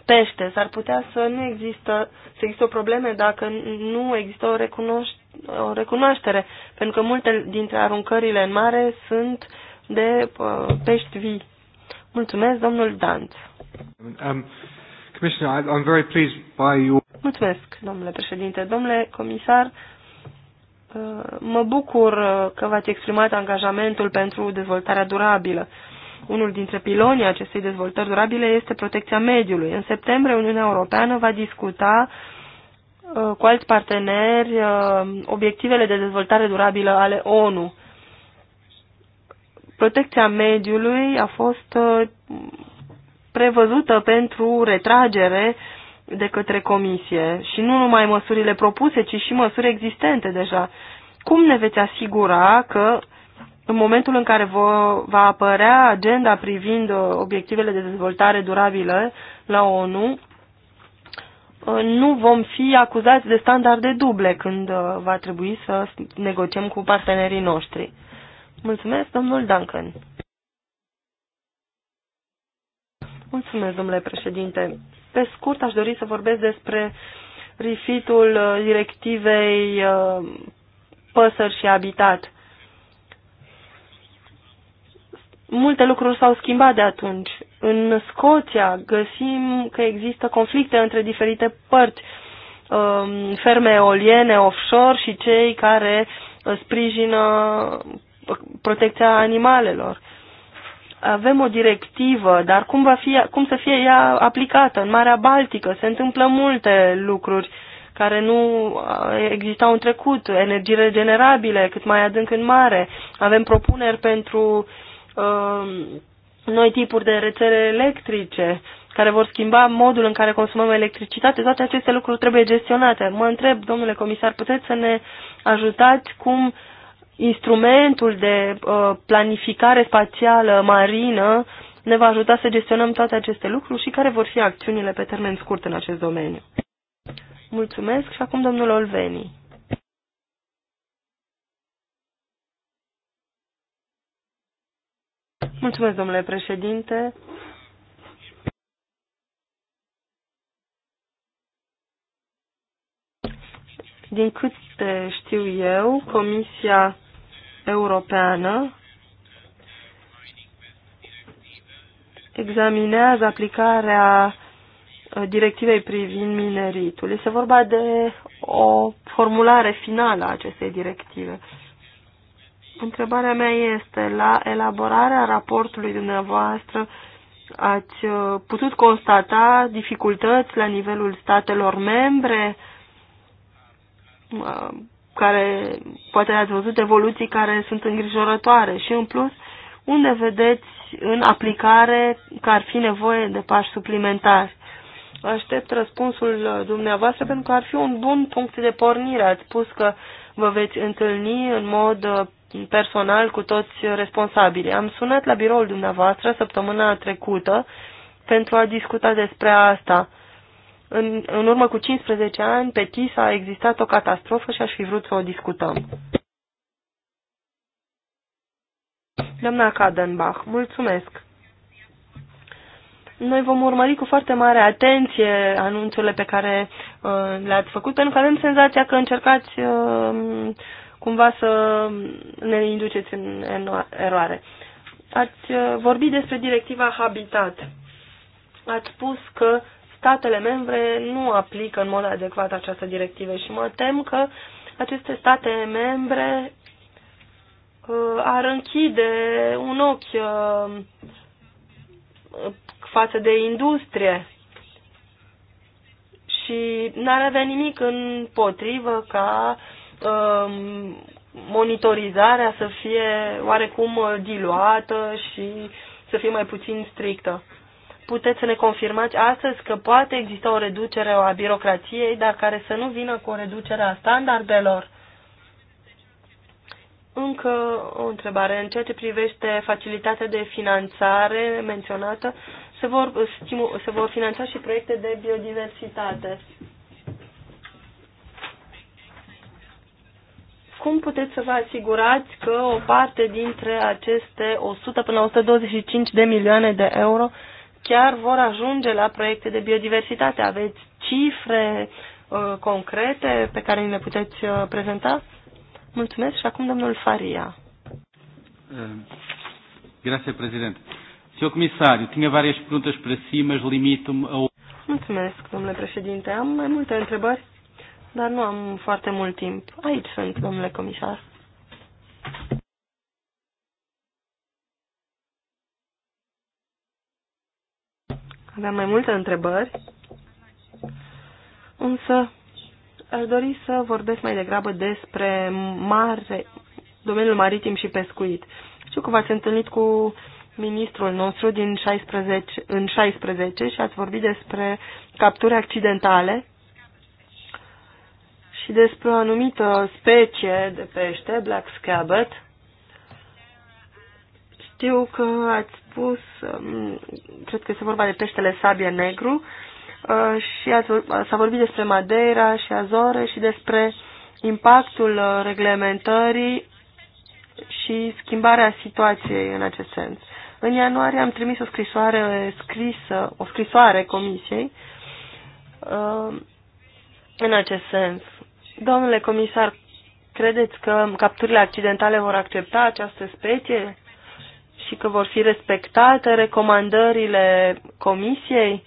pește. S-ar putea să nu există, să există o probleme dacă nu există o recunoș o recunoaștere, pentru că multe dintre aruncările în mare sunt de uh, pești vii. Mulțumesc, domnul Danț. Um, Commissioner, I'm very pleased by your... Mulțumesc, domnule președinte. Domnule comisar, uh, mă bucur uh, că v-ați exprimat angajamentul pentru dezvoltarea durabilă. Unul dintre pilonii acestei dezvoltări durabile este protecția mediului. În septembrie, Uniunea Europeană va discuta uh, Uh, cu alți parteneri uh, obiectivele de dezvoltare durabilă ale ONU. Protecția mediului a fost uh, prevăzută pentru retragere de către comisie și nu numai măsurile propuse, ci și măsuri existente deja. Cum ne veți asigura că în momentul în care vă, va apărea agenda privind obiectivele de dezvoltare durabilă la ONU, Uh, nu vom fi acuzați de standarde duble când uh, va trebui să negociem cu partenerii noștri. Mulțumesc, domnul Duncan. Mulțumesc, domnule președinte. Pe scurt, aș dori să vorbesc despre rifitul uh, directivei păsări și habitat. Multe lucruri s-au schimbat de atunci. În Scoția găsim că există conflicte între diferite părți, um, ferme eoliene, offshore și cei care uh, sprijină uh, protecția animalelor. Avem o directivă, dar cum, va fi, cum să fie ea aplicată? În Marea Baltică se întâmplă multe lucruri care nu uh, existau în trecut, energii regenerabile cât mai adânc în mare. Avem propuneri pentru Um, noi tipuri de rețele electrice care vor schimba modul în care consumăm electricitate, toate aceste lucruri trebuie gestionate. Mă întreb, domnule comisar, puteți să ne ajutați cum instrumentul de uh, planificare spațială marină ne va ajuta să gestionăm toate aceste lucruri și care vor fi acțiunile pe termen scurt în acest domeniu. Mulțumesc și acum domnul Olveni. Mulțumesc, domnule președinte. Din câte știu eu, Comisia Europeană examinează aplicarea uh, directivei privind mineritul. Este vorba de o formulare finală a acestei directive. Întrebarea mea este, la elaborarea raportului dumneavoastră ați uh, putut constata dificultăți la nivelul statelor membre uh, care poate ați văzut evoluții care sunt îngrijorătoare și în plus unde vedeți în aplicare că ar fi nevoie de pași suplimentari. Aștept răspunsul dumneavoastră pentru că ar fi un bun punct de pornire. Ați spus că vă veți întâlni în mod uh, personal cu toți responsabili. Am sunat la biroul dumneavoastră săptămâna trecută pentru a discuta despre asta. În, în urmă cu 15 ani, pe TIS a existat o catastrofă și aș fi vrut să o discutăm. Doamna Kadenbach, mulțumesc. Noi vom urmări cu foarte mare atenție anunțurile pe care uh, le-ați făcut, pentru că avem senzația că încercați uh, cumva să ne induceți în eroare. Ați uh, vorbit despre directiva Habitat. Ați spus că statele membre nu aplică în mod adecvat această directivă și mă tem că aceste state membre uh, ar închide un ochi uh, față de industrie și n-ar avea nimic împotrivă ca Um, monitorizarea să fie oarecum diluată și să fie mai puțin strictă. Puteți să ne confirmați astăzi că poate exista o reducere a birocrației, dar care să nu vină cu o reducere a standardelor? Încă o întrebare. În ceea ce privește facilitatea de finanțare menționată, se vor, se vor finanța și proiecte de biodiversitate. cum puteți să vă asigurați că o parte dintre aceste 100 până 125 de milioane de euro chiar vor ajunge la proiecte de biodiversitate? Aveți cifre uh, concrete pe care ni le puteți uh, prezenta? Mulțumesc și acum domnul Faria. Uh, grazie, Presidente. Sr. Comissário, tinha várias perguntas para si, mas limito-me a... Mulțumesc, domnule președinte. Am mai multe întrebări dar nu am foarte mult timp. Aici sunt, domnule comisar. Aveam mai multe întrebări, însă aș dori să vorbesc mai degrabă despre mare, domeniul maritim și pescuit. Știu că v-ați întâlnit cu ministrul nostru din 16, în 16 și ați vorbit despre capturi accidentale și despre o anumită specie de pește, Black Scabbard. Știu că ați spus, um, cred că este vorba de peștele sabie negru, uh, și s-a vorbit despre Madeira și Azore și despre impactul uh, reglementării și schimbarea situației în acest sens. În ianuarie am trimis o scrisoare scrisă, o scrisoare comisiei uh, în acest sens. Domnule comisar, credeți că capturile accidentale vor accepta această specie și că vor fi respectate recomandările comisiei?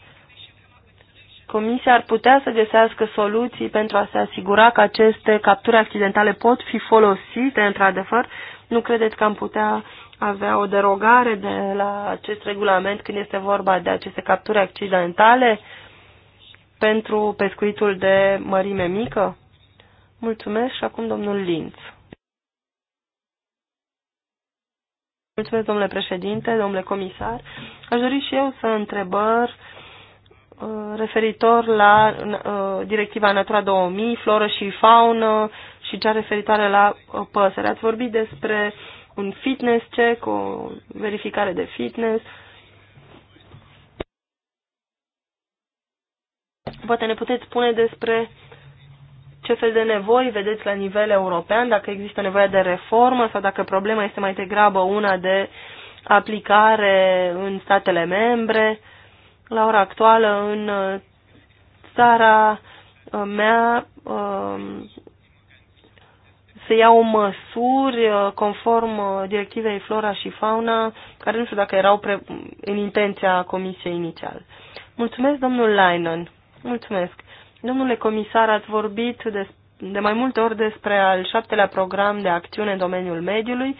Comisia ar putea să găsească soluții pentru a se asigura că aceste capturi accidentale pot fi folosite într-adevăr? Nu credeți că am putea avea o derogare de la acest regulament când este vorba de aceste capturi accidentale pentru pescuitul de mărime mică? Mulțumesc și acum domnul Linț. Mulțumesc, domnule președinte, domnule comisar. Aș dori și eu să întrebări uh, referitor la uh, directiva Natura 2000, floră și faună și cea referitoare la uh, păsări. Ați vorbit despre un fitness check, o verificare de fitness. Poate ne puteți spune despre ce fel de nevoi vedeți la nivel european, dacă există nevoie de reformă sau dacă problema este mai degrabă una de aplicare în statele membre. La ora actuală, în uh, țara uh, mea, um, se iau măsuri uh, conform directivei Flora și Fauna, care nu știu dacă erau pre- în intenția comisiei inițial. Mulțumesc, domnul Leinen. Mulțumesc. Domnule comisar, ați vorbit de, de mai multe ori despre al șaptelea program de acțiune în domeniul mediului.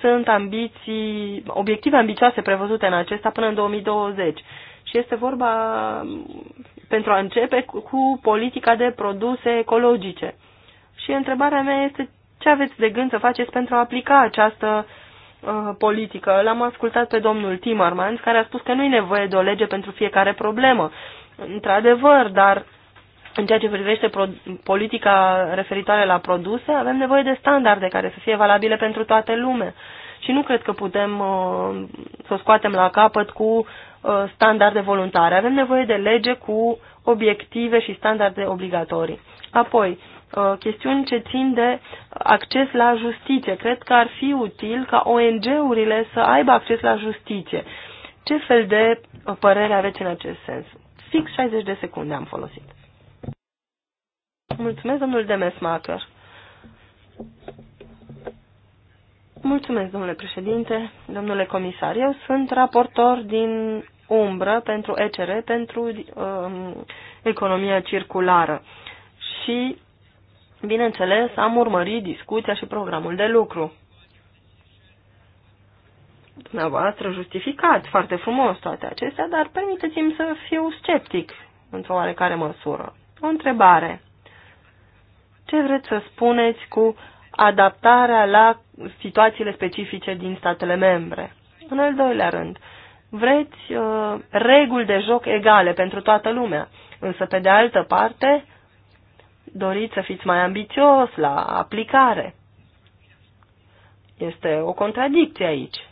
Sunt ambiții, obiective ambicioase prevăzute în acesta până în 2020. Și este vorba, pentru a începe, cu, cu politica de produse ecologice. Și întrebarea mea este ce aveți de gând să faceți pentru a aplica această uh, politică. L-am ascultat pe domnul Timmermans, care a spus că nu e nevoie de o lege pentru fiecare problemă. Într-adevăr, dar în ceea ce privește politica referitoare la produse, avem nevoie de standarde care să fie valabile pentru toată lumea. Și nu cred că putem uh, să o scoatem la capăt cu uh, standarde voluntare. Avem nevoie de lege cu obiective și standarde obligatorii. Apoi, uh, chestiuni ce țin de acces la justiție. Cred că ar fi util ca ONG-urile să aibă acces la justiție. Ce fel de părere aveți în acest sens? Fix 60 de secunde am folosit. Mulțumesc, domnul Demesmacher. Mulțumesc, domnule președinte, domnule comisar. Eu sunt raportor din umbră pentru ECR, pentru um, economia circulară. Și, bineînțeles, am urmărit discuția și programul de lucru. Dumneavoastră justificat foarte frumos toate acestea, dar permiteți-mi să fiu sceptic într-o oarecare măsură. O întrebare. Ce vreți să spuneți cu adaptarea la situațiile specifice din statele membre? În al doilea rând, vreți uh, reguli de joc egale pentru toată lumea, însă pe de altă parte doriți să fiți mai ambițios la aplicare. Este o contradicție aici.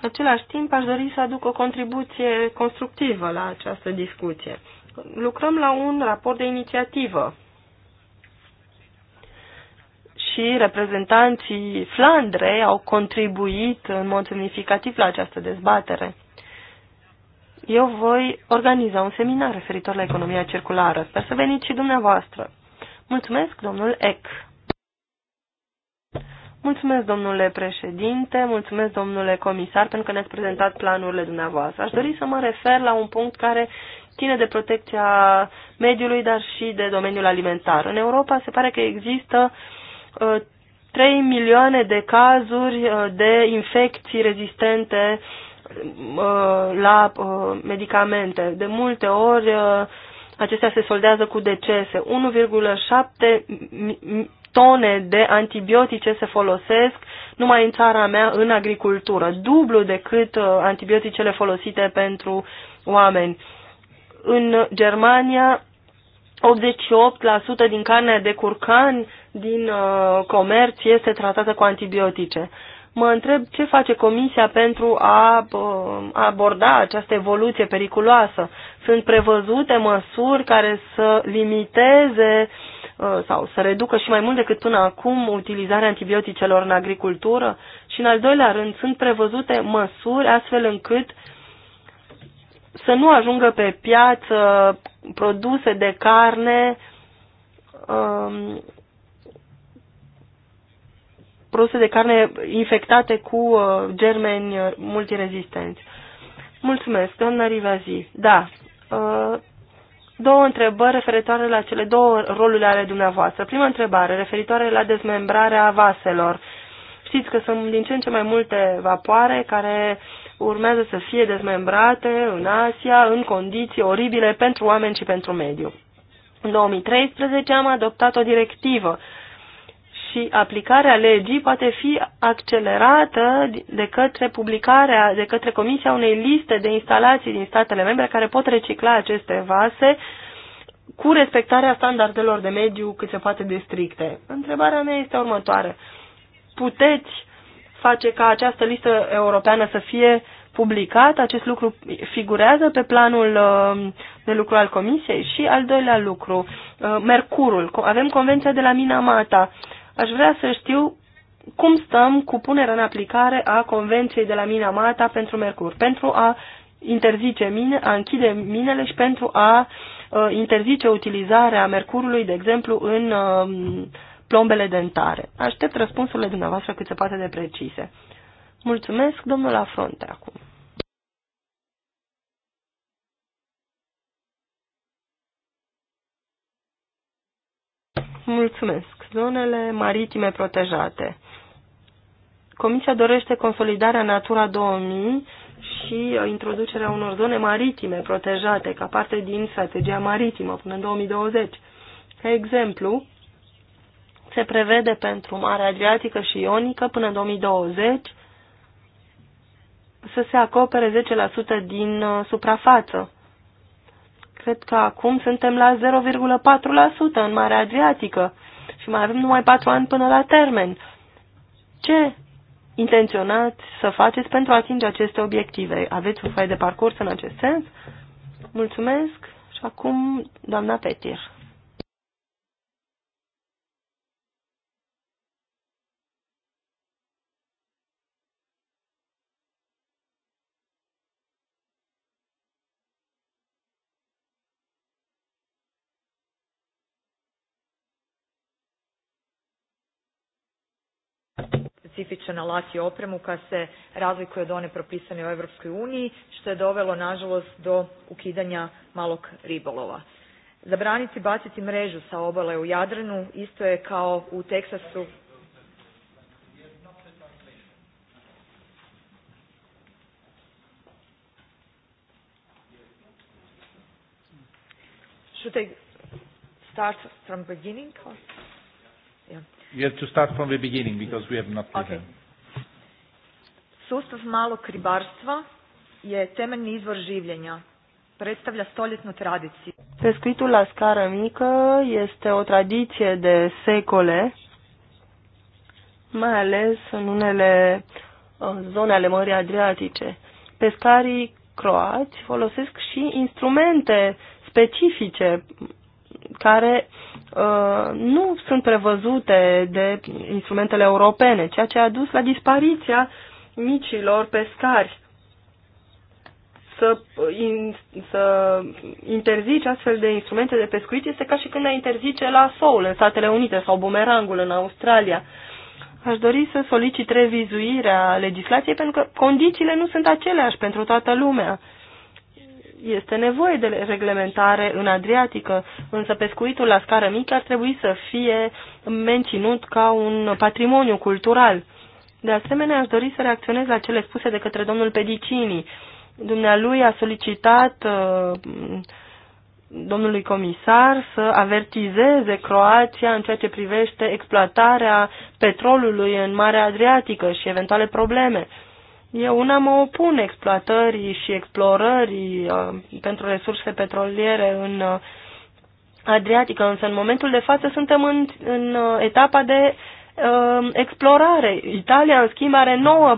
În același timp, aș dori să aduc o contribuție constructivă la această discuție lucrăm la un raport de inițiativă și reprezentanții Flandrei au contribuit în mod semnificativ la această dezbatere. Eu voi organiza un seminar referitor la economia circulară. Sper să veniți și dumneavoastră. Mulțumesc, domnul Eck. Mulțumesc, domnule președinte, mulțumesc, domnule comisar, pentru că ne-ați prezentat planurile dumneavoastră. Aș dori să mă refer la un punct care ține de protecția mediului, dar și de domeniul alimentar. În Europa se pare că există 3 uh, milioane de cazuri uh, de infecții rezistente uh, la medicamente. De multe ori acestea se soldează cu decese. 1,7 tone de antibiotice se folosesc numai în țara mea în agricultură, dublu decât antibioticele folosite pentru oameni. În Germania, 88% din carnea de curcan din uh, comerț este tratată cu antibiotice. Mă întreb ce face Comisia pentru a uh, aborda această evoluție periculoasă. Sunt prevăzute măsuri care să limiteze uh, sau să reducă și mai mult decât până acum utilizarea antibioticelor în agricultură? Și în al doilea rând, sunt prevăzute măsuri astfel încât să nu ajungă pe piață produse de carne um, produse de carne infectate cu uh, germeni uh, multirezistenți. Mulțumesc, doamna Rivazi. Da, uh, două întrebări referitoare la cele două roluri ale dumneavoastră. Prima întrebare, referitoare la dezmembrarea vaselor. Știți că sunt din ce în ce mai multe vapoare care uh, urmează să fie dezmembrate în Asia în condiții oribile pentru oameni și pentru mediu. În 2013 am adoptat o directivă și aplicarea legii poate fi accelerată de către publicarea, de către Comisia unei liste de instalații din statele membre care pot recicla aceste vase cu respectarea standardelor de mediu cât se poate de stricte. Întrebarea mea este următoare. Puteți face ca această listă europeană să fie publicată. Acest lucru figurează pe planul uh, de lucru al Comisiei. Și al doilea lucru, uh, Mercurul. Avem convenția de la Minamata. Aș vrea să știu cum stăm cu punerea în aplicare a convenției de la Minamata pentru Mercur, pentru a interzice mine, a închide minele și pentru a uh, interzice utilizarea mercurului, de exemplu, în plombele dentare. Aștept răspunsurile dumneavoastră cât se poate de precise. Mulțumesc, domnul Afronte, acum. Mulțumesc. Zonele maritime protejate. Comisia dorește consolidarea Natura 2000 și introducerea unor zone maritime protejate ca parte din strategia maritimă până în 2020. Ca exemplu, se prevede pentru Marea Adriatică și Ionică până în 2020 să se acopere 10% din uh, suprafață. Cred că acum suntem la 0,4% în Marea Adriatică și mai avem numai 4 ani până la termen. Ce intenționați să faceți pentru a atinge aceste obiective? Aveți un fai de parcurs în acest sens? Mulțumesc și acum doamna Petir. specifičan alat i opremu koja se razlikuje od one propisane u Europskoj uniji, što je dovelo nažalost do ukidanja malog ribolova. Zabraniti baciti mrežu sa obale u Jadranu isto je kao u Teksasu Should I start from beginning? Or? You have to start from the beginning because we have not okay. Sustav malog ribarstva je temeljni izvor življenja. Predstavlja stoljetnu tradiciju. Pescuitul la scară mică este o tradiție de secole, mai ales în unele zone ale Mării Adriatice. Pescarii croați folosesc și instrumente specifice care uh, nu sunt prevăzute de instrumentele europene, ceea ce a dus la dispariția micilor pescari. Să, in, să interzici astfel de instrumente de pescuit este ca și când ai interzice la soul în Statele Unite sau bumerangul în Australia. Aș dori să solicit revizuirea legislației pentru că condițiile nu sunt aceleași pentru toată lumea este nevoie de reglementare în Adriatică, însă pescuitul la scară mică ar trebui să fie menținut ca un patrimoniu cultural. De asemenea, aș dori să reacționez la cele spuse de către domnul Pedicini. Dumnealui a solicitat uh, domnului comisar să avertizeze Croația în ceea ce privește exploatarea petrolului în Marea Adriatică și eventuale probleme. Uh, eu una mă opun exploatării și explorării uh, pentru resurse petroliere în uh, Adriatică, însă în momentul de față suntem în, în uh, etapa de uh, explorare. Italia, în schimb, are nouă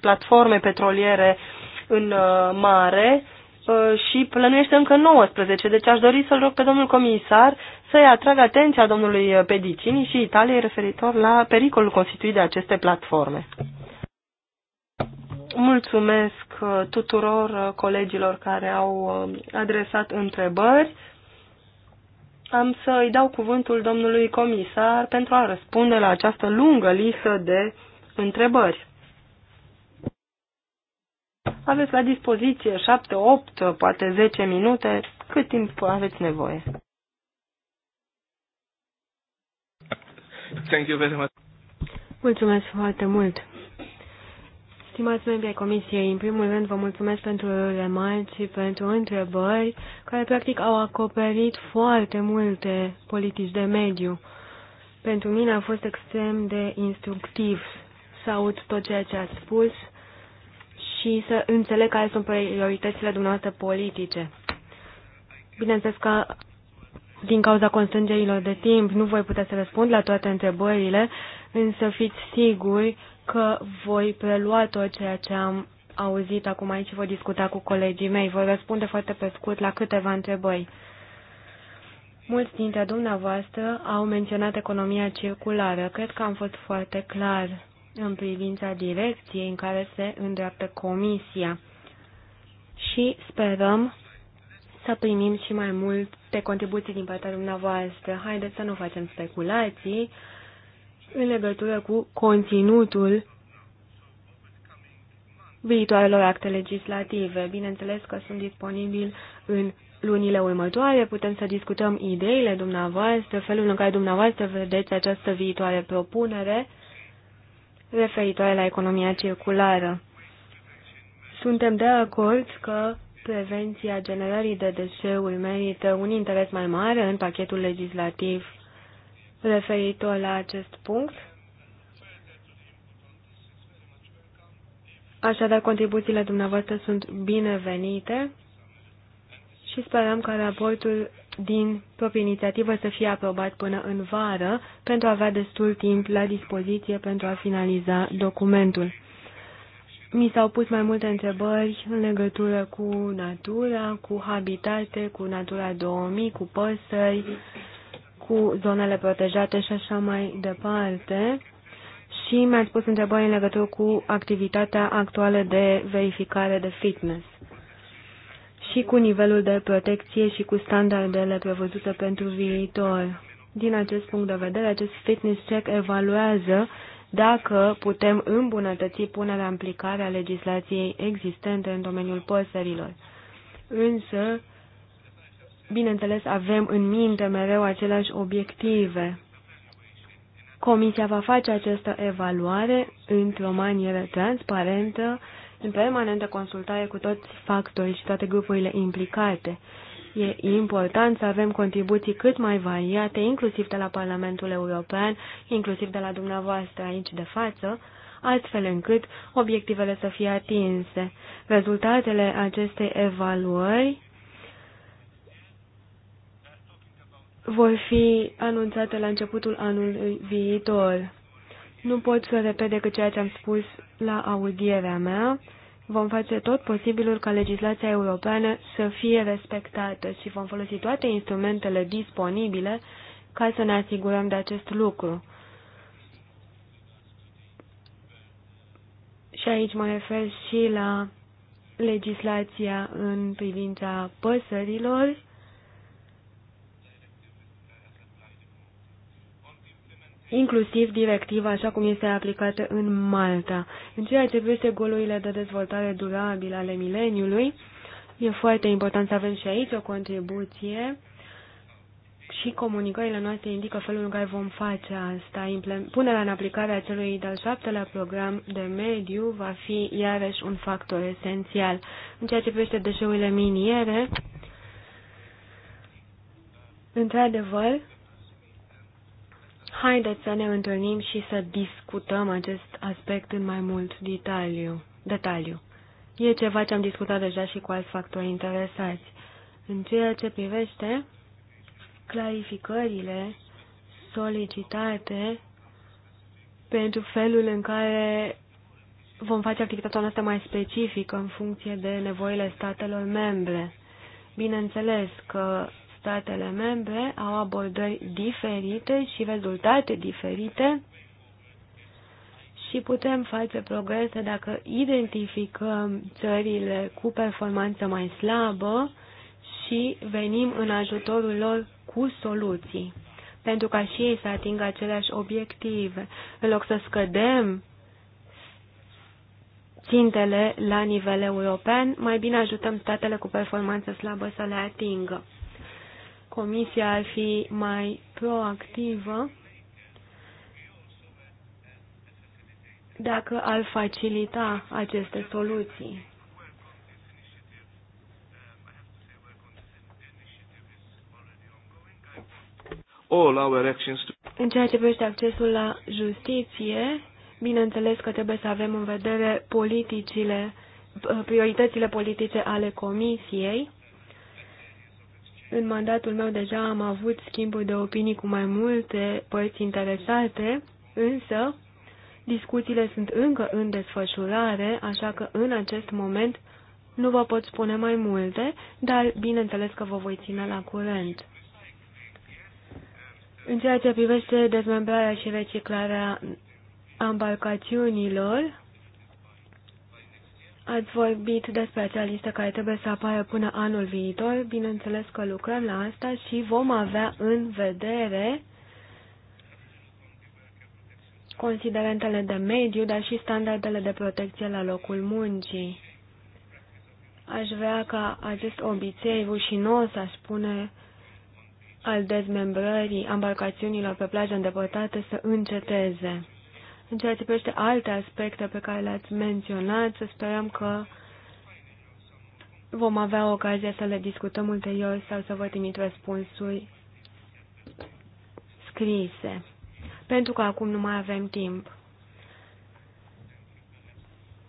platforme petroliere în uh, mare uh, și plănuiește încă 19. Deci aș dori să-l rog pe domnul comisar să-i atragă atenția domnului Pedicini și Italiei referitor la pericolul constituit de aceste platforme. Mulțumesc uh, tuturor uh, colegilor care au uh, adresat întrebări. Am să îi dau cuvântul domnului comisar pentru a răspunde la această lungă listă de întrebări. Aveți la dispoziție 7, 8, poate 10 minute, cât timp aveți nevoie. Thank you very much. Mulțumesc foarte mult. Stimați membri ai Comisiei, în primul rând vă mulțumesc pentru remarci și pentru întrebări care practic au acoperit foarte multe politici de mediu. Pentru mine a fost extrem de instructiv să aud tot ceea ce ați spus și să înțeleg care sunt prioritățile dumneavoastră politice. Bineînțeles că din cauza constrângerilor de timp nu voi putea să răspund la toate întrebările, însă fiți siguri că voi prelua tot ceea ce am auzit acum aici și voi discuta cu colegii mei. Voi răspunde foarte pe scurt la câteva întrebări. Mulți dintre dumneavoastră au menționat economia circulară. Cred că am fost foarte clar în privința direcției în care se îndreaptă comisia și sperăm să primim și mai multe contribuții din partea dumneavoastră. Haideți să nu facem speculații, în legătură cu conținutul viitoarelor acte legislative. Bineînțeles că sunt disponibil în lunile următoare, putem să discutăm ideile dumneavoastră, felul în care dumneavoastră vedeți această viitoare propunere referitoare la economia circulară. Suntem de acord că prevenția generării de deșeuri merită un interes mai mare în pachetul legislativ referitor la acest punct. Așadar, contribuțiile dumneavoastră sunt binevenite și sperăm ca raportul din proprie inițiativă să fie aprobat până în vară pentru a avea destul timp la dispoziție pentru a finaliza documentul. Mi s-au pus mai multe întrebări în legătură cu natura, cu habitate, cu natura 2000, cu păsări, cu zonele protejate și așa mai departe. Și mi-ați pus întrebări în legătură cu activitatea actuală de verificare de fitness și cu nivelul de protecție și cu standardele prevăzute pentru viitor. Din acest punct de vedere, acest fitness check evaluează dacă putem îmbunătăți punerea în aplicare a legislației existente în domeniul păsărilor. Însă, bineînțeles, avem în minte mereu aceleași obiective. Comisia va face această evaluare într-o manieră transparentă, în permanentă consultare cu toți factorii și toate grupurile implicate. E important să avem contribuții cât mai variate, inclusiv de la Parlamentul European, inclusiv de la dumneavoastră aici de față, astfel încât obiectivele să fie atinse. Rezultatele acestei evaluări vor fi anunțate la începutul anului viitor. Nu pot să repet decât ceea ce am spus la audierea mea. Vom face tot posibilul ca legislația europeană să fie respectată și vom folosi toate instrumentele disponibile ca să ne asigurăm de acest lucru. Și aici mă refer și la legislația în privința păsărilor, inclusiv directiva așa cum este aplicată în Malta. În ceea ce privește golurile de dezvoltare durabilă ale mileniului, e foarte important să avem și aici o contribuție și comunicările noastre indică felul în care vom face asta. Punerea în aplicare a celui de-al șaptelea program de mediu va fi iarăși un factor esențial. În ceea ce privește deșeurile miniere, într-adevăr, haideți să ne întâlnim și să discutăm acest aspect în mai mult detaliu. detaliu. E ceva ce am discutat deja și cu alți factori interesați. În ceea ce privește clarificările solicitate pentru felul în care vom face activitatea noastră mai specifică în funcție de nevoile statelor membre. Bineînțeles că statele membre au abordări diferite și rezultate diferite și putem face progrese dacă identificăm țările cu performanță mai slabă și venim în ajutorul lor cu soluții, pentru ca și ei să atingă aceleași obiective, în loc să scădem țintele la nivel european, mai bine ajutăm statele cu performanță slabă să le atingă. Comisia ar fi mai proactivă dacă ar facilita aceste soluții. All our actions to... În ceea ce privește accesul la justiție, bineînțeles că trebuie să avem în vedere politicile, prioritățile politice ale Comisiei în mandatul meu deja am avut schimburi de opinii cu mai multe părți interesate, însă discuțiile sunt încă în desfășurare, așa că în acest moment nu vă pot spune mai multe, dar bineînțeles că vă voi ține la curent. În ceea ce privește dezmembrarea și reciclarea ambarcațiunilor, Ați vorbit despre acea listă care trebuie să apară până anul viitor. Bineînțeles că lucrăm la asta și vom avea în vedere considerentele de mediu, dar și standardele de protecție la locul muncii. Aș vrea ca acest obicei rușinos, aș spune, al dezmembrării ambarcațiunilor pe plajă îndepărtate să înceteze. În ceea ce privește alte aspecte pe care le-ați menționat, să sperăm că vom avea ocazia să le discutăm ulterior sau să vă trimit răspunsuri scrise, pentru că acum nu mai avem timp.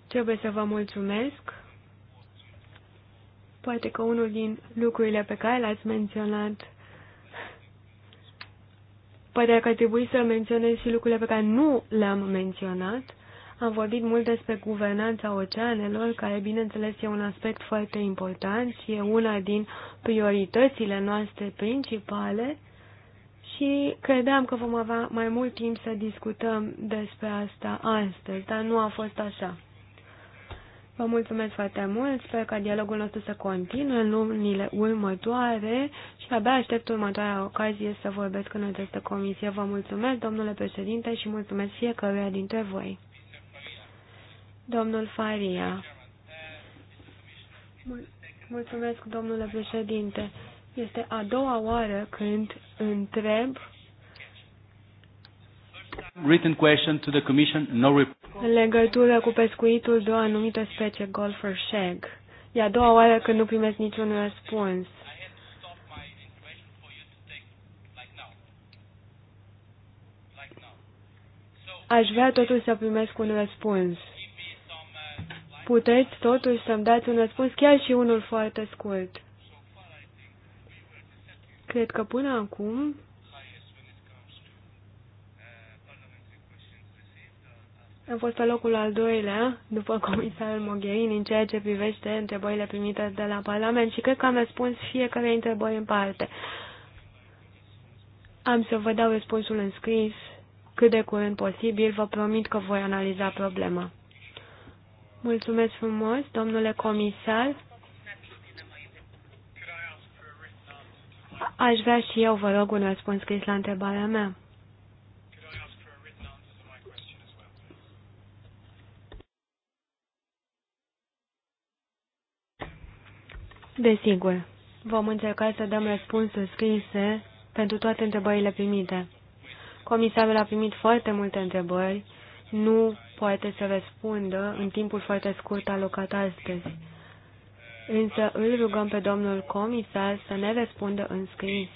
Trebuie să vă mulțumesc. Poate că unul din lucrurile pe care le-ați menționat Poate păi că ar trebui să menționez și lucrurile pe care nu le-am menționat. Am vorbit mult despre guvernanța oceanelor, care, bineînțeles, e un aspect foarte important și e una din prioritățile noastre principale și credeam că vom avea mai mult timp să discutăm despre asta astăzi, dar nu a fost așa. Vă mulțumesc foarte mult, sper ca dialogul nostru să continue în lunile următoare și abia aștept următoarea ocazie să vorbesc în această comisie. Vă mulțumesc, domnule președinte, și mulțumesc fiecăruia dintre voi. Domnul Faria. Mulțumesc, domnule președinte. Este a doua oară când întreb written question to the commission, no reply în legătură cu pescuitul de o anumită specie, golfer shag. E a doua oară când nu primesc niciun răspuns. Aș vrea totuși să primesc un răspuns. Puteți totuși să-mi dați un răspuns, chiar și unul foarte scurt. Cred că până acum Am fost pe locul al doilea, după comisarul Mogherini, în ceea ce privește întrebările primite de la Parlament și cred că am răspuns fiecare întrebări în parte. Am să vă dau răspunsul în scris cât de curând posibil, vă promit că voi analiza problema. Mulțumesc frumos, domnule comisar. Aș vrea și eu, vă rog, un răspuns scris la întrebarea mea. Desigur, vom încerca să dăm răspunsuri scrise pentru toate întrebările primite. Comisarul a primit foarte multe întrebări, nu poate să răspundă în timpul foarte scurt alocat astăzi. Însă îl rugăm pe domnul comisar să ne răspundă în scris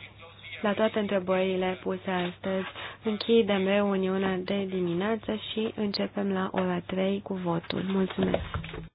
la toate întrebările puse astăzi. Închidem reuniunea de dimineață și începem la ora 3 cu votul. Mulțumesc!